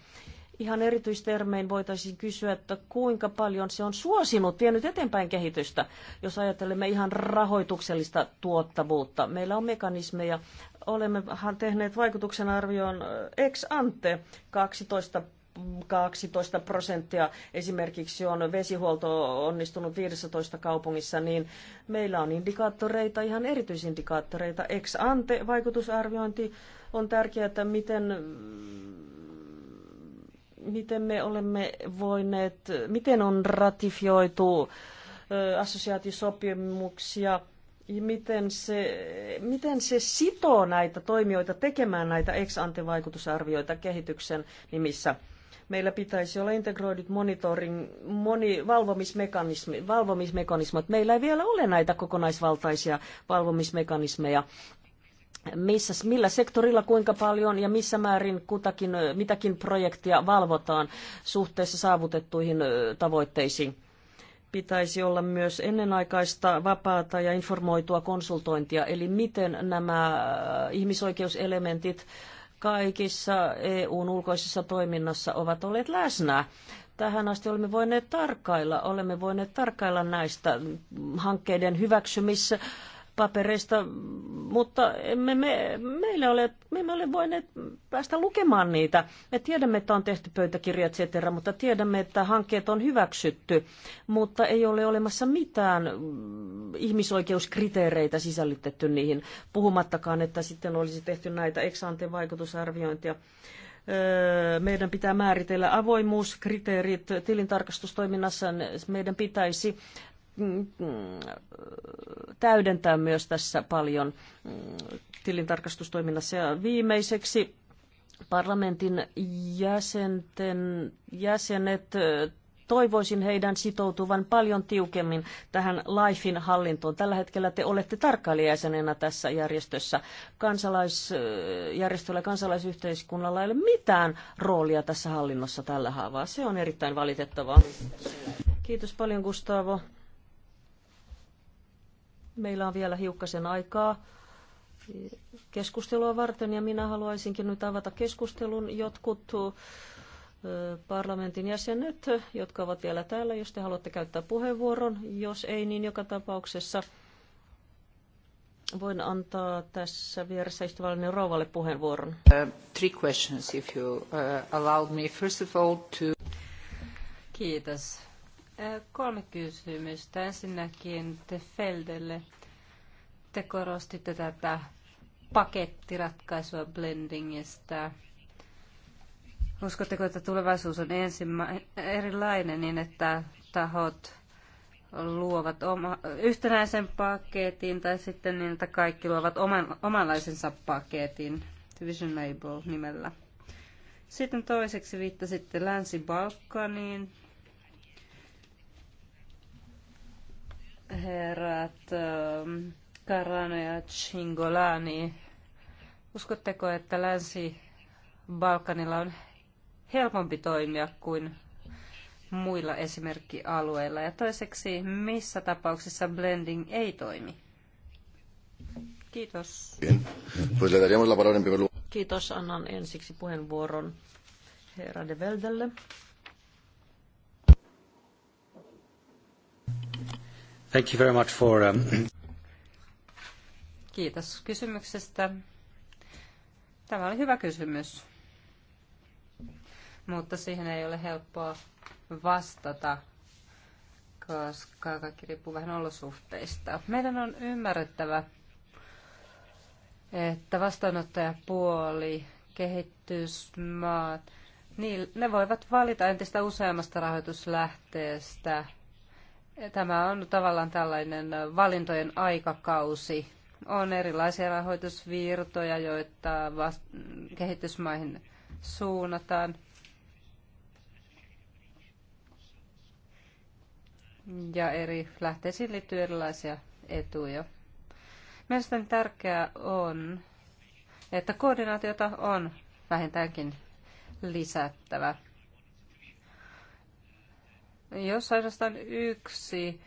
Ihan erityistermein voitaisiin kysyä, että kuinka paljon se on suosinut, vienyt eteenpäin kehitystä, jos ajattelemme ihan rahoituksellista tuottavuutta. Meillä on mekanismeja. Olemme tehneet vaikutuksen arvioon äh, ex ante 12 12 prosenttia esimerkiksi on vesihuolto onnistunut 15 kaupungissa, niin meillä on indikaattoreita, ihan erityisindikaattoreita. Ex ante vaikutusarviointi on tärkeää, että miten miten me olemme voineet, miten on ratifioitu assosiaatiosopimuksia ja miten se, miten se sitoo näitä toimijoita tekemään näitä ex antivaikutusarvioita kehityksen nimissä. Meillä pitäisi olla integroidut monitoring, moni, valvomismekanismi, valvomismekanismit. Meillä ei vielä ole näitä kokonaisvaltaisia valvomismekanismeja missä, millä sektorilla kuinka paljon ja missä määrin kutakin, mitäkin projektia valvotaan suhteessa saavutettuihin tavoitteisiin. Pitäisi olla myös ennenaikaista vapaata ja informoitua konsultointia, eli miten nämä ihmisoikeuselementit kaikissa EUn ulkoisessa toiminnassa ovat olleet läsnä. Tähän asti olemme voineet tarkkailla, olemme voineet tarkkailla näistä hankkeiden hyväksymissä papereista, mutta emme me, meille ole, me emme ole voineet päästä lukemaan niitä. Me tiedämme, että on tehty pöytäkirja, et cetera, mutta tiedämme, että hankkeet on hyväksytty, mutta ei ole olemassa mitään ihmisoikeuskriteereitä sisällytetty niihin, puhumattakaan, että sitten olisi tehty näitä eksanteen vaikutusarviointia öö, meidän pitää määritellä avoimuuskriteerit tilintarkastustoiminnassa. Meidän pitäisi täydentää myös tässä paljon mm, tilintarkastustoiminnassa. Ja viimeiseksi parlamentin jäsenten, jäsenet toivoisin heidän sitoutuvan paljon tiukemmin tähän LIFEin hallintoon. Tällä hetkellä te olette tarkkailijäisenä tässä järjestössä. Kansalaisjärjestöllä ja kansalaisyhteiskunnalla ei ole mitään roolia tässä hallinnossa tällä haavaa. Se on erittäin valitettavaa. Kiitos paljon Gustavo. Meillä on vielä hiukkasen aikaa keskustelua varten ja minä haluaisinkin nyt avata keskustelun jotkut parlamentin jäsenet, jotka ovat vielä täällä, jos te haluatte käyttää puheenvuoron. Jos ei, niin joka tapauksessa voin antaa tässä vieressä istuvalle rouvalle puheenvuoron. Uh, three questions, if you uh, allow me. First of all to... Kiitos. Kolme kysymystä. Ensinnäkin te Feldelle. Te korostitte tätä pakettiratkaisua blendingistä. Uskotteko, että tulevaisuus on ensimmä, erilainen niin, että tahot luovat oma, yhtenäisen paketin tai sitten niin, että kaikki luovat oman, omanlaisensa paketin Division Label nimellä? Sitten toiseksi viittasitte Länsi-Balkaniin herrat ähm, Karano ja Chingolani, uskotteko, että Länsi-Balkanilla on helpompi toimia kuin muilla esimerkkialueilla? Ja toiseksi, missä tapauksissa blending ei toimi? Kiitos. Kiitos. Annan ensiksi puheenvuoron herra De Veldelle. Thank you very much for, um, Kiitos kysymyksestä. Tämä oli hyvä kysymys, mutta siihen ei ole helppoa vastata, koska kaikki riippuu vähän olosuhteista. Meidän on ymmärrettävä, että vastaanottajapuoli, kehitysmaat, niin ne voivat valita entistä useammasta rahoituslähteestä – Tämä on tavallaan tällainen valintojen aikakausi. On erilaisia rahoitusvirtoja, joita kehitysmaihin suunnataan. Ja eri lähteisiin liittyy erilaisia etuja. Mielestäni tärkeää on, että koordinaatiota on vähintäänkin lisättävä. Jos ainoastaan yksi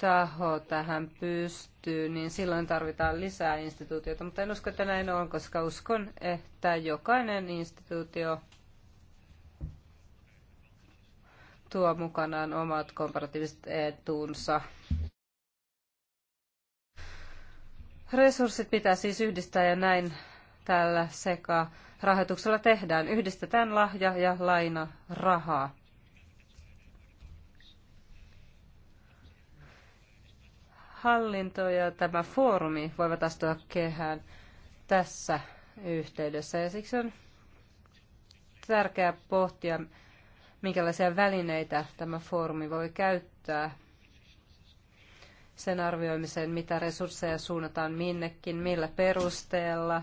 taho tähän pystyy, niin silloin tarvitaan lisää instituutioita, mutta en usko, että näin on, koska uskon, että jokainen instituutio tuo mukanaan omat komparatiiviset etuunsa. Resurssit pitää siis yhdistää ja näin tällä sekä rahoituksella tehdään. Yhdistetään lahja ja laina rahaa. hallinto ja tämä foorumi voivat astua kehään tässä yhteydessä. Ja siksi on tärkeää pohtia, minkälaisia välineitä tämä foorumi voi käyttää sen arvioimiseen, mitä resursseja suunnataan minnekin, millä perusteella,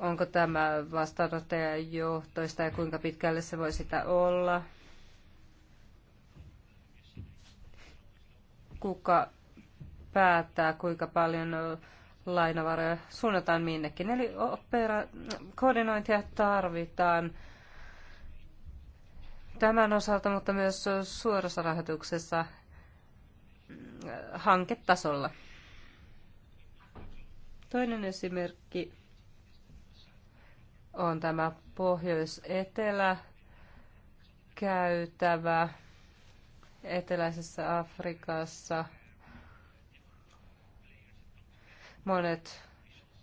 onko tämä vastaanottajajohtoista ja kuinka pitkälle se voi sitä olla. kuka päättää, kuinka paljon lainavaroja suunnataan minnekin. Eli opera- koordinointia tarvitaan tämän osalta, mutta myös suorassa rahoituksessa äh, hanketasolla. Toinen esimerkki on tämä pohjois-etelä käytävä eteläisessä Afrikassa monet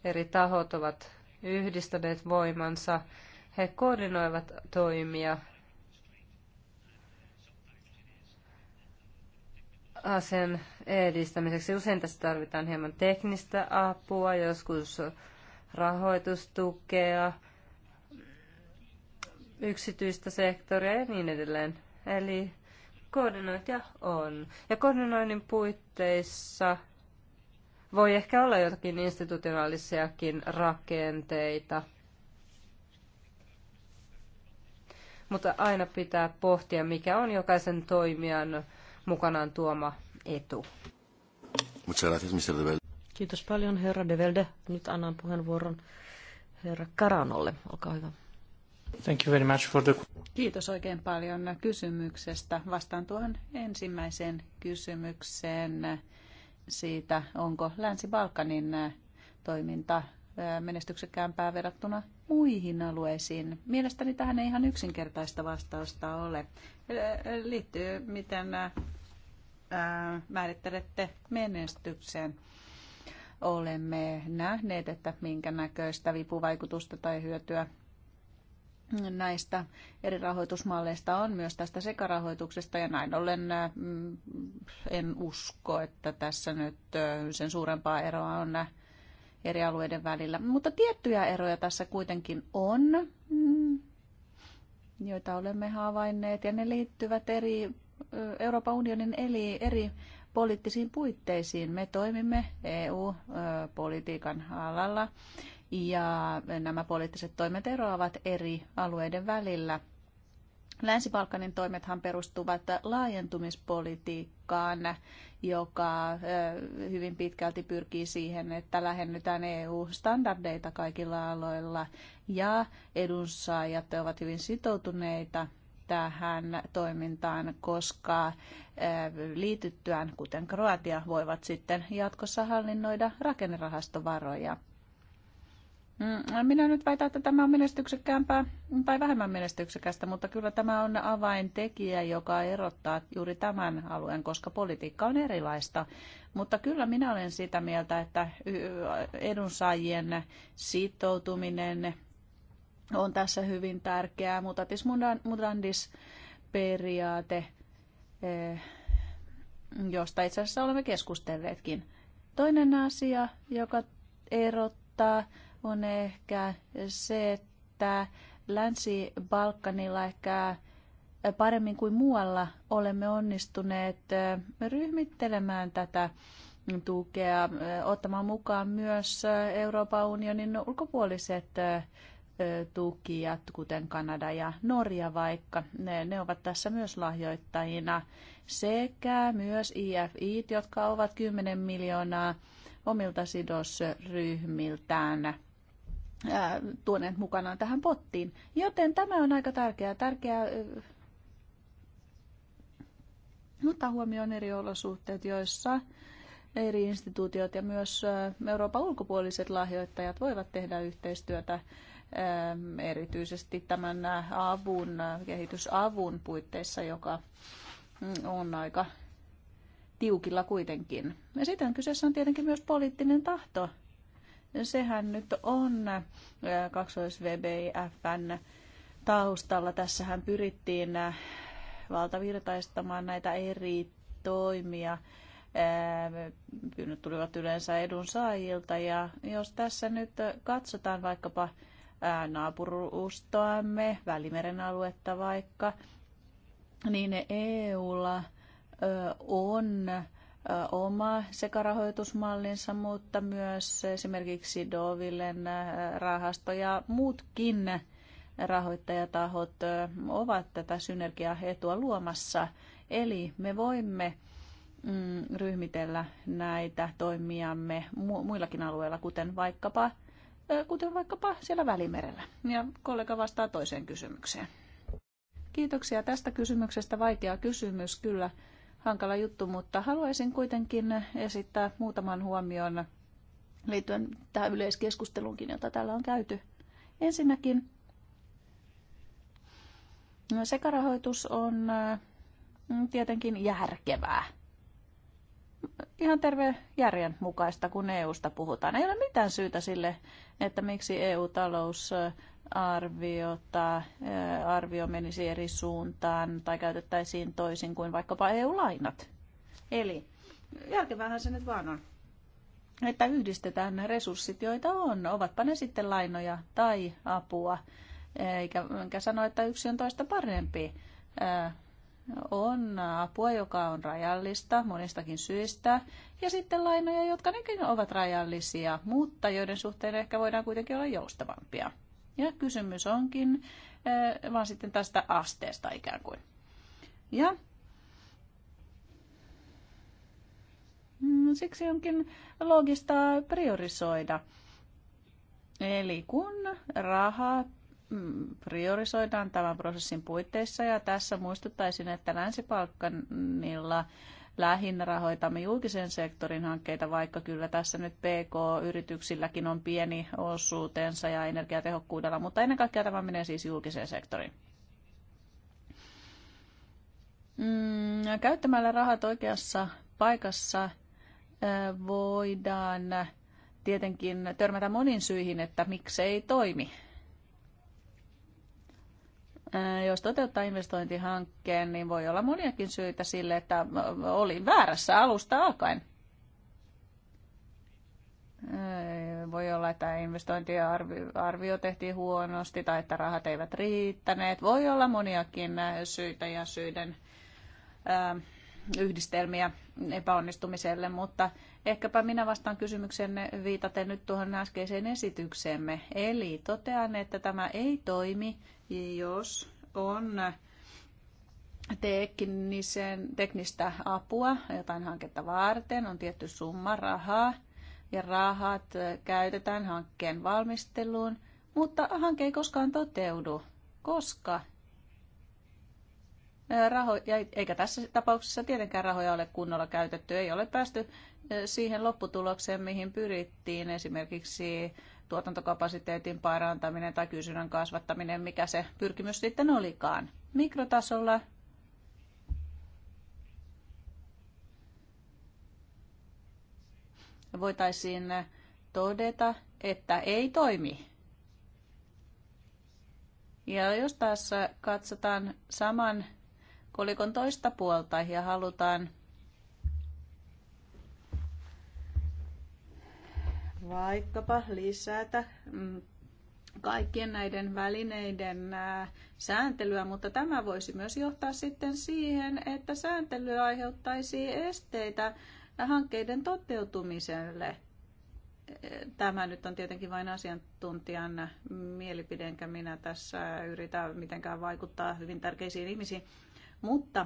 eri tahot ovat yhdistäneet voimansa. He koordinoivat toimia. asian edistämiseksi. Usein tässä tarvitaan hieman teknistä apua, joskus rahoitustukea, yksityistä sektoria ja niin edelleen. Eli koordinointia on. Ja koordinoinnin puitteissa voi ehkä olla jotakin institutionaalisiakin rakenteita. Mutta aina pitää pohtia, mikä on jokaisen toimijan mukanaan tuoma etu. Kiitos paljon, herra Develde. Nyt annan puheenvuoron herra Karanolle. Olkaa hyvä. Thank you very much for the... Kiitos oikein paljon kysymyksestä. Vastaan tuohon ensimmäiseen kysymykseen siitä, onko Länsi-Balkanin toiminta menestyksekkäämpää verrattuna muihin alueisiin? Mielestäni tähän ei ihan yksinkertaista vastausta ole. Liittyy, miten määrittelette menestyksen. Olemme nähneet, että minkä näköistä vipuvaikutusta tai hyötyä näistä eri rahoitusmalleista on myös tästä sekarahoituksesta ja näin ollen äh, mm, en usko, että tässä nyt äh, sen suurempaa eroa on äh, eri alueiden välillä. Mutta tiettyjä eroja tässä kuitenkin on, mm, joita olemme havainneet ja ne liittyvät eri Euroopan unionin eli eri poliittisiin puitteisiin. Me toimimme EU-politiikan alalla ja nämä poliittiset toimet eroavat eri alueiden välillä. Länsi-Balkanin toimethan perustuvat laajentumispolitiikkaan, joka hyvin pitkälti pyrkii siihen, että lähennytään EU-standardeita kaikilla aloilla ja edunsaajat ovat hyvin sitoutuneita tähän toimintaan, koska liityttyään, kuten Kroatia, voivat sitten jatkossa hallinnoida rakennerahastovaroja. Mm, minä nyt väitän, että tämä on menestyksekkäämpää tai vähemmän menestyksekästä, mutta kyllä tämä on avaintekijä, joka erottaa juuri tämän alueen, koska politiikka on erilaista. Mutta kyllä minä olen sitä mieltä, että edunsaajien sitoutuminen on tässä hyvin tärkeää. Mutatis mutandis periaate, eh, josta itse asiassa olemme keskustelleetkin. Toinen asia, joka erottaa on ehkä se, että Länsi-Balkanilla ehkä paremmin kuin muualla olemme onnistuneet ryhmittelemään tätä tukea, ottamaan mukaan myös Euroopan unionin ulkopuoliset tukijat, kuten Kanada ja Norja vaikka. Ne, ne ovat tässä myös lahjoittajina. Sekä myös IFI, jotka ovat 10 miljoonaa omilta sidosryhmiltään tuoneet mukanaan tähän pottiin. Joten tämä on aika tärkeää. Tärkeää mutta huomioon eri olosuhteet, joissa eri instituutiot ja myös Euroopan ulkopuoliset lahjoittajat voivat tehdä yhteistyötä erityisesti tämän avun, kehitysavun puitteissa, joka mm, on aika tiukilla kuitenkin. Ja sitten kyseessä on tietenkin myös poliittinen tahto sehän nyt on kaksois-VBIFn taustalla. Tässähän pyrittiin valtavirtaistamaan näitä eri toimia. Pyynnöt tulivat yleensä edunsaajilta ja jos tässä nyt katsotaan vaikkapa naapurustoamme, Välimeren aluetta vaikka, niin EUlla on oma sekarahoitusmallinsa, mutta myös esimerkiksi Dovillen rahasto ja muutkin rahoittajatahot ovat tätä synergiaetua luomassa. Eli me voimme mm, ryhmitellä näitä toimijamme muillakin alueilla, kuten vaikkapa, kuten vaikkapa siellä Välimerellä. Ja kollega vastaa toiseen kysymykseen. Kiitoksia tästä kysymyksestä. Vaikea kysymys kyllä hankala juttu, mutta haluaisin kuitenkin esittää muutaman huomion liittyen tähän yleiskeskusteluunkin, jota täällä on käyty. Ensinnäkin no, sekarahoitus on mm, tietenkin järkevää. Ihan terve järjen mukaista, kun EUsta puhutaan. Ei ole mitään syytä sille, että miksi EU-talous arviota, arvio menisi eri suuntaan tai käytettäisiin toisin kuin vaikkapa EU-lainat. Eli järkevähän se nyt vaan on, että yhdistetään ne resurssit, joita on, ovatpa ne sitten lainoja tai apua, eikä, eikä sano, että yksi on toista parempi. On apua, joka on rajallista monistakin syistä, ja sitten lainoja, jotka nekin ovat rajallisia, mutta joiden suhteen ehkä voidaan kuitenkin olla joustavampia. Ja kysymys onkin eh, vaan sitten tästä asteesta ikään kuin. Ja mm, siksi onkin loogista priorisoida. Eli kun raha mm, priorisoidaan tämän prosessin puitteissa ja tässä muistuttaisin, että länsipalkkanilla lähinnä rahoitamme julkisen sektorin hankkeita, vaikka kyllä tässä nyt PK-yrityksilläkin on pieni osuutensa ja energiatehokkuudella, mutta ennen kaikkea tämä menee siis julkiseen sektoriin. Mm, käyttämällä rahat oikeassa paikassa voidaan tietenkin törmätä monin syihin, että miksei toimi jos toteuttaa investointihankkeen, niin voi olla moniakin syitä sille, että olin väärässä alusta alkaen. Voi olla, että investointiarvio tehtiin huonosti tai että rahat eivät riittäneet. Voi olla moniakin syitä ja syiden yhdistelmiä epäonnistumiselle, mutta ehkäpä minä vastaan kysymyksenne viitaten nyt tuohon äskeiseen esitykseemme. Eli totean, että tämä ei toimi jos on teknisen, teknistä apua jotain hanketta varten, on tietty summa rahaa ja rahat käytetään hankkeen valmisteluun, mutta hanke ei koskaan toteudu, koska rahoja, eikä tässä tapauksessa tietenkään rahoja ole kunnolla käytetty, ei ole päästy siihen lopputulokseen, mihin pyrittiin esimerkiksi tuotantokapasiteetin parantaminen tai kysynnän kasvattaminen, mikä se pyrkimys sitten olikaan. Mikrotasolla voitaisiin todeta, että ei toimi. Ja jos taas katsotaan saman kolikon toista puolta ja halutaan vaikkapa lisätä mm, kaikkien näiden välineiden sääntelyä, mutta tämä voisi myös johtaa sitten siihen, että sääntely aiheuttaisi esteitä hankkeiden toteutumiselle. E, tämä nyt on tietenkin vain asiantuntijan mielipide, enkä minä tässä yritä mitenkään vaikuttaa hyvin tärkeisiin ihmisiin. Mutta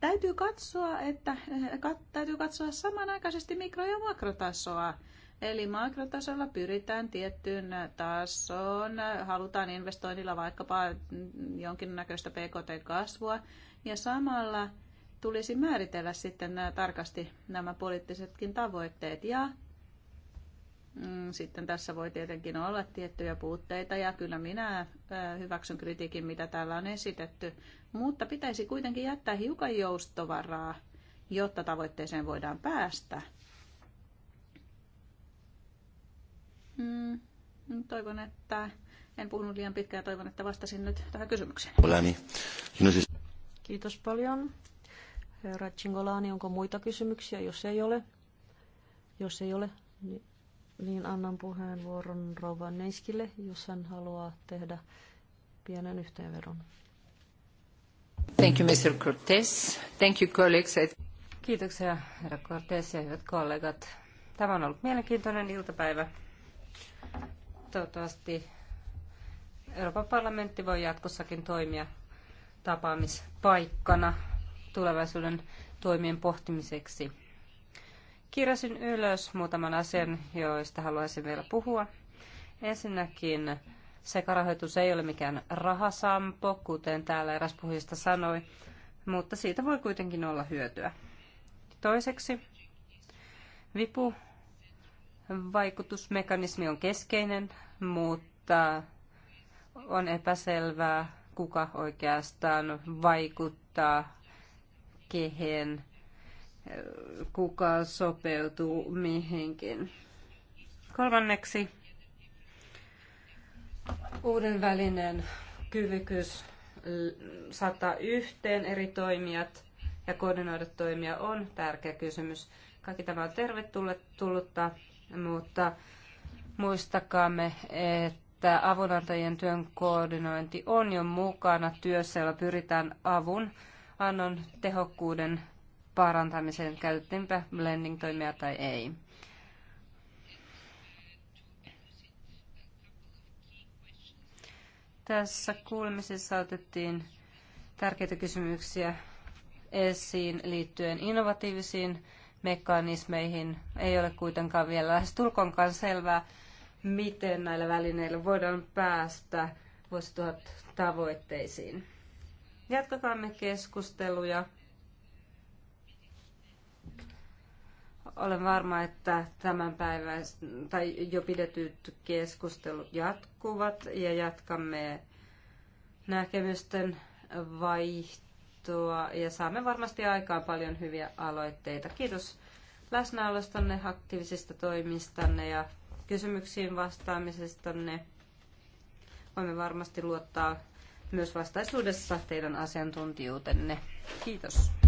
täytyy katsoa, että, e, täytyy katsoa samanaikaisesti mikro- ja makrotasoa Eli makrotasolla pyritään tiettyyn tasoon, halutaan investoinnilla vaikkapa jonkinnäköistä PKT-kasvua ja samalla tulisi määritellä sitten nämä, tarkasti nämä poliittisetkin tavoitteet ja mm, sitten tässä voi tietenkin olla tiettyjä puutteita ja kyllä minä hyväksyn kritiikin, mitä täällä on esitetty, mutta pitäisi kuitenkin jättää hiukan joustovaraa, jotta tavoitteeseen voidaan päästä. Mm, toivon, että en puhunut liian pitkään ja toivon, että vastasin nyt tähän kysymykseen. Siis- Kiitos paljon. Herra Chingolani, onko muita kysymyksiä? Jos ei ole, jos ei ole niin, niin annan puheenvuoron Rova Neiskille, jos hän haluaa tehdä pienen yhteenvedon. Thank you, Mr. Cortez. Thank you, colleagues. Kiitoksia, herra Cortez ja hyvät kollegat. Tämä on ollut mielenkiintoinen iltapäivä. Toivottavasti Euroopan parlamentti voi jatkossakin toimia tapaamispaikkana tulevaisuuden toimien pohtimiseksi. Kirjasin ylös muutaman asian, joista haluaisin vielä puhua. Ensinnäkin sekarahoitus ei ole mikään rahasampo, kuten täällä eräs puhujista sanoi, mutta siitä voi kuitenkin olla hyötyä. Toiseksi vipu vaikutusmekanismi on keskeinen mutta on epäselvää, kuka oikeastaan vaikuttaa kehen, kuka sopeutuu mihinkin. Kolmanneksi uuden välinen kyvykys saattaa yhteen eri toimijat ja koordinoida toimia on tärkeä kysymys. Kaikki tämä on tervetullutta, mutta Muistakaamme, että avunantajien työn koordinointi on jo mukana työssä, jolla pyritään avun annon tehokkuuden parantamiseen, käytettiinpä blending-toimia tai ei. Tässä kuulemisessa otettiin tärkeitä kysymyksiä esiin liittyen innovatiivisiin mekanismeihin. Ei ole kuitenkaan vielä lähes tulkonkaan selvää, miten näillä välineillä voidaan päästä vuosituhat tavoitteisiin. Jatkakaamme keskusteluja. Olen varma, että tämän päivän tai jo pidetyt keskustelut jatkuvat ja jatkamme näkemysten vaihtoa ja saamme varmasti aikaan paljon hyviä aloitteita. Kiitos läsnäolostanne, aktiivisista toimistanne ja kysymyksiin vastaamisestanne. Voimme varmasti luottaa myös vastaisuudessa teidän asiantuntijuutenne. Kiitos.